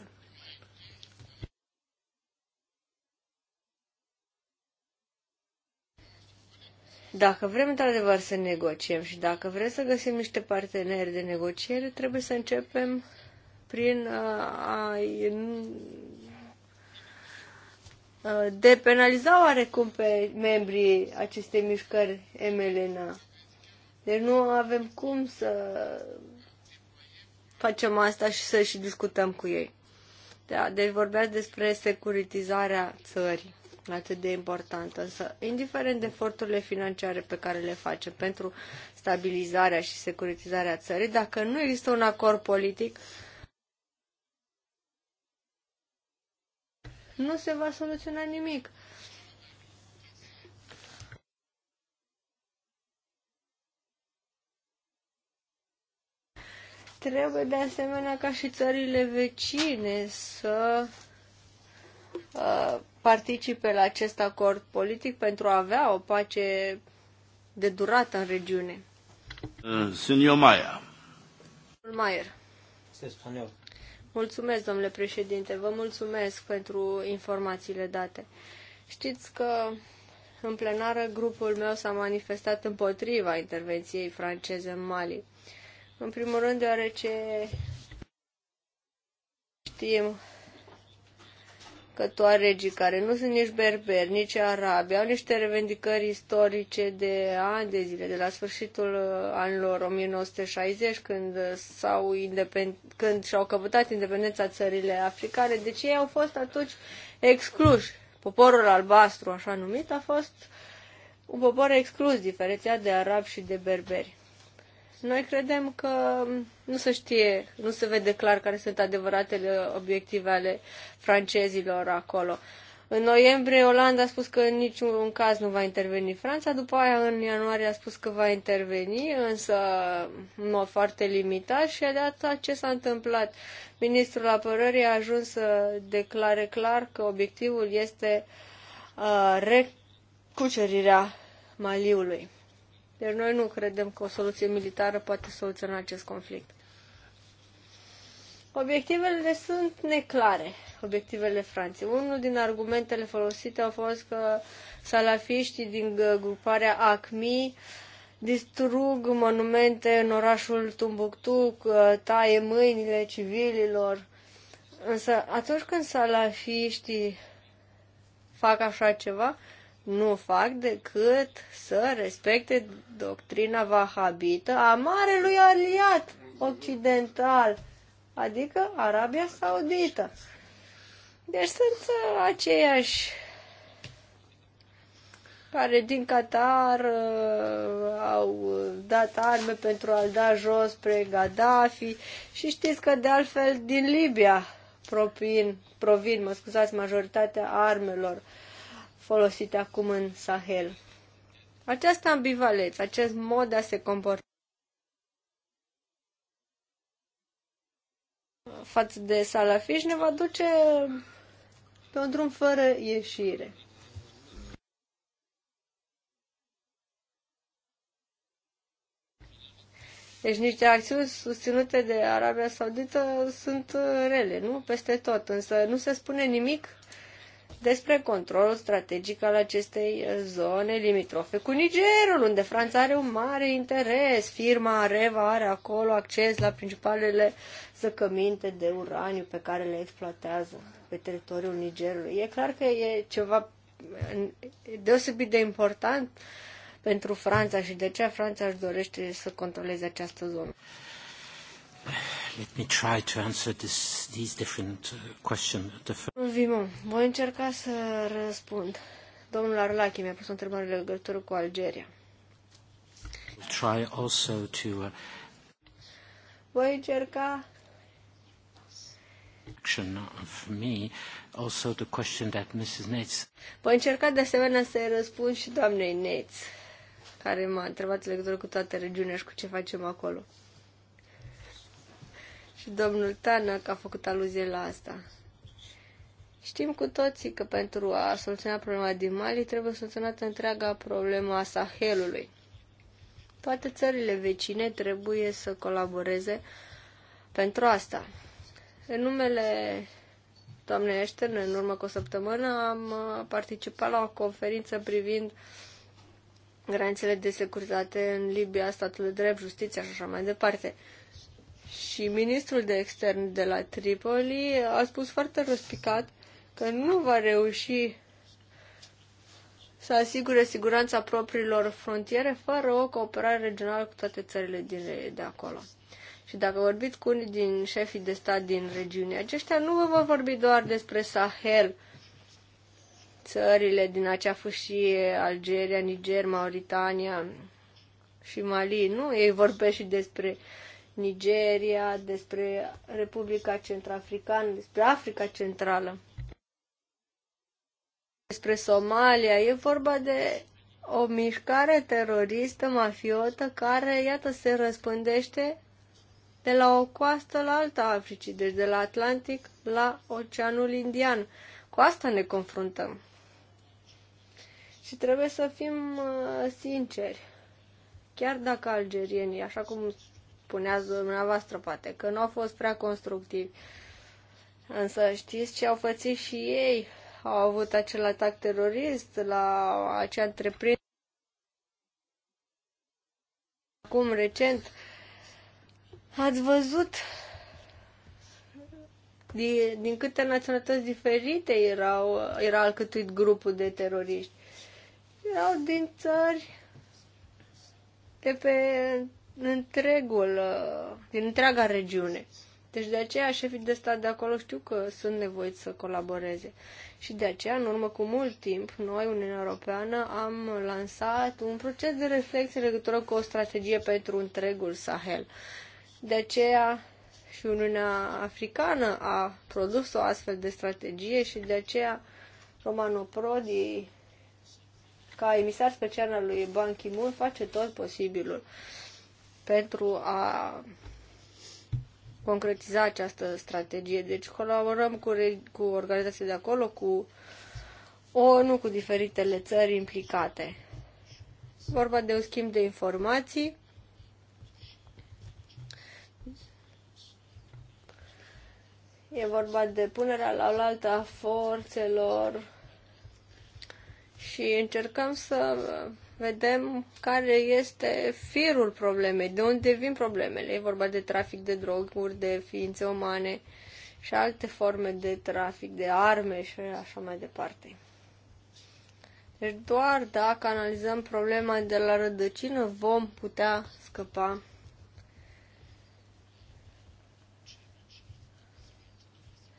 Dacă vrem într-adevăr să negociem și dacă vrem să găsim niște parteneri de negociere, trebuie să începem prin uh, a Uh, de penaliza oarecum pe membrii acestei mișcări MLNA. Deci nu avem cum să facem asta și să și discutăm cu ei. Da, deci vorbeați despre securitizarea țării, atât de importantă, însă indiferent de eforturile financiare pe care le face pentru stabilizarea și securitizarea țării, dacă nu există un acord politic, uh, nu se va soluționa nimic. Trebuie de asemenea ca și țările vecine să uh, participe la acest acord politic pentru a avea o pace de durată în regiune. Uh, Senior Maia. Mayer. Este spaniol. Mulțumesc, domnule președinte, vă mulțumesc pentru informațiile date. Știți că în plenară grupul meu s-a manifestat împotriva intervenției franceze în Mali. În primul rând, deoarece știm că toaregii care nu sunt nici berberi, nici arabi, au niște revendicări istorice de ani de zile, de la sfârșitul uh, anilor 1960, când, uh, s-au independ- când și-au căpătat independența țările africane. Deci ei au fost atunci excluși. Poporul albastru, așa numit, a fost un popor exclus, diferențiat de arabi și de berberi. Noi credem că nu se știe, nu se vede clar care sunt adevăratele obiective ale francezilor acolo. În noiembrie Olanda a spus că în niciun caz nu va interveni Franța, după aia în ianuarie a spus că va interveni, însă în mod foarte limitat și a dat ce s-a întâmplat. Ministrul apărării a ajuns să declare clar că obiectivul este uh, recucerirea Maliului. Iar deci noi nu credem că o soluție militară poate soluționa acest conflict. Obiectivele sunt neclare, obiectivele Franței. Unul din argumentele folosite a fost că salafiștii din gruparea ACMI distrug monumente în orașul Tumbuctu, uh, taie mâinile civililor. Însă atunci când salafiștii fac așa ceva, nu fac decât să respecte doctrina vahabită a marelui aliat occidental, adică Arabia Saudită. Deci sunt uh, aceiași care din Qatar uh, au dat arme pentru a-l da jos spre Gaddafi și știți că de altfel din Libia propin, provin, mă scuzați, majoritatea armelor uh, folosite acum în Sahel. Această ambivalență, acest mod de a se comporta față de salafiș ne va duce pe un drum fără ieșire. Deci niște acțiuni susținute de Arabia Saudită sunt uh, rele, nu? Peste tot, însă nu se spune nimic despre controlul strategic al acestei zone limitrofe cu Nigerul, unde Franța are un mare interes. Firma Areva are acolo acces la principalele săcăminte de uraniu pe care le exploatează pe teritoriul Nigerului. E clar că e ceva deosebit de important pentru Franța și de ce Franța își dorește să controleze această zonă. Let me try to answer this, these different uh, questions. The first... Vimon, voi încerca să răspund. Domnul Arlachi mi-a pus o întrebare în legătură cu Algeria. Try also to, uh... Voi încerca of me, also the question that Mrs. Nates... Voi încerca de asemenea să-i răspund și doamnei Nates, care m-a întrebat în legătură cu toate regiunea și cu ce facem acolo. Și domnul Tanac a făcut aluzie la asta. Știm cu toții că pentru a soluționa problema din Mali trebuie soluționată întreaga problema a Sahelului. Toate țările vecine trebuie să colaboreze pentru asta. În numele doamnei Ashton, în urmă cu o săptămână, am uh, participat la o conferință privind granițele de securitate în Libia, statul de drept, justiția și așa mai departe și ministrul de extern de la Tripoli a spus foarte răspicat că nu va reuși să asigure siguranța propriilor frontiere fără o cooperare regională cu toate țările din, de acolo. Și dacă vorbiți cu unii din șefii de stat din regiune, aceștia nu vă vor vorbi doar despre Sahel, țările din acea fâșie, Algeria, Niger, Mauritania și Mali. Nu, ei vorbesc și despre uh, Nigeria, despre Republica Centrafricană, despre Africa Centrală, despre Somalia. E vorba de o mișcare teroristă, mafiotă, care, iată, se răspândește de la o coastă la alta Africii, deci de la Atlantic la Oceanul Indian. Cu asta ne confruntăm. Și trebuie să fim uh, sinceri. Chiar dacă algerienii, așa cum spuneați dumneavoastră, poate, că nu au fost prea constructivi. Însă știți ce au fățit și ei? Au avut acel atac terorist la acea întreprindere. Acum, recent, ați văzut din, din câte naționalități diferite erau, era alcătuit grupul de teroriști. Erau din țări de pe întregul, uh, din întreaga regiune. Deci de aceea șefii de stat de acolo știu că sunt nevoiți să colaboreze. Și de aceea, în urmă cu mult timp, noi, Uniunea Europeană, am lansat un proces de reflexie în legătură cu o strategie pentru întregul Sahel. De aceea și Uniunea Africană a produs o astfel de strategie și de aceea Romano Prodi, ca emisar special al lui Ban Ki-moon, face tot posibilul. Uh, pentru a concretiza această strategie. Deci colaborăm cu, cu organizații de acolo, cu ONU, cu diferitele țări implicate. Vorba de un schimb de informații. E vorba de punerea la oaltă a forțelor și încercăm să vedem care este firul problemei, de unde vin problemele. E vorba de trafic de droguri, de ființe umane și alte forme de trafic, de arme și așa mai departe. Deci doar dacă analizăm problema de la rădăcină vom putea scăpa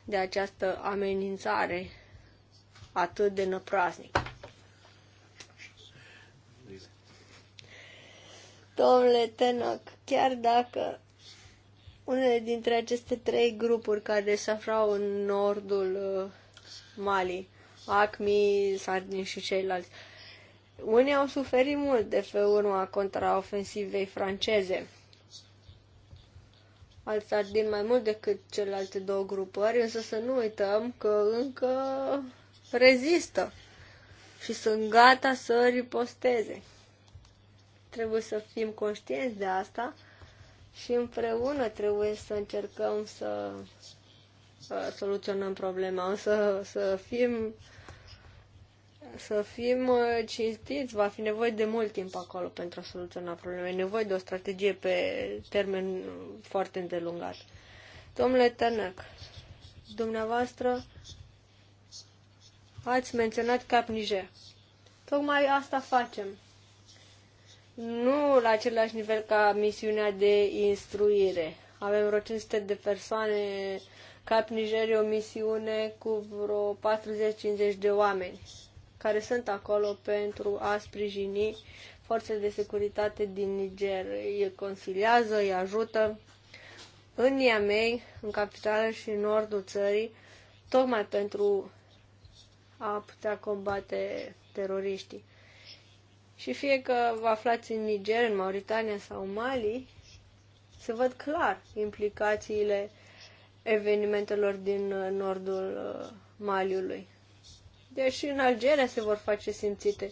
de această amenințare atât de năprasnică. Domnule Tenoc, chiar dacă unele dintre aceste trei grupuri care se aflau în nordul uh, Mali, Acmi, Sardin și ceilalți, unii au suferit mult de pe urma contraofensivei franceze. Alți din mai mult decât celelalte două grupări, însă să nu uităm că încă rezistă și sunt gata să riposteze. Trebuie să fim conștienți de asta și împreună trebuie să încercăm să uh, soluționăm problema, să, să fim să fim uh, cinstiți, va fi nevoie de mult timp acolo pentru a soluționa probleme. E nevoie de o strategie pe termen foarte îndelungat. Domnule Tănăc, dumneavoastră ați menționat Cap Niger. Tocmai asta facem nu la același nivel ca misiunea de instruire. Avem vreo 500 de persoane, Cap Nigeria, o misiune cu vreo 40-50 de oameni care sunt acolo pentru a sprijini forțele de securitate din Niger. Îi conciliază, îi ajută. În Niamey, în capitală și în nordul țării, tocmai pentru a putea combate teroriștii. Și fie că vă aflați în Niger, în Mauritania sau în Mali, se văd clar implicațiile evenimentelor din uh, nordul uh, Maliului. Deși în Algeria se vor face simțite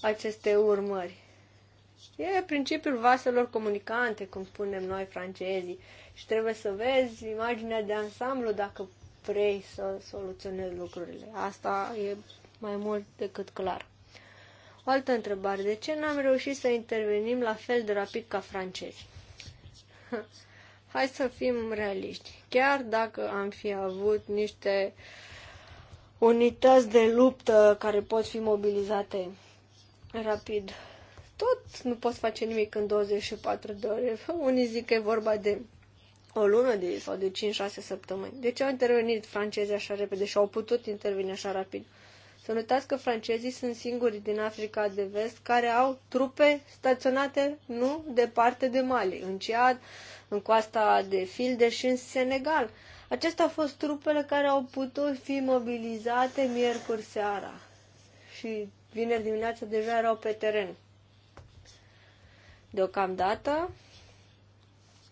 aceste urmări. E principiul vaselor comunicante, cum spunem noi francezii, și trebuie să vezi imaginea de ansamblu dacă vrei să soluționezi lucrurile. Asta e mai mult decât clar. O altă întrebare. De ce n-am reușit să intervenim la fel de rapid ca francezi? Hai să fim realiști. Chiar dacă am fi avut niște unități de luptă care pot fi mobilizate rapid, tot nu poți face nimic în 24 de ore. Unii zic că e vorba de o lună de, sau de 5-6 săptămâni. De ce au intervenit francezii așa repede și au putut interveni așa rapid? Să nu uitați că francezii sunt singurii din Africa de Vest care au trupe staționate nu departe de Mali, în Ciad, în coasta de Filde și în Senegal. Acestea au fost trupele care au putut fi mobilizate miercuri seara și vineri dimineața deja erau pe teren. Deocamdată,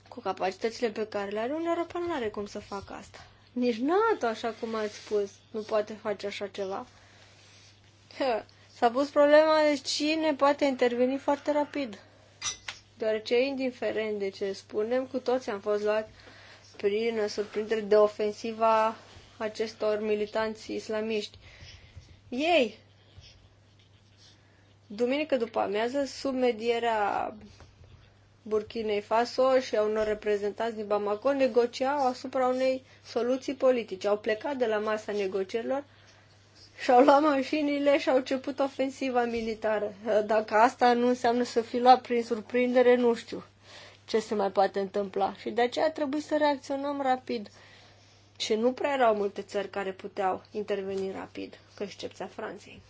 cu capacitățile pe care le are, un european nu are cum să facă asta. Nici NATO, așa cum ați spus, nu poate face așa ceva. S-a pus problema de deci cine poate interveni foarte rapid. Deoarece, indiferent de ce spunem, cu toți am fost luat prin surprindere de ofensiva acestor militanți islamiști. Ei, duminică după amiază, sub medierea Burkinei Faso și a unor reprezentanți din Bamako negociau asupra unei soluții politice. Au plecat de la masa negocierilor și-au luat mașinile și-au început ofensiva militară. Ă, dacă asta nu înseamnă să fi luat prin surprindere, nu știu ce se mai poate întâmpla. Și de aceea trebuie să reacționăm rapid. Și nu prea erau multe țări care puteau interveni rapid, cu excepția Franței.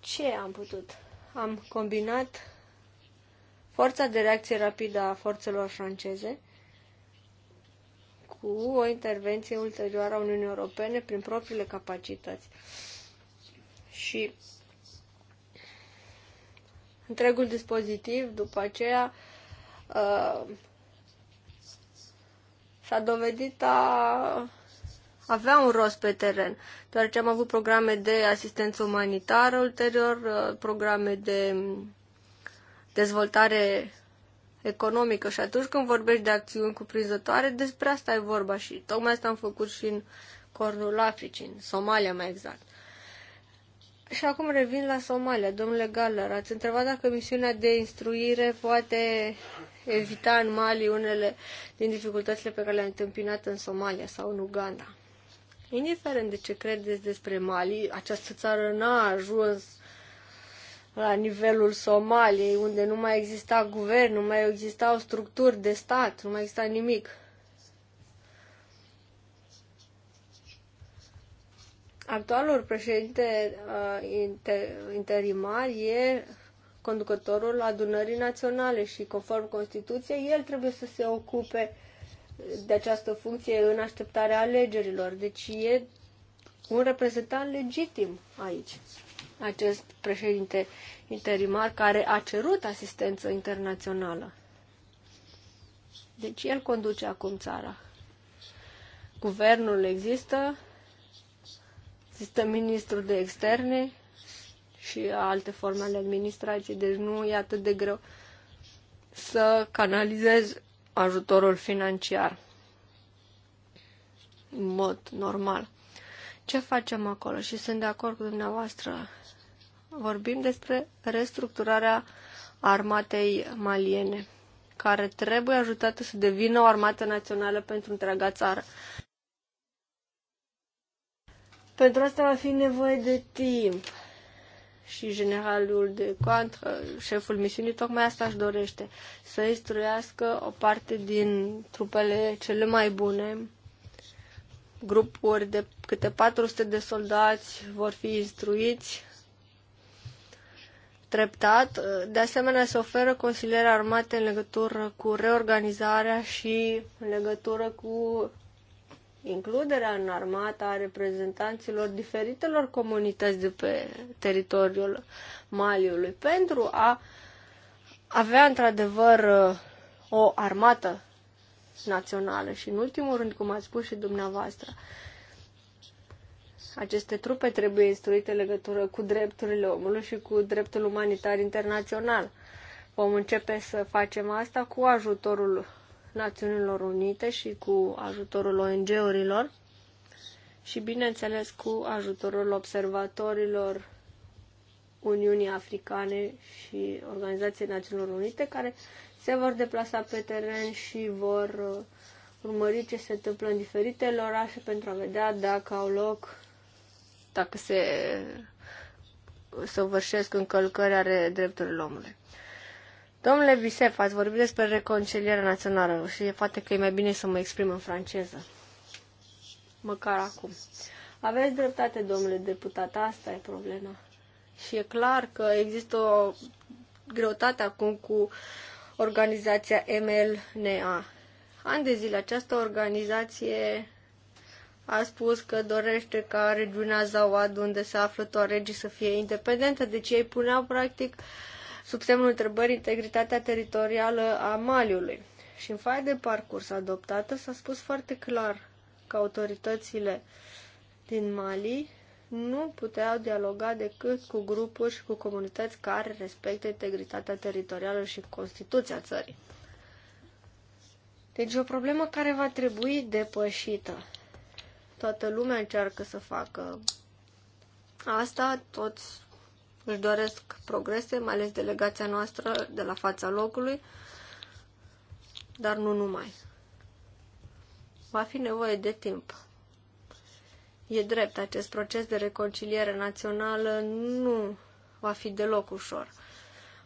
Ce am putut? Am combinat forța de reacție rapidă a forțelor franceze, cu o intervenție ulterioară a Uniunii Europene prin propriile capacități. Și întregul dispozitiv, după aceea, uh, s-a dovedit a avea un rost pe teren, deoarece am avut programe de asistență umanitară ulterior, uh, programe de dezvoltare economică și atunci când vorbești de acțiuni cuprinzătoare, despre asta e vorba și tocmai asta am făcut și în cornul Africii, în Somalia mai exact. Și acum revin la Somalia. Domnule Galler, ați întrebat dacă misiunea de instruire poate evita în Mali unele din dificultățile pe care le-a întâmpinat în Somalia sau în Uganda. Indiferent de ce credeți despre Mali, această țară n-a ajuns la nivelul Somaliei, unde nu mai exista guvern, nu mai existau structuri de stat, nu mai exista nimic. Actualul președinte uh, interimar e conducătorul adunării naționale și conform Constituției el trebuie să se ocupe de această funcție în așteptarea alegerilor. Deci e un reprezentant legitim aici acest președinte interimar care a cerut asistență internațională. Deci el conduce acum țara. Guvernul există, există ministrul de externe și alte forme ale administrației, deci nu e atât de greu să canalizezi ajutorul financiar în mod normal. Ce facem acolo? Și sunt de acord cu dumneavoastră, vorbim despre restructurarea armatei maliene, care trebuie ajutată să devină o armată națională pentru întreaga țară. Pentru asta va fi nevoie de timp. Și generalul de contră, șeful misiunii, tocmai asta își dorește, să instruiască o parte din trupele cele mai bune. Grupuri de câte 400 de soldați vor fi instruiți treptat. De asemenea, se oferă consiliere armate în legătură cu reorganizarea și în legătură cu includerea în armată a reprezentanților diferitelor comunități de pe teritoriul Maliului pentru a avea într-adevăr o armată națională și în ultimul rând, cum ați spus și dumneavoastră, uh, aceste trupe trebuie instruite în legătură cu drepturile omului și cu dreptul umanitar internațional. Vom începe să facem asta cu ajutorul Națiunilor Unite și cu ajutorul ONG-urilor și, bineînțeles, cu ajutorul observatorilor Uniunii Africane și Organizației Națiunilor Unite, care se vor deplasa pe teren și vor uh, urmări ce se întâmplă în diferitele orașe pentru a vedea dacă au loc dacă se săvârșesc încălcări ale drepturilor omului. Domnule Bisef, ați vorbit despre reconcilierea națională și poate că e mai bine să mă exprim în franceză. Măcar acum. Aveți dreptate, domnule deputat, asta e problema. Și e clar că există o greutate acum cu organizația MLNA. An de zile, această organizație a spus că dorește ca regiunea Zawad, unde se află Tuaregii, să fie independentă, deci ei puneau practic sub semnul întrebării integritatea teritorială a Maliului. Și în faia de parcurs adoptată s-a spus foarte clar că autoritățile din Mali nu puteau dialoga decât cu grupuri și cu comunități care respectă integritatea teritorială și Constituția țării. Deci o problemă care va trebui depășită. Toată lumea încearcă să facă asta, toți își doresc progrese, mai ales delegația noastră de la fața locului, dar nu numai. Va fi nevoie de timp. E drept, acest proces de reconciliere națională nu va fi deloc ușor.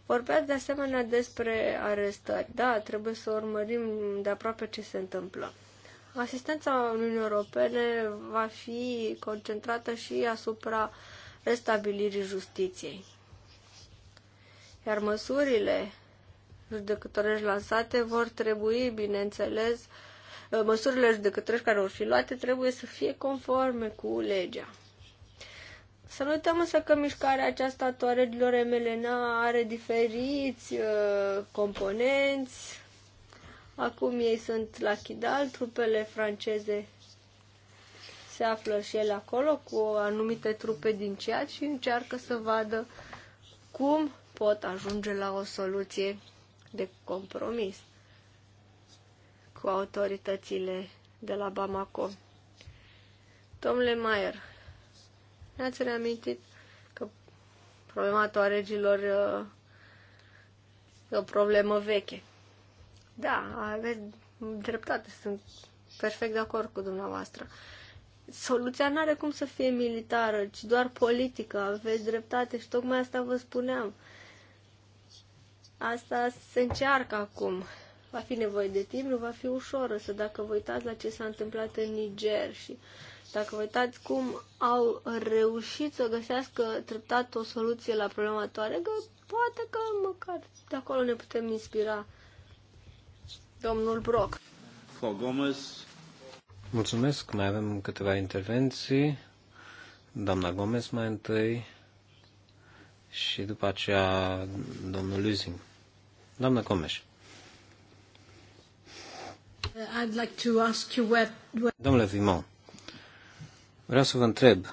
Vorbeați de asemenea despre arestări. Da, trebuie să urmărim de aproape ce se întâmplă. Asistența Uniunii Europene va fi concentrată și asupra restabilirii justiției. Iar măsurile judecătorești lansate vor trebui, bineînțeles, măsurile judecătorești care vor fi luate trebuie să fie conforme cu legea. Să nu uităm însă că mișcarea aceasta a toaregilor MLNA are diferiți uh, componenți, Acum ei sunt la Chidal, trupele franceze se află și el acolo cu anumite trupe din cea și încearcă să vadă cum pot ajunge la o soluție de compromis cu autoritățile de la Bamako. Domnule Maier, ne-ați reamintit că problema toaregilor uh, e o problemă veche. Da, aveți dreptate, sunt perfect de acord cu dumneavoastră. Soluția nu are cum să fie militară, ci doar politică. Aveți dreptate și tocmai asta vă spuneam. Asta se încearcă acum. Va fi nevoie de timp, nu va fi ușor, să dacă vă uitați la ce s-a întâmplat în Niger și dacă vă uitați cum au reușit să găsească treptat o soluție la problema toaregă, poate că măcar de acolo ne putem inspira Domnul Brock. Frau Gomez. Mulțumesc. Mai avem câteva intervenții. Doamna Gomez mai întâi și după aceea domnul Luzing. Doamna Gomes. I'd like to ask you where, where... Domnule Vimon, vreau să vă întreb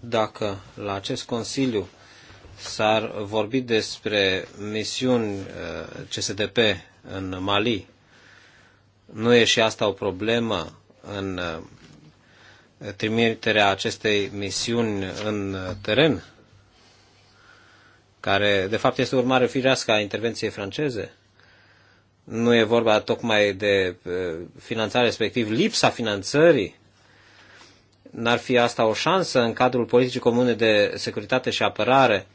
dacă la acest Consiliu S-ar vorbi despre misiuni uh, CSDP în Mali. Nu e și asta o problemă în uh, trimiterea acestei misiuni în teren, care de fapt este urmare firească a intervenției franceze. Nu e vorba tocmai de uh, finanțare, respectiv lipsa finanțării. N-ar fi asta o șansă în cadrul politicii comune de securitate și apărare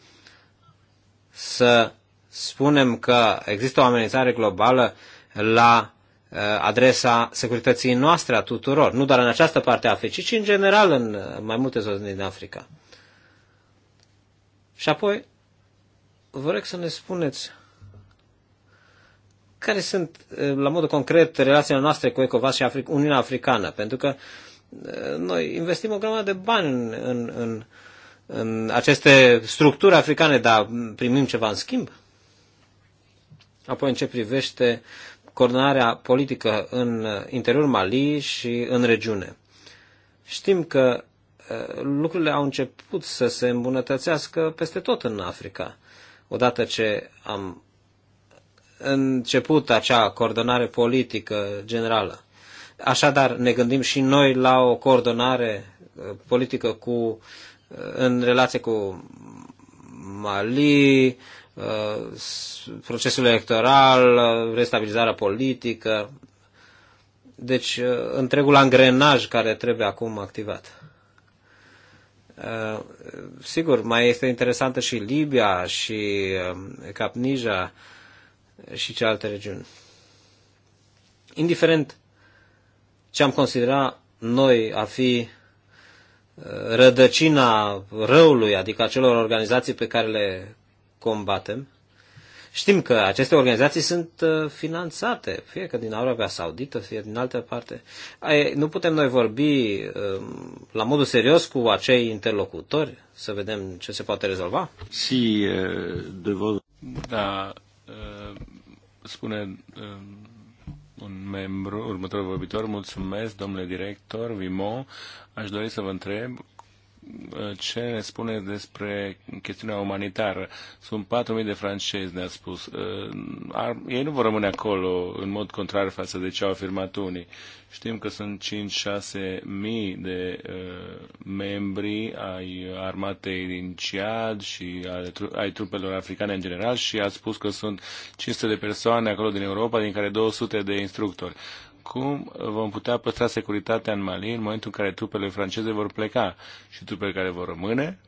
să spunem că există o amenințare globală la uh, adresa securității noastre a tuturor, nu doar în această parte a Africii, ci în general în uh, mai multe zone din Africa. Și apoi, vă rog să ne spuneți care sunt, uh, la modul concret, relațiile noastre cu ECOVAS și Uniunea Africană, pentru că noi investim o grămadă de bani în, în, în în aceste structuri africane, dar primim ceva în schimb? Apoi, în ce privește coordonarea politică în interiorul Mali și în regiune. Știm că uh, lucrurile au început să se îmbunătățească peste tot în Africa. Odată ce am început acea coordonare politică generală. Așadar, ne gândim și noi la o coordonare uh, politică cu în relație cu Mali, uh, procesul electoral, restabilizarea politică. Deci, uh, întregul angrenaj care trebuie acum activat. Uh, sigur, mai este interesantă și Libia și Capnija și celelalte regiuni. Indiferent ce am considera noi a fi rădăcina răului, adică acelor organizații pe care le combatem. Știm că aceste organizații sunt uh, finanțate, fie că din Arabia Saudită, fie din alte parte. Nu putem noi vorbi um, la modul serios cu acei interlocutori să vedem ce se poate rezolva? Si, uh, de vă... Da, uh, spune um, un membru, următorul vorbitor. Mulțumesc, domnule director Vimo. Aș dori să vă întreb ce ne spune despre chestiunea umanitară? Sunt 4.000 de francezi, ne-a spus. Uh, ar, ei nu vor rămâne acolo în mod contrar față de ce au afirmat unii. Știm că sunt 5 6000 mii de uh, membri ai armatei din Ciad și ai trupelor africane în general și a spus că sunt 500 de persoane acolo din Europa, din care 200 de instructori cum vom putea păstra securitatea în Mali în momentul în care trupele franceze vor pleca și trupele care vor rămâne,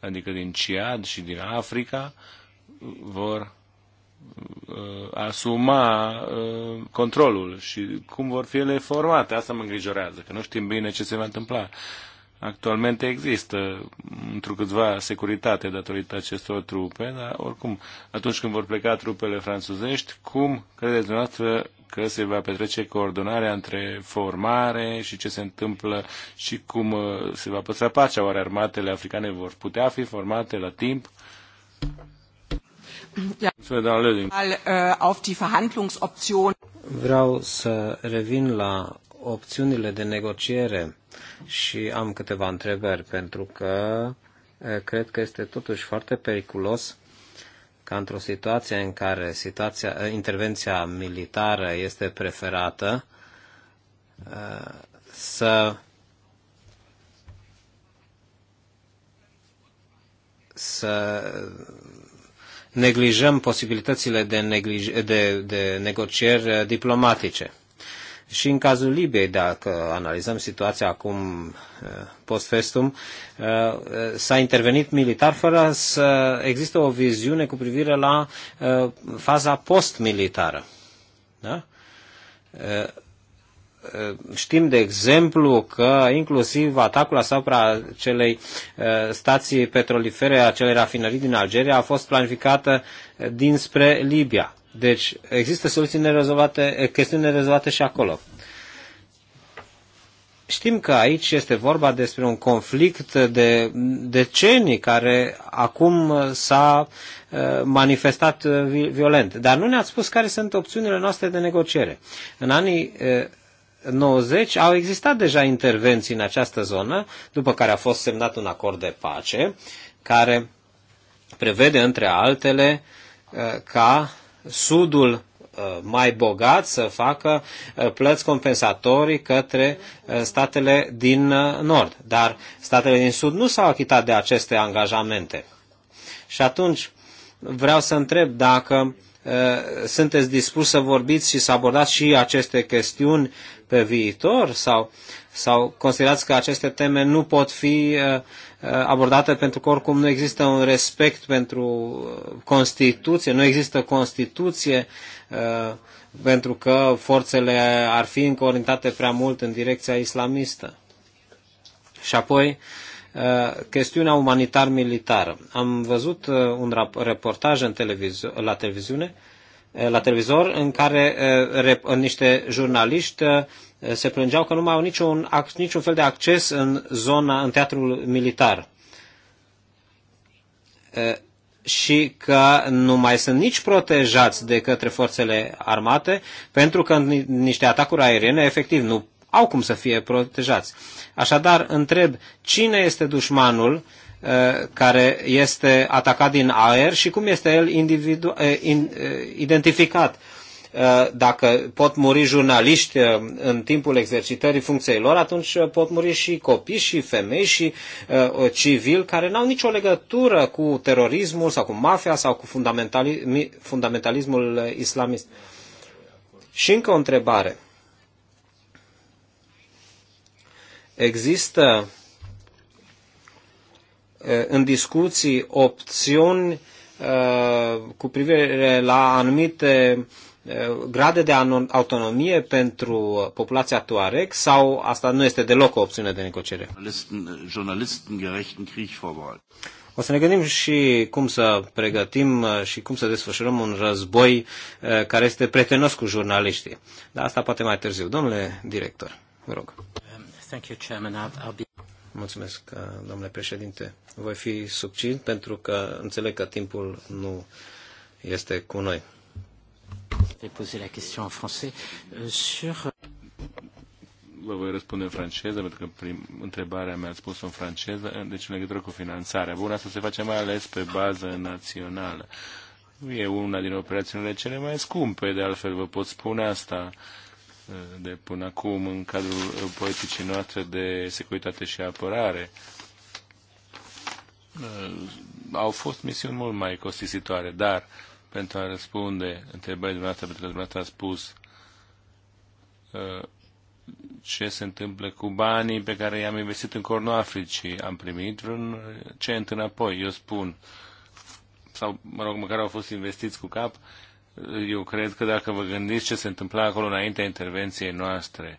adică din Ciad și din Africa, vor uh, asuma uh, controlul și cum vor fi ele formate. Asta mă îngrijorează, că nu știm bine ce se va întâmpla. Actualmente există câțiva securitate datorită acestor trupe, dar oricum, atunci când vor pleca trupele franțuzești, cum credeți dumneavoastră că se va petrece coordonarea între formare și ce se întâmplă și cum uh, se va păstra pacea. Oare armatele africane vor putea fi formate la timp? Uh, Vreau să revin la opțiunile de negociere și am câteva întrebări, pentru că uh, cred că este totuși foarte periculos ca într-o situație în care situația, eh, intervenția militară este preferată, eh, să să neglijăm posibilitățile de, neglij- de, de negocieri eh, diplomatice. Și în cazul Libiei, dacă analizăm situația acum eh, post-festum, eh, s-a intervenit militar fără să există o viziune cu privire la eh, faza post-militară. Da? Știm, de exemplu, că inclusiv atacul asupra celei stații petrolifere, a celei rafinării din Algeria, a fost planificată dinspre Libia. Deci există soluții nerezolvate, eh, chestiuni nerezolvate și acolo. Știm că aici este vorba despre un conflict de decenii care acum s-a eh, manifestat eh, violent. Dar nu ne-ați spus care sunt opțiunile noastre de negociere. În anii 90 au existat deja intervenții în această zonă, după care a fost semnat un acord de pace, care prevede, între altele, ca sudul uh, mai bogat să facă uh, plăți compensatorii către uh, statele din nord. Dar statele din sud nu s-au achitat de aceste angajamente. Și atunci vreau să întreb dacă sunteți dispus să vorbiți și să abordați și aceste chestiuni pe viitor sau, sau considerați că aceste teme nu pot fi uh, uh, abordate pentru că oricum nu există un respect pentru uh, Constituție, nu există Constituție pentru că forțele ar fi încă orientate prea mult în direcția islamistă. Și apoi, chestiunea umanitar-militară. Am văzut un reportaj în televizu- la televiziune uh, Eh, la televizor în care eh, niște jurnaliști eh, se plângeau că nu mai au niciun, niciun fel de acces în zona, în teatrul militar. Și că nu mai sunt nici protejați de către forțele armate, pentru că niște atacuri aeriene, efectiv, nu au cum să fie protejați. Așadar, întreb cine este dușmanul uh, Uh, care este atacat din aer și cum este el individu- uh, uh, identificat. Dacă pot muri jurnaliști în timpul exercitării funcției lor, atunci pot muri și copii și femei și civili care n-au nicio legătură cu terorismul sau cu mafia sau cu fundamentalismul islamist. Și încă o întrebare. Există Uh, în discuții opțiuni uh, cu privire la anumite uh, grade de autonomie pentru populația Tuareg sau asta nu este deloc o opțiune de negociere? O să ne gândim și cum să pregătim și cum să desfășurăm un război care este prietenos cu jurnaliștii. Dar asta poate mai târziu. Domnule director, vă rog. Um, thank you, Chairman. I'll, be... Mulțumesc, uh, domnule președinte. Voi fi subțint pentru că înțeleg că timpul nu este cu noi. Euh, vă voi răspunde în franceză, pentru că prim, întrebarea mea a spus-o în franceză, deci în legătură cu finanțarea. Bun, asta se face mai ales pe bază națională. E una din operațiunile cele mai scumpe, de altfel vă pot spune asta. Uh, de până acum în cadrul politicii noastre de securitate și apărare. Uh, au fost misiuni mult mai costisitoare, dar pentru a răspunde întrebării dumneavoastră, pentru că dumneavoastră a spus uh, ce se întâmplă cu banii pe care i-am investit în Cornul Africii. Am primit vreun cent înapoi, eu spun. Sau, mă rog, măcar au fost investiți cu cap eu cred că dacă vă gândiți ce se întâmpla acolo înaintea intervenției noastre,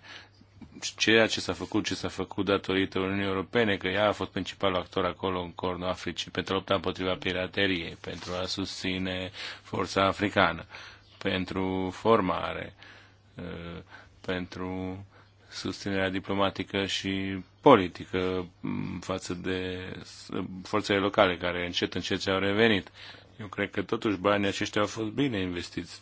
ceea ce s-a făcut, ce s-a făcut datorită Uniunii Europene, că ea a fost principalul actor acolo în Cornul Africii pentru lupta împotriva pirateriei, pentru a susține forța africană, pentru formare, uh, pentru susținerea diplomatică și politică mm, față de forțele locale care încet încet au revenit. Eu cred că totuși banii aceștia au fost bine investiți.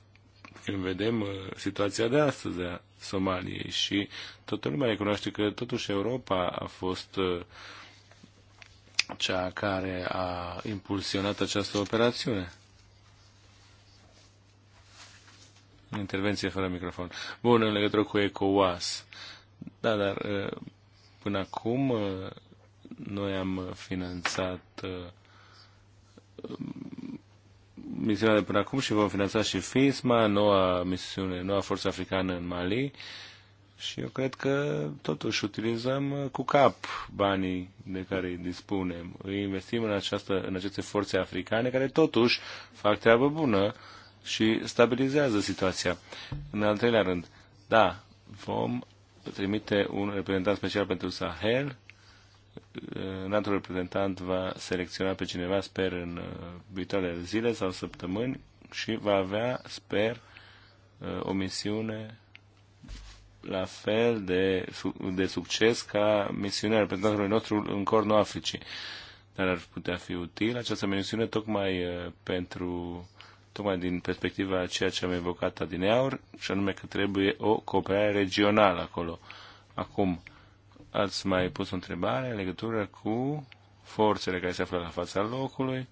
Când vedem uh, situația de astăzi a Somaliei și toată lumea recunoaște că totuși Europa a fost uh, cea care a impulsionat această operațiune. Intervenție fără microfon. Bun, în legătură cu ECOWAS. Da, dar uh, până acum noi am finanțat misiunea de până acum și vom finanța și FISMA, noua misiune, noua forță africană în Mali. Și eu cred că totuși utilizăm cu cap banii de care îi dispunem. Îi investim în, această, în aceste forțe africane care totuși fac treabă bună și stabilizează situația. În al treilea rând, da, vom trimite un reprezentant special pentru Sahel Uh, înaltul reprezentant va selecționa pe cineva, sper, în uh, viitoarele zile sau săptămâni și va avea, sper, uh, o misiune la fel de, de succes ca misiunea reprezentantului nostru în Cornul Africii. Dar ar putea fi util această misiune tocmai pentru tocmai din perspectiva a ceea ce am evocat adineaur, și anume că trebuie o cooperare regională acolo. Acum, uh, Ați mai pus o întrebare în legătură cu forțele care se află la fața locului.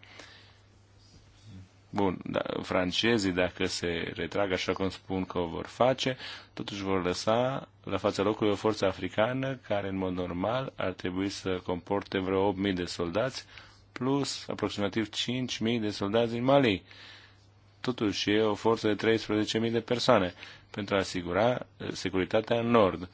Bun, da, francezii, dacă se retrag așa cum spun că o vor face, totuși vor lăsa la fața locului o forță africană care, în mod normal, ar trebui să comporte vreo 8.000 de soldați, plus aproximativ 5.000 de soldați din Mali. Totuși e o forță de 13.000 de persoane pentru a asigura eh, securitatea în nord.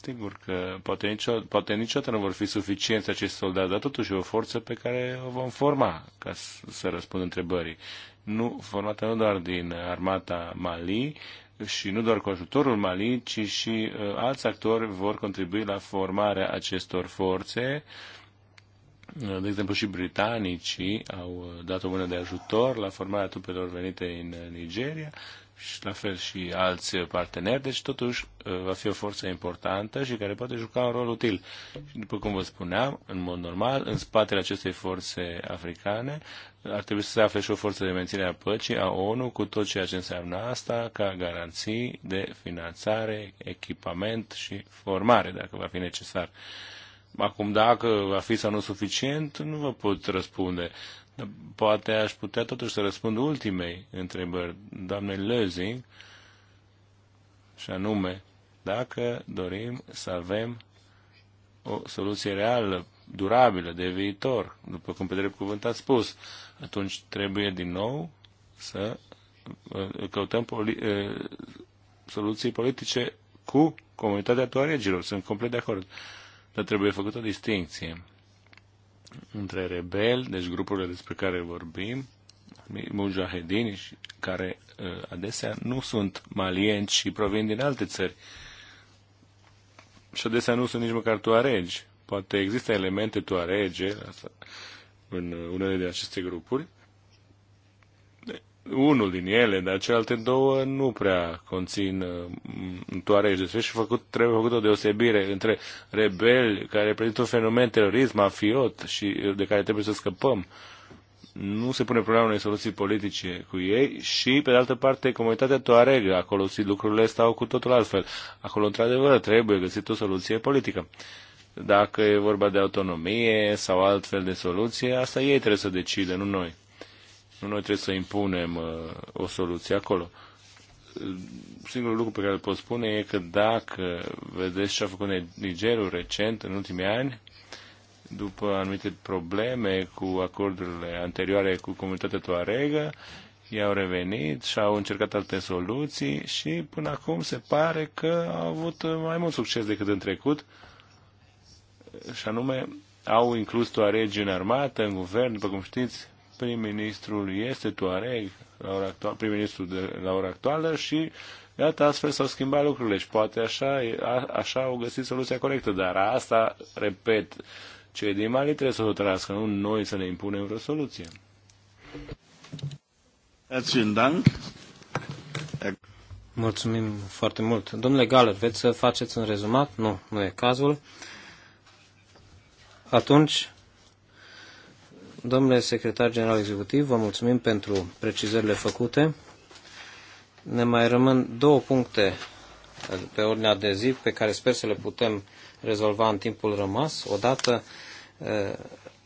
Sigur că poate, nicio, poate niciodată nu vor fi suficienți acești soldați, dar totuși e o forță pe care o vom forma ca să răspund întrebării. Nu, formată nu doar din armata Mali și nu doar cu ajutorul Mali, ci și uh, alți actori vor contribui la formarea acestor forțe. Uh, de exemplu, și britanicii au uh, dat o mână de ajutor la formarea trupelor venite în Nigeria și la fel și alți parteneri, deci totuși uh, va fi o forță importantă și care poate juca un rol util. Și după cum vă spuneam, în mod normal, în spatele acestei forțe africane ar trebui să se afle și o forță de menținere a păcii a ONU cu tot ceea ce înseamnă asta ca garanții de finanțare, echipament și formare, dacă va fi necesar. Acum, dacă va fi sau nu suficient, nu vă pot răspunde, Poate aș putea totuși să răspund ultimei întrebări, doamnei Lözing, și anume, dacă dorim să avem o soluție reală, durabilă, de viitor, după cum pe drept cuvânt a spus, atunci trebuie din nou să uh, căutăm poli- uh, soluții politice cu comunitatea toaregilor. Sunt complet de acord. Dar trebuie făcută o distinție între rebeli, deci grupurile despre care vorbim, mujahedini, care uh, adesea nu sunt malienci și provin din alte țări. Și adesea nu sunt nici măcar tuaregi. Poate există elemente tuarege în uh, unele de aceste grupuri, unul din ele, dar celelalte două nu prea conțin uh, toarești. Deci și făcut, trebuie făcut o deosebire între rebeli care reprezintă un fenomen terorism, mafiot și de care trebuie să scăpăm. Nu se pune problema unei soluții politice cu ei și, pe de altă parte, comunitatea toaregă, acolo lucrurile stau cu totul altfel. Acolo, într-adevăr, trebuie găsit o soluție politică dacă e vorba de autonomie sau altfel de soluție, asta ei trebuie să decide, nu noi. Nu noi trebuie să impunem uh, o soluție acolo. Singurul lucru pe care îl pot spune e că dacă vedeți ce a făcut Nigerul recent, în ultimii ani, după anumite probleme cu acordurile anterioare cu comunitatea Tuaregă, i-au revenit și au încercat alte soluții și până acum se pare că au avut mai mult succes decât în trecut și anume au inclus Tuaregi în armată, în guvern, după cum știți, prim-ministrul este Tuareg, la ora actuală, prim ministrul de la ora actuală și iată, astfel s-au schimbat lucrurile și poate așa, a, așa au găsit soluția corectă, dar asta, repet, cei din Mali trebuie să o trăiască. nu noi să ne impunem vreo soluție. Mulțumim foarte mult. Domnule Galer, veți să faceți un rezumat? Nu, nu e cazul. Atunci, Domnule secretar general executiv, vă mulțumim pentru precizările făcute. Ne mai rămân două puncte pe ordinea de zi pe care sper să le putem rezolva în timpul rămas. Odată eh,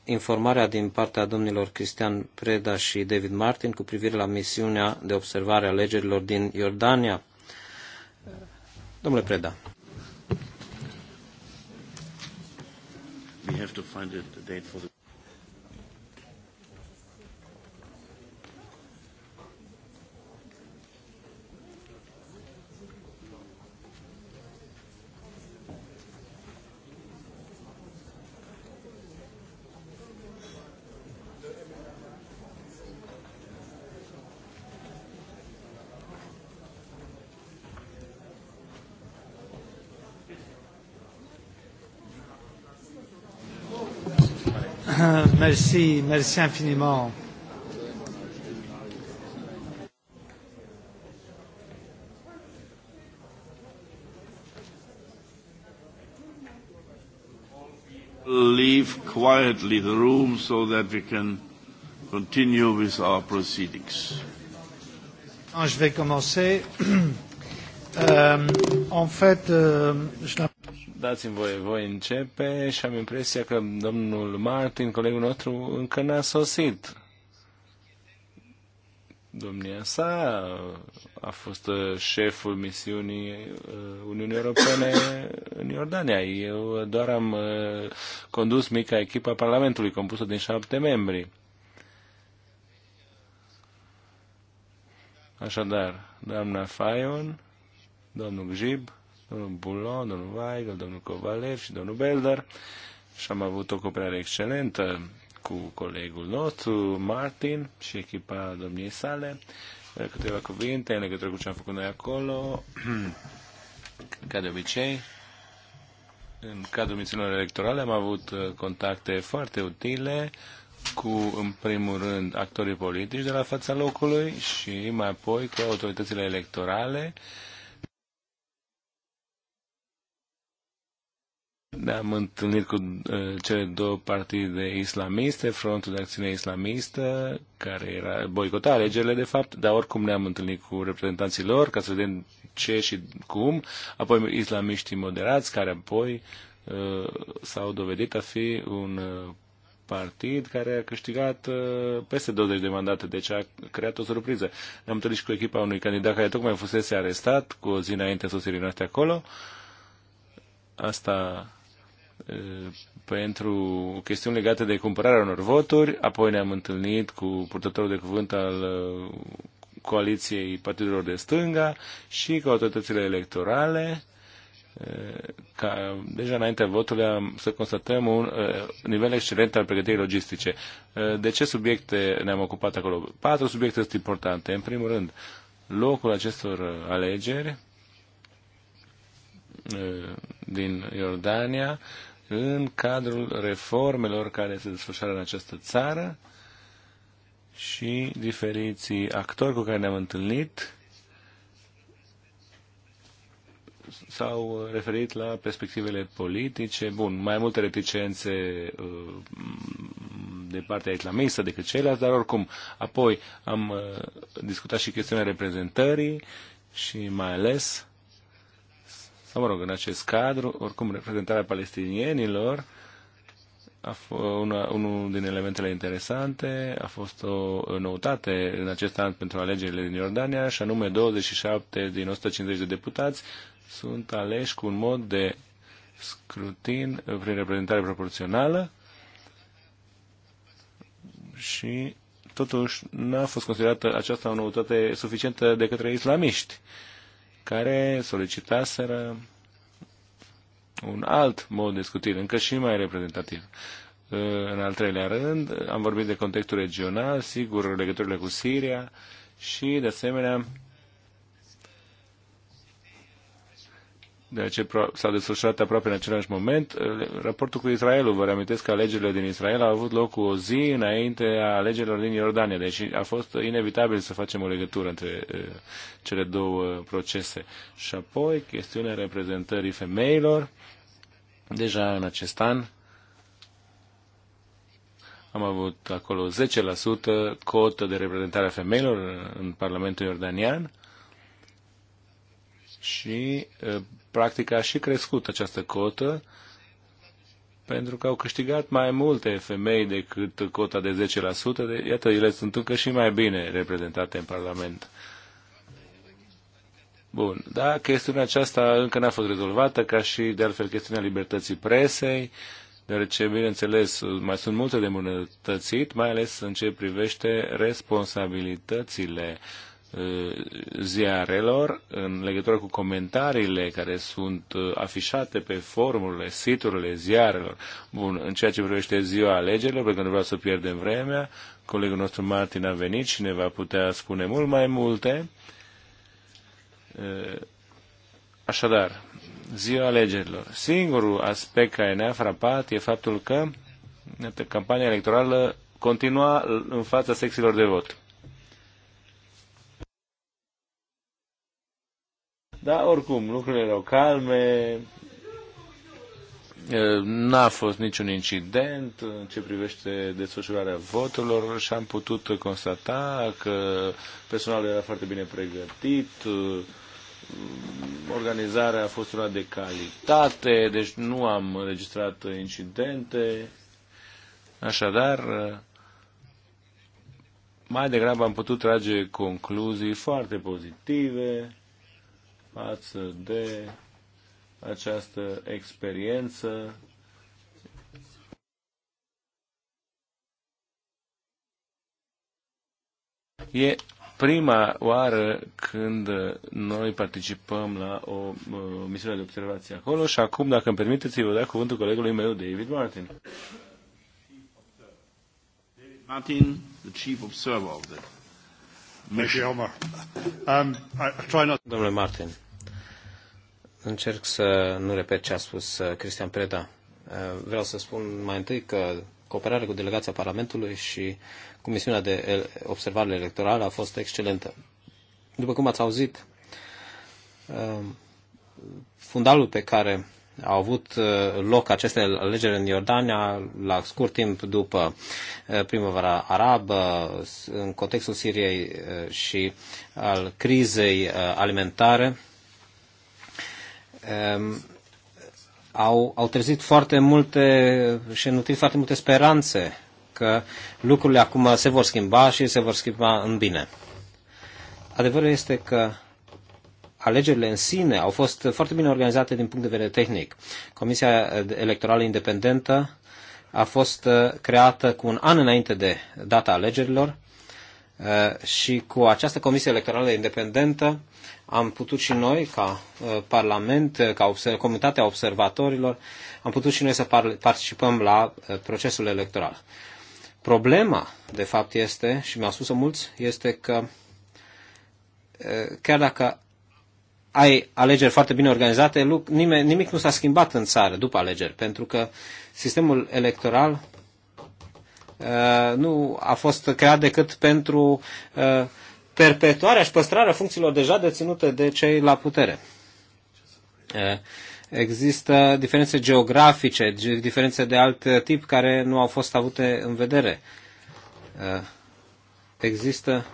informarea din partea domnilor Cristian Preda și David Martin cu privire la misiunea de observare a alegerilor din Iordania. Domnule Preda. We have to find a date for the... Merci, merci infiniment. leave quietly the room so that we can continue with our proceedings. Je vais commencer. Euh, en fait, euh, je dați-mi voi, voi începe și am impresia că domnul Martin, colegul nostru, încă n-a sosit. Domnia sa a fost uh, șeful misiunii uh, Uniunii Europene în Iordania. Eu doar am uh, condus mica echipa Parlamentului, compusă din șapte membri. Așadar, doamna Fayon, domnul Gjib, domnul Bulon, domnul Weigel, domnul Covalev și domnul Belder și am avut o cooperare excelentă cu colegul nostru, Martin, și echipa domniei sale. Câteva cuvinte în legătură cu ce am făcut noi acolo, ca de obicei. În cadrul misiunilor electorale am avut uh, contacte foarte utile cu, în primul rând, actorii politici de la fața locului și mai apoi cu autoritățile electorale Ne-am întâlnit cu uh, cele două partide islamiste, Frontul de Acțiune Islamistă, care era boicota alegerile, de fapt, dar oricum ne-am întâlnit cu reprezentanții lor ca să vedem ce și cum, apoi islamiștii moderați, care apoi uh, s-au dovedit a fi un uh, partid care a câștigat peste 20 de mandate, deci a creat o surpriză. Ne-am întâlnit și cu echipa unui candidat care tocmai fusese arestat cu o zi înainte sosirii noastre acolo. Asta pentru chestiuni legate de cumpărarea unor voturi, apoi ne-am întâlnit cu purtătorul de cuvânt al uh, coaliției partidelor de stânga și cu autoritățile electorale, uh, ca deja înaintea votului am, să constatăm un uh, nivel excelent al pregătirii logistice. de ce subiecte ne-am ocupat acolo? Patru subiecte sunt importante. În primul rând, locul acestor alegeri din Iordania, în cadrul reformelor care se desfășoară în această țară și diferiții actori cu care ne-am întâlnit s-au referit la perspectivele politice, bun, mai multe reticențe uh, de partea islamistă decât ceilalți, dar oricum, apoi am uh, discutat și chestiunea reprezentării și mai ales sau mă rog, în acest cadru, oricum reprezentarea palestinienilor a una, unul din elementele interesante, a fost o noutate în acest an pentru alegerile din Iordania, și anume 27 din 150 de deputați sunt aleși cu un mod de scrutin prin reprezentare proporțională și totuși n-a fost considerată aceasta o noutate suficientă de către islamiști. Uh, care solicitaseră un alt mod de scutire, încă și mai reprezentativ. În al treilea rând, am vorbit de contextul regional, sigur, legăturile cu Siria și, de asemenea, de ce s-a desfășurat aproape în același moment. Raportul cu Israelul, vă reamintesc că alegerile din Israel au avut loc cu o zi înainte a alegerilor din Iordania, deci a fost inevitabil să facem o legătură între cele două procese. Și apoi, chestiunea reprezentării femeilor, deja în acest an am avut acolo 10% cotă de reprezentare a femeilor în Parlamentul Iordanian și practic a și crescut această cotă pentru că au câștigat mai multe femei decât cota de 10%. De, iată, ele sunt încă și mai bine reprezentate în Parlament. Bun, da, chestiunea aceasta încă n-a fost rezolvată, ca și de altfel chestiunea libertății presei, deoarece, bineînțeles, mai sunt multe de mai ales în ce privește responsabilitățile uh, ziarelor în legătură cu comentariile care sunt uh, afișate pe forumurile, siturile ziarelor. Bun, în ceea ce privește ziua alegerilor, pentru că nu vreau să pierdem vremea, colegul nostru Martin a venit și ne va putea spune mult mai multe. Uh, așadar, ziua alegerilor. Singurul aspect care ne-a frapat e faptul că campania electorală continua în fața sexilor de vot. Dar oricum, lucrurile erau calme, N-a fost niciun incident în ce privește desfășurarea voturilor și am putut constata că personalul era foarte bine pregătit, organizarea a fost una de calitate, deci nu am înregistrat incidente. Așadar, mai degrabă am putut trage concluzii foarte pozitive față de această experiență E prima oară când noi participăm la o, o misiune de observație acolo și acum, dacă îmi permiteți, îi vă da cuvântul colegului meu, David Martin. Martin, the chief observer of the mission. Thank you, Omar. Um, I, I try not... Domnule Martin, încerc să nu repet ce a spus uh, Cristian Preda. Uh, vreau să spun mai întâi că cooperarea cu delegația Parlamentului și cu misiunea de observare electorală a fost excelentă. După cum ați auzit, uh, fundalul pe care au avut loc aceste alegeri în Iordania la scurt timp după primăvara arabă, în contextul Siriei și al crizei alimentare, au, au trezit foarte multe și nutrit foarte multe speranțe că lucrurile acum se vor schimba și se vor schimba în bine. Adevărul este că alegerile în sine au fost foarte bine organizate din punct de vedere tehnic. Comisia Electorală Independentă a fost uh, creată cu un an înainte de data alegerilor uh, și cu această Comisie Electorală Independentă am putut și noi, ca uh, Parlament, uh, ca observ- Comunitatea Observatorilor, am putut și noi să par- participăm la uh, procesul electoral. Problema, de fapt, este, și mi-au spus-o mulți, este că chiar dacă ai alegeri foarte bine organizate, nimic, nu s-a schimbat în țară după alegeri, pentru că sistemul electoral nu a fost creat decât pentru perpetuarea și păstrarea funcțiilor deja deținute de cei la putere. Există diferențe geografice, diferențe de alt tip care nu au fost avute în vedere. Există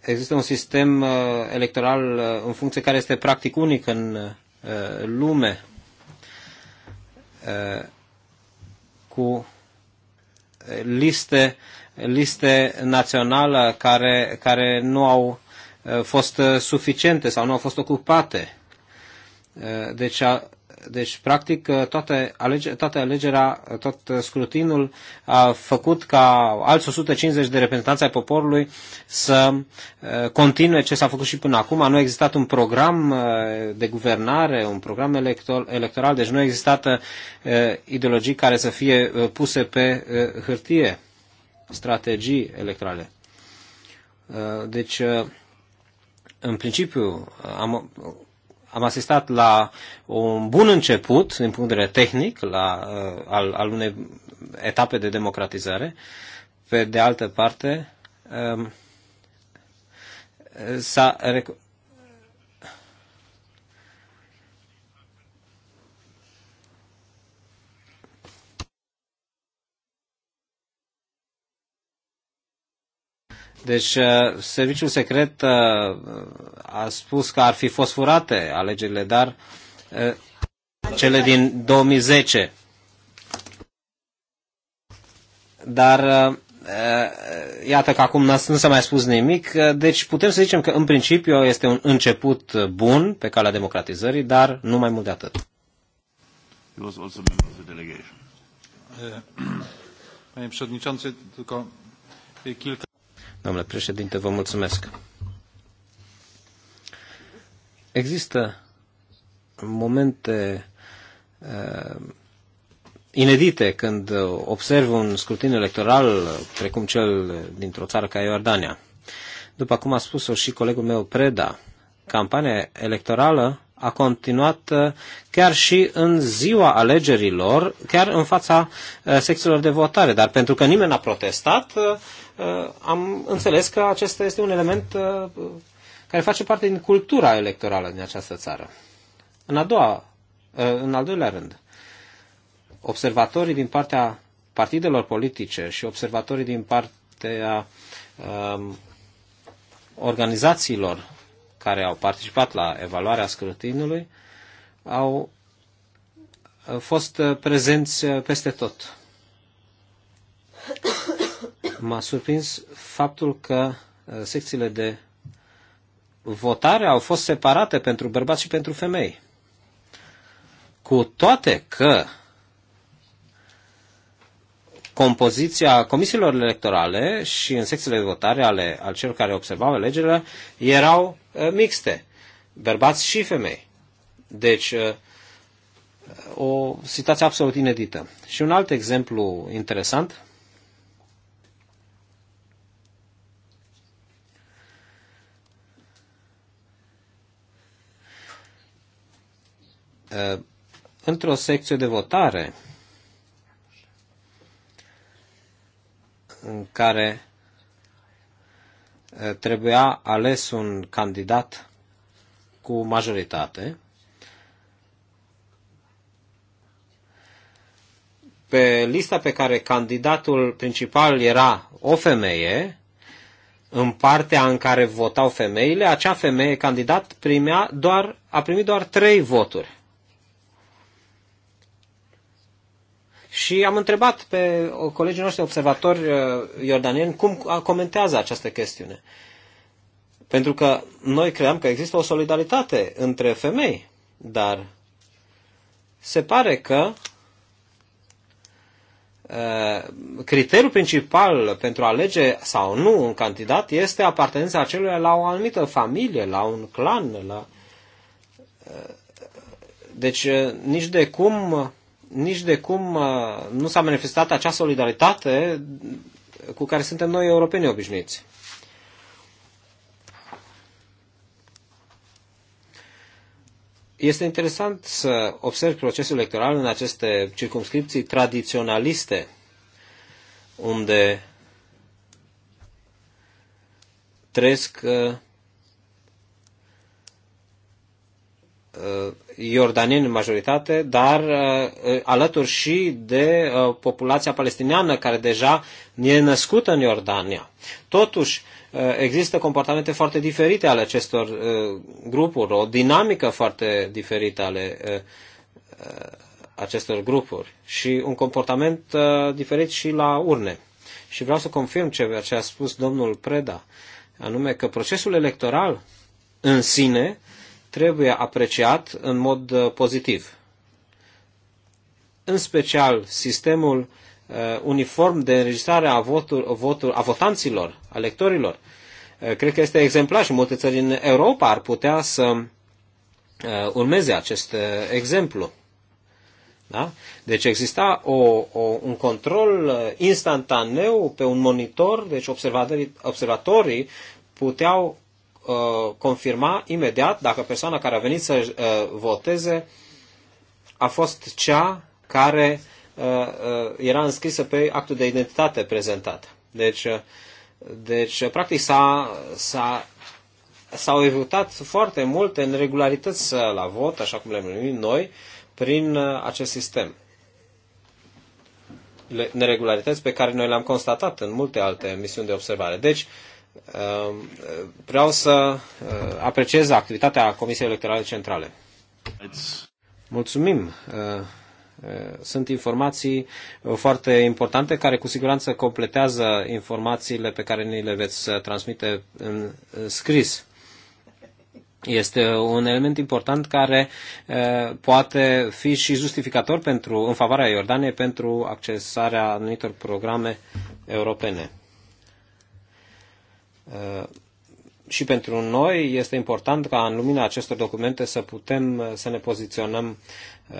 există un sistem electoral în funcție care este practic unic în lume cu liste liste națională care, care nu au uh, fost uh, suficiente sau nu au fost ocupate. Uh, deci, a, deci practic, toate, alege, toate alegerea, tot scrutinul a făcut ca alți 150 de reprezentanți ai poporului să continue ce s-a făcut și până acum. Nu a existat un program de guvernare, un program electoral, deci nu a existat ideologii care să fie puse pe hârtie strategii electorale. Uh, deci, uh, în principiu, am, am asistat la un bun început, din punct de vedere tehnic, la, uh, al, al unei etape de democratizare. Pe de altă parte, um, s-a, Deci, uh, serviciul secret uh, a spus că ar fi fost furate alegerile, dar uh, cele din 2010. Dar iată că acum nu s-a mai spus nimic, deci putem să zicem că în principiu este un început bun pe calea democratizării, dar nu mai mult de atât. Panie Przewodniczący, tylko kilka... Domnule președinte, vă mulțumesc. Există momente uh, inedite când observ un scrutin electoral precum cel dintr-o țară ca Iordania. După cum a spus-o și colegul meu Preda, campania electorală a continuat uh, chiar și în ziua alegerilor, chiar în fața uh, secțiilor de votare. Dar pentru că nimeni n-a protestat, uh, am înțeles că acesta este un element care face parte din cultura electorală din această țară. În, a doua, în al doilea rând, observatorii din partea partidelor politice și observatorii din partea um, organizațiilor care au participat la evaluarea scrutinului au uh, fost uh, prezenți uh, peste tot. M-a surprins faptul că secțiile de votare au fost separate pentru bărbați și pentru femei. Cu toate că compoziția comisiilor electorale și în secțiile de votare ale, al celor care observau alegerile erau Uh, mixte, bărbați și femei. Deci, uh, o situație absolut inedită. Și un alt exemplu interesant uh, într-o secție de votare în care trebuia ales un candidat cu majoritate. Pe lista pe care candidatul principal era o femeie, în partea în care votau femeile, acea femeie candidat primea doar, a primit doar trei voturi. Și am întrebat pe colegii noștri observatori uh, iordanieni cum comentează această chestiune. Pentru că noi credeam că există o solidaritate între femei, dar se pare că uh, criteriul principal pentru a alege sau nu un candidat este apartenența acelui la o anumită familie, la un clan, la... Uh, deci nici de cum nici de cum uh, nu s-a manifestat acea solidaritate cu care suntem noi europeni obișnuiți. Este interesant să observi procesul electoral în aceste circumscripții tradiționaliste, unde trăiesc uh, uh iordanieni în majoritate, dar uh, uh, alături și de uh, populația palestiniană care deja e născută în Iordania. Totuși, există comportamente foarte diferite ale acestor grupuri, o dinamică foarte diferită ale acestor grupuri și un comportament diferit și la urne. Și vreau să confirm ce, ce a spus domnul Preda, anume că procesul electoral în sine trebuie apreciat în mod uh, pozitiv. În special, sistemul uh, uniform de înregistrare a, votul, votul, a votanților, a electorilor, uh, cred că este exemplar și multe țări în Europa ar putea să urmeze acest exemplu. Da? Deci exista o, o, un control instantaneu pe un monitor, deci observatorii puteau Uh, confirma imediat dacă persoana care a venit să uh, voteze a fost cea care uh, era înscrisă pe actul de identitate prezentat. Deci, deci practic, s-a, s-a, s-au evitat foarte multe neregularități la vot, așa cum le numim noi, prin acest sistem. Neregularități pe care noi le-am constatat în multe alte misiuni de observare. Deci, uh, Um, vreau să uh, apreciez activitatea Comisiei Electorale Centrale. Mulțumim! Uh, uh, sunt informații foarte importante care cu siguranță completează informațiile pe care ni le veți transmite în scris. Este un element important care poate fi și justificator pentru, în favoarea Iordaniei pentru accesarea anumitor programe europene și pentru noi este important ca în lumina acestor documente să putem uh, să ne poziționăm uh,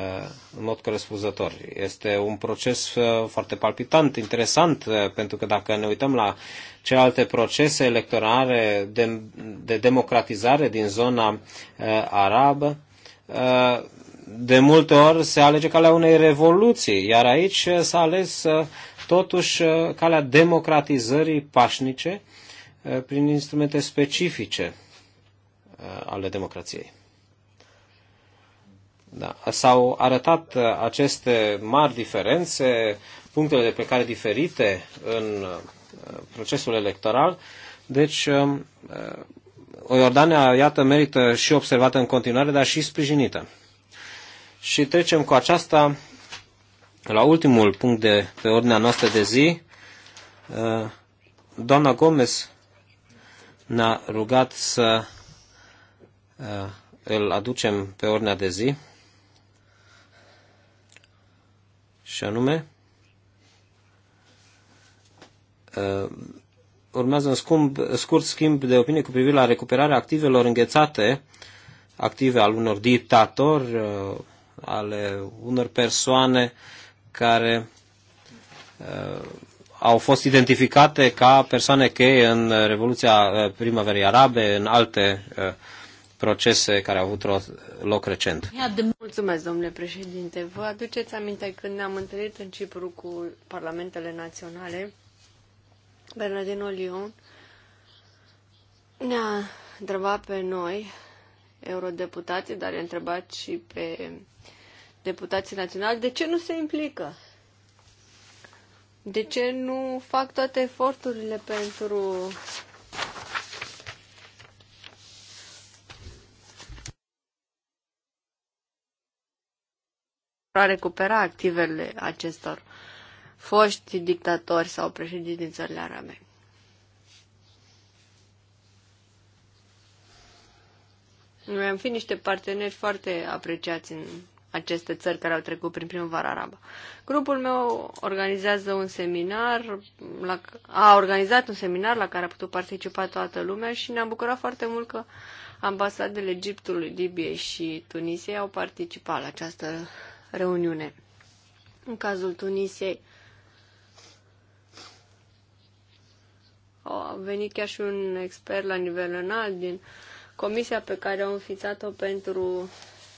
în mod corespunzător. Este un proces uh, foarte palpitant, interesant, pentru că dacă ne uităm la celelalte procese electorale de, de democratizare din zona arabă, de multe ori se alege calea unei revoluții, iar aici s-a ales totuși calea democratizării pașnice, Uh, prin instrumente specifice uh, ale democrației. Da. S-au arătat uh, aceste mari diferențe, punctele de plecare diferite în procesul electoral, deci o um, Iordania, iată, merită și observată în continuare, dar și sprijinită. Și trecem cu aceasta la ultimul punct de pe ordinea noastră de zi. Doamna Gomez ne-a rugat să uh, îl aducem pe ordinea de zi și anume uh, urmează un scump, scurt schimb de opinie cu privire la recuperarea activelor înghețate, active al unor dictatori, uh, ale unor persoane care au fost identificate ca persoane cheie în uh, Revoluția uh, Primăverii Arabe, în alte uh, procese care au avut loc recent. Mulțumesc, domnule președinte. Vă aduceți aminte când ne-am întâlnit în Cipru cu parlamentele naționale, Bernardino Lyon ne-a întrebat pe noi, eurodeputații, dar i-a întrebat și pe deputații naționali, de ce nu se implică de ce nu fac toate eforturile pentru a recupera activele acestor foști dictatori sau președinți din țările arame? Noi am fi niște parteneri foarte apreciați în aceste țări care au trecut prin primăvara arabă. Grupul meu organizează un seminar, la, a organizat un seminar la care a putut participa toată lumea și ne-am bucurat foarte mult că ambasadele Egiptului, Libiei și Tunisiei au participat la această reuniune. În cazul Tunisiei a venit chiar și un expert la nivel înalt din comisia pe care au înființat-o pentru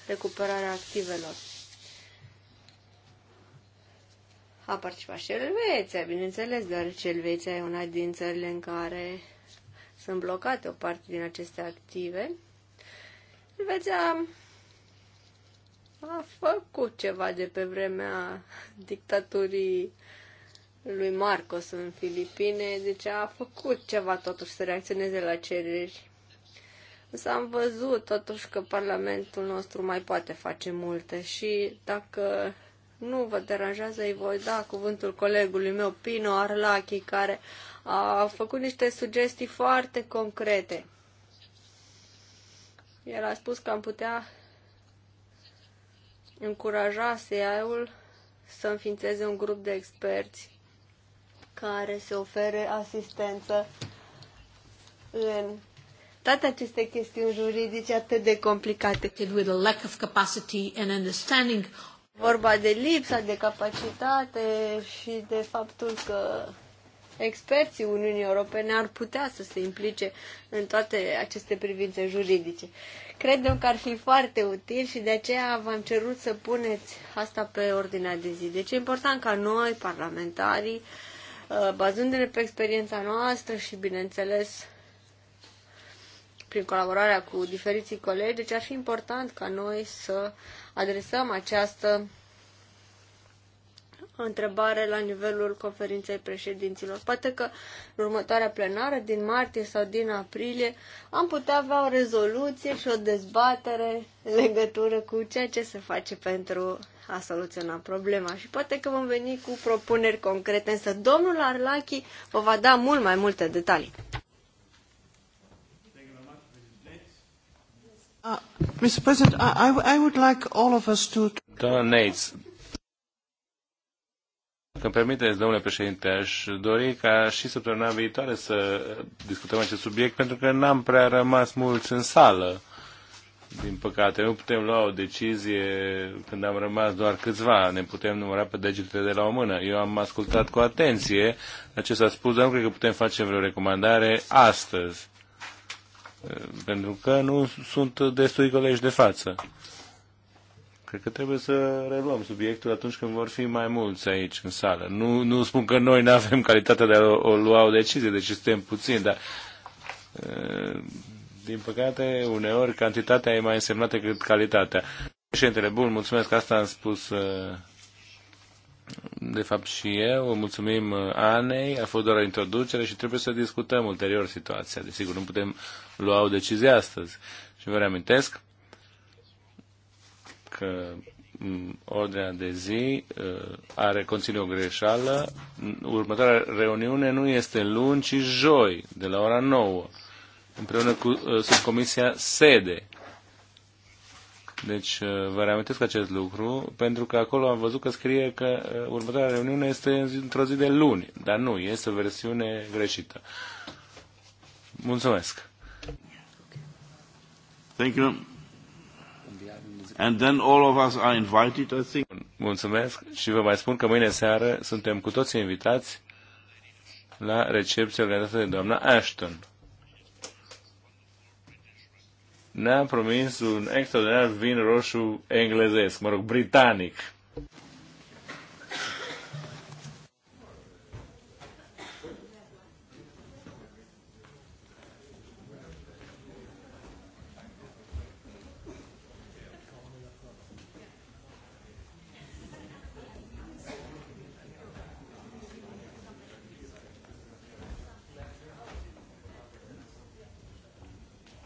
recuperarea activelor. A participat și Elveția, bineînțeles, deoarece Elveția e una din țările în care sunt blocate o parte din aceste active. Elveția a făcut ceva de pe vremea dictaturii lui Marcos în Filipine, deci a făcut ceva totuși să reacționeze la cereri Însă am văzut totuși că Parlamentul nostru mai poate face multe și dacă nu vă deranjează, îi voi da cuvântul colegului meu, Pino Arlachi, care a făcut niște sugestii foarte concrete. El a spus că am putea încuraja SEA-ul să înființeze un grup de experți care se ofere asistență în toate aceste chestiuni juridice atât de complicate. With a lack of capacity and understanding. Vorba de lipsa de capacitate și de faptul că experții Uniunii Europene ar putea să se implice în toate aceste privințe juridice. Credem că ar fi foarte util și de aceea v-am cerut să puneți asta pe ordinea de zi. Deci e important ca noi, parlamentarii, uh, bazându-ne pe experiența noastră și, bineînțeles, prin colaborarea cu diferiții colegi, deci ar fi important ca noi să adresăm această întrebare la nivelul conferinței președinților. Poate că în următoarea plenară, din martie sau din aprilie, am putea avea o rezoluție și o dezbatere în legătură cu ceea ce se face pentru a soluționa problema. Și poate că vom veni cu propuneri concrete, însă domnul Arlachi vă va da mult mai multe detalii. Uh, Mr. President, I, I would like all of us to... dacă îmi permiteți, domnule președinte, aș dori ca și săptămâna viitoare să discutăm acest subiect, pentru că n-am prea rămas mulți în sală. Din păcate, nu putem lua o decizie când am rămas doar câțiva. Ne putem număra pe degetele de la o mână. Eu am ascultat cu atenție ce s-a spus, dar nu cred că putem face vreo recomandare astăzi pentru că nu sunt destui colegi de față. Cred că trebuie să reluăm subiectul atunci când vor fi mai mulți aici în sală. Nu, nu spun că noi nu avem calitatea de a o, o lua o decizie, deci suntem puțini, dar eh, din păcate, uneori cantitatea e mai însemnată decât calitatea. Președintele, bun, mulțumesc, asta am spus eh, de fapt și eu, mulțumim Anei, a fost doar o introducere și trebuie să discutăm ulterior situația. Desigur, nu putem lua o decizie astăzi. Și vă reamintesc că mm, ordinea de zi uh, are conține o greșeală. Următoarea reuniune nu este luni, ci joi, de la ora 9, împreună cu uh, subcomisia sede. Deci uh, vă reamintesc acest lucru, pentru că acolo am văzut că scrie că uh, următoarea reuniune este într-o zi de luni, dar nu, este o versiune greșită. Mulțumesc. Thank you. And then all of us are invited, I think. Mulțumesc și vă mai spun că mâine seară suntem cu toți invitați la recepție organizată de doamna Ashton ne-a promis un extraordinar vin roșu englezesc, mă rog, britanic.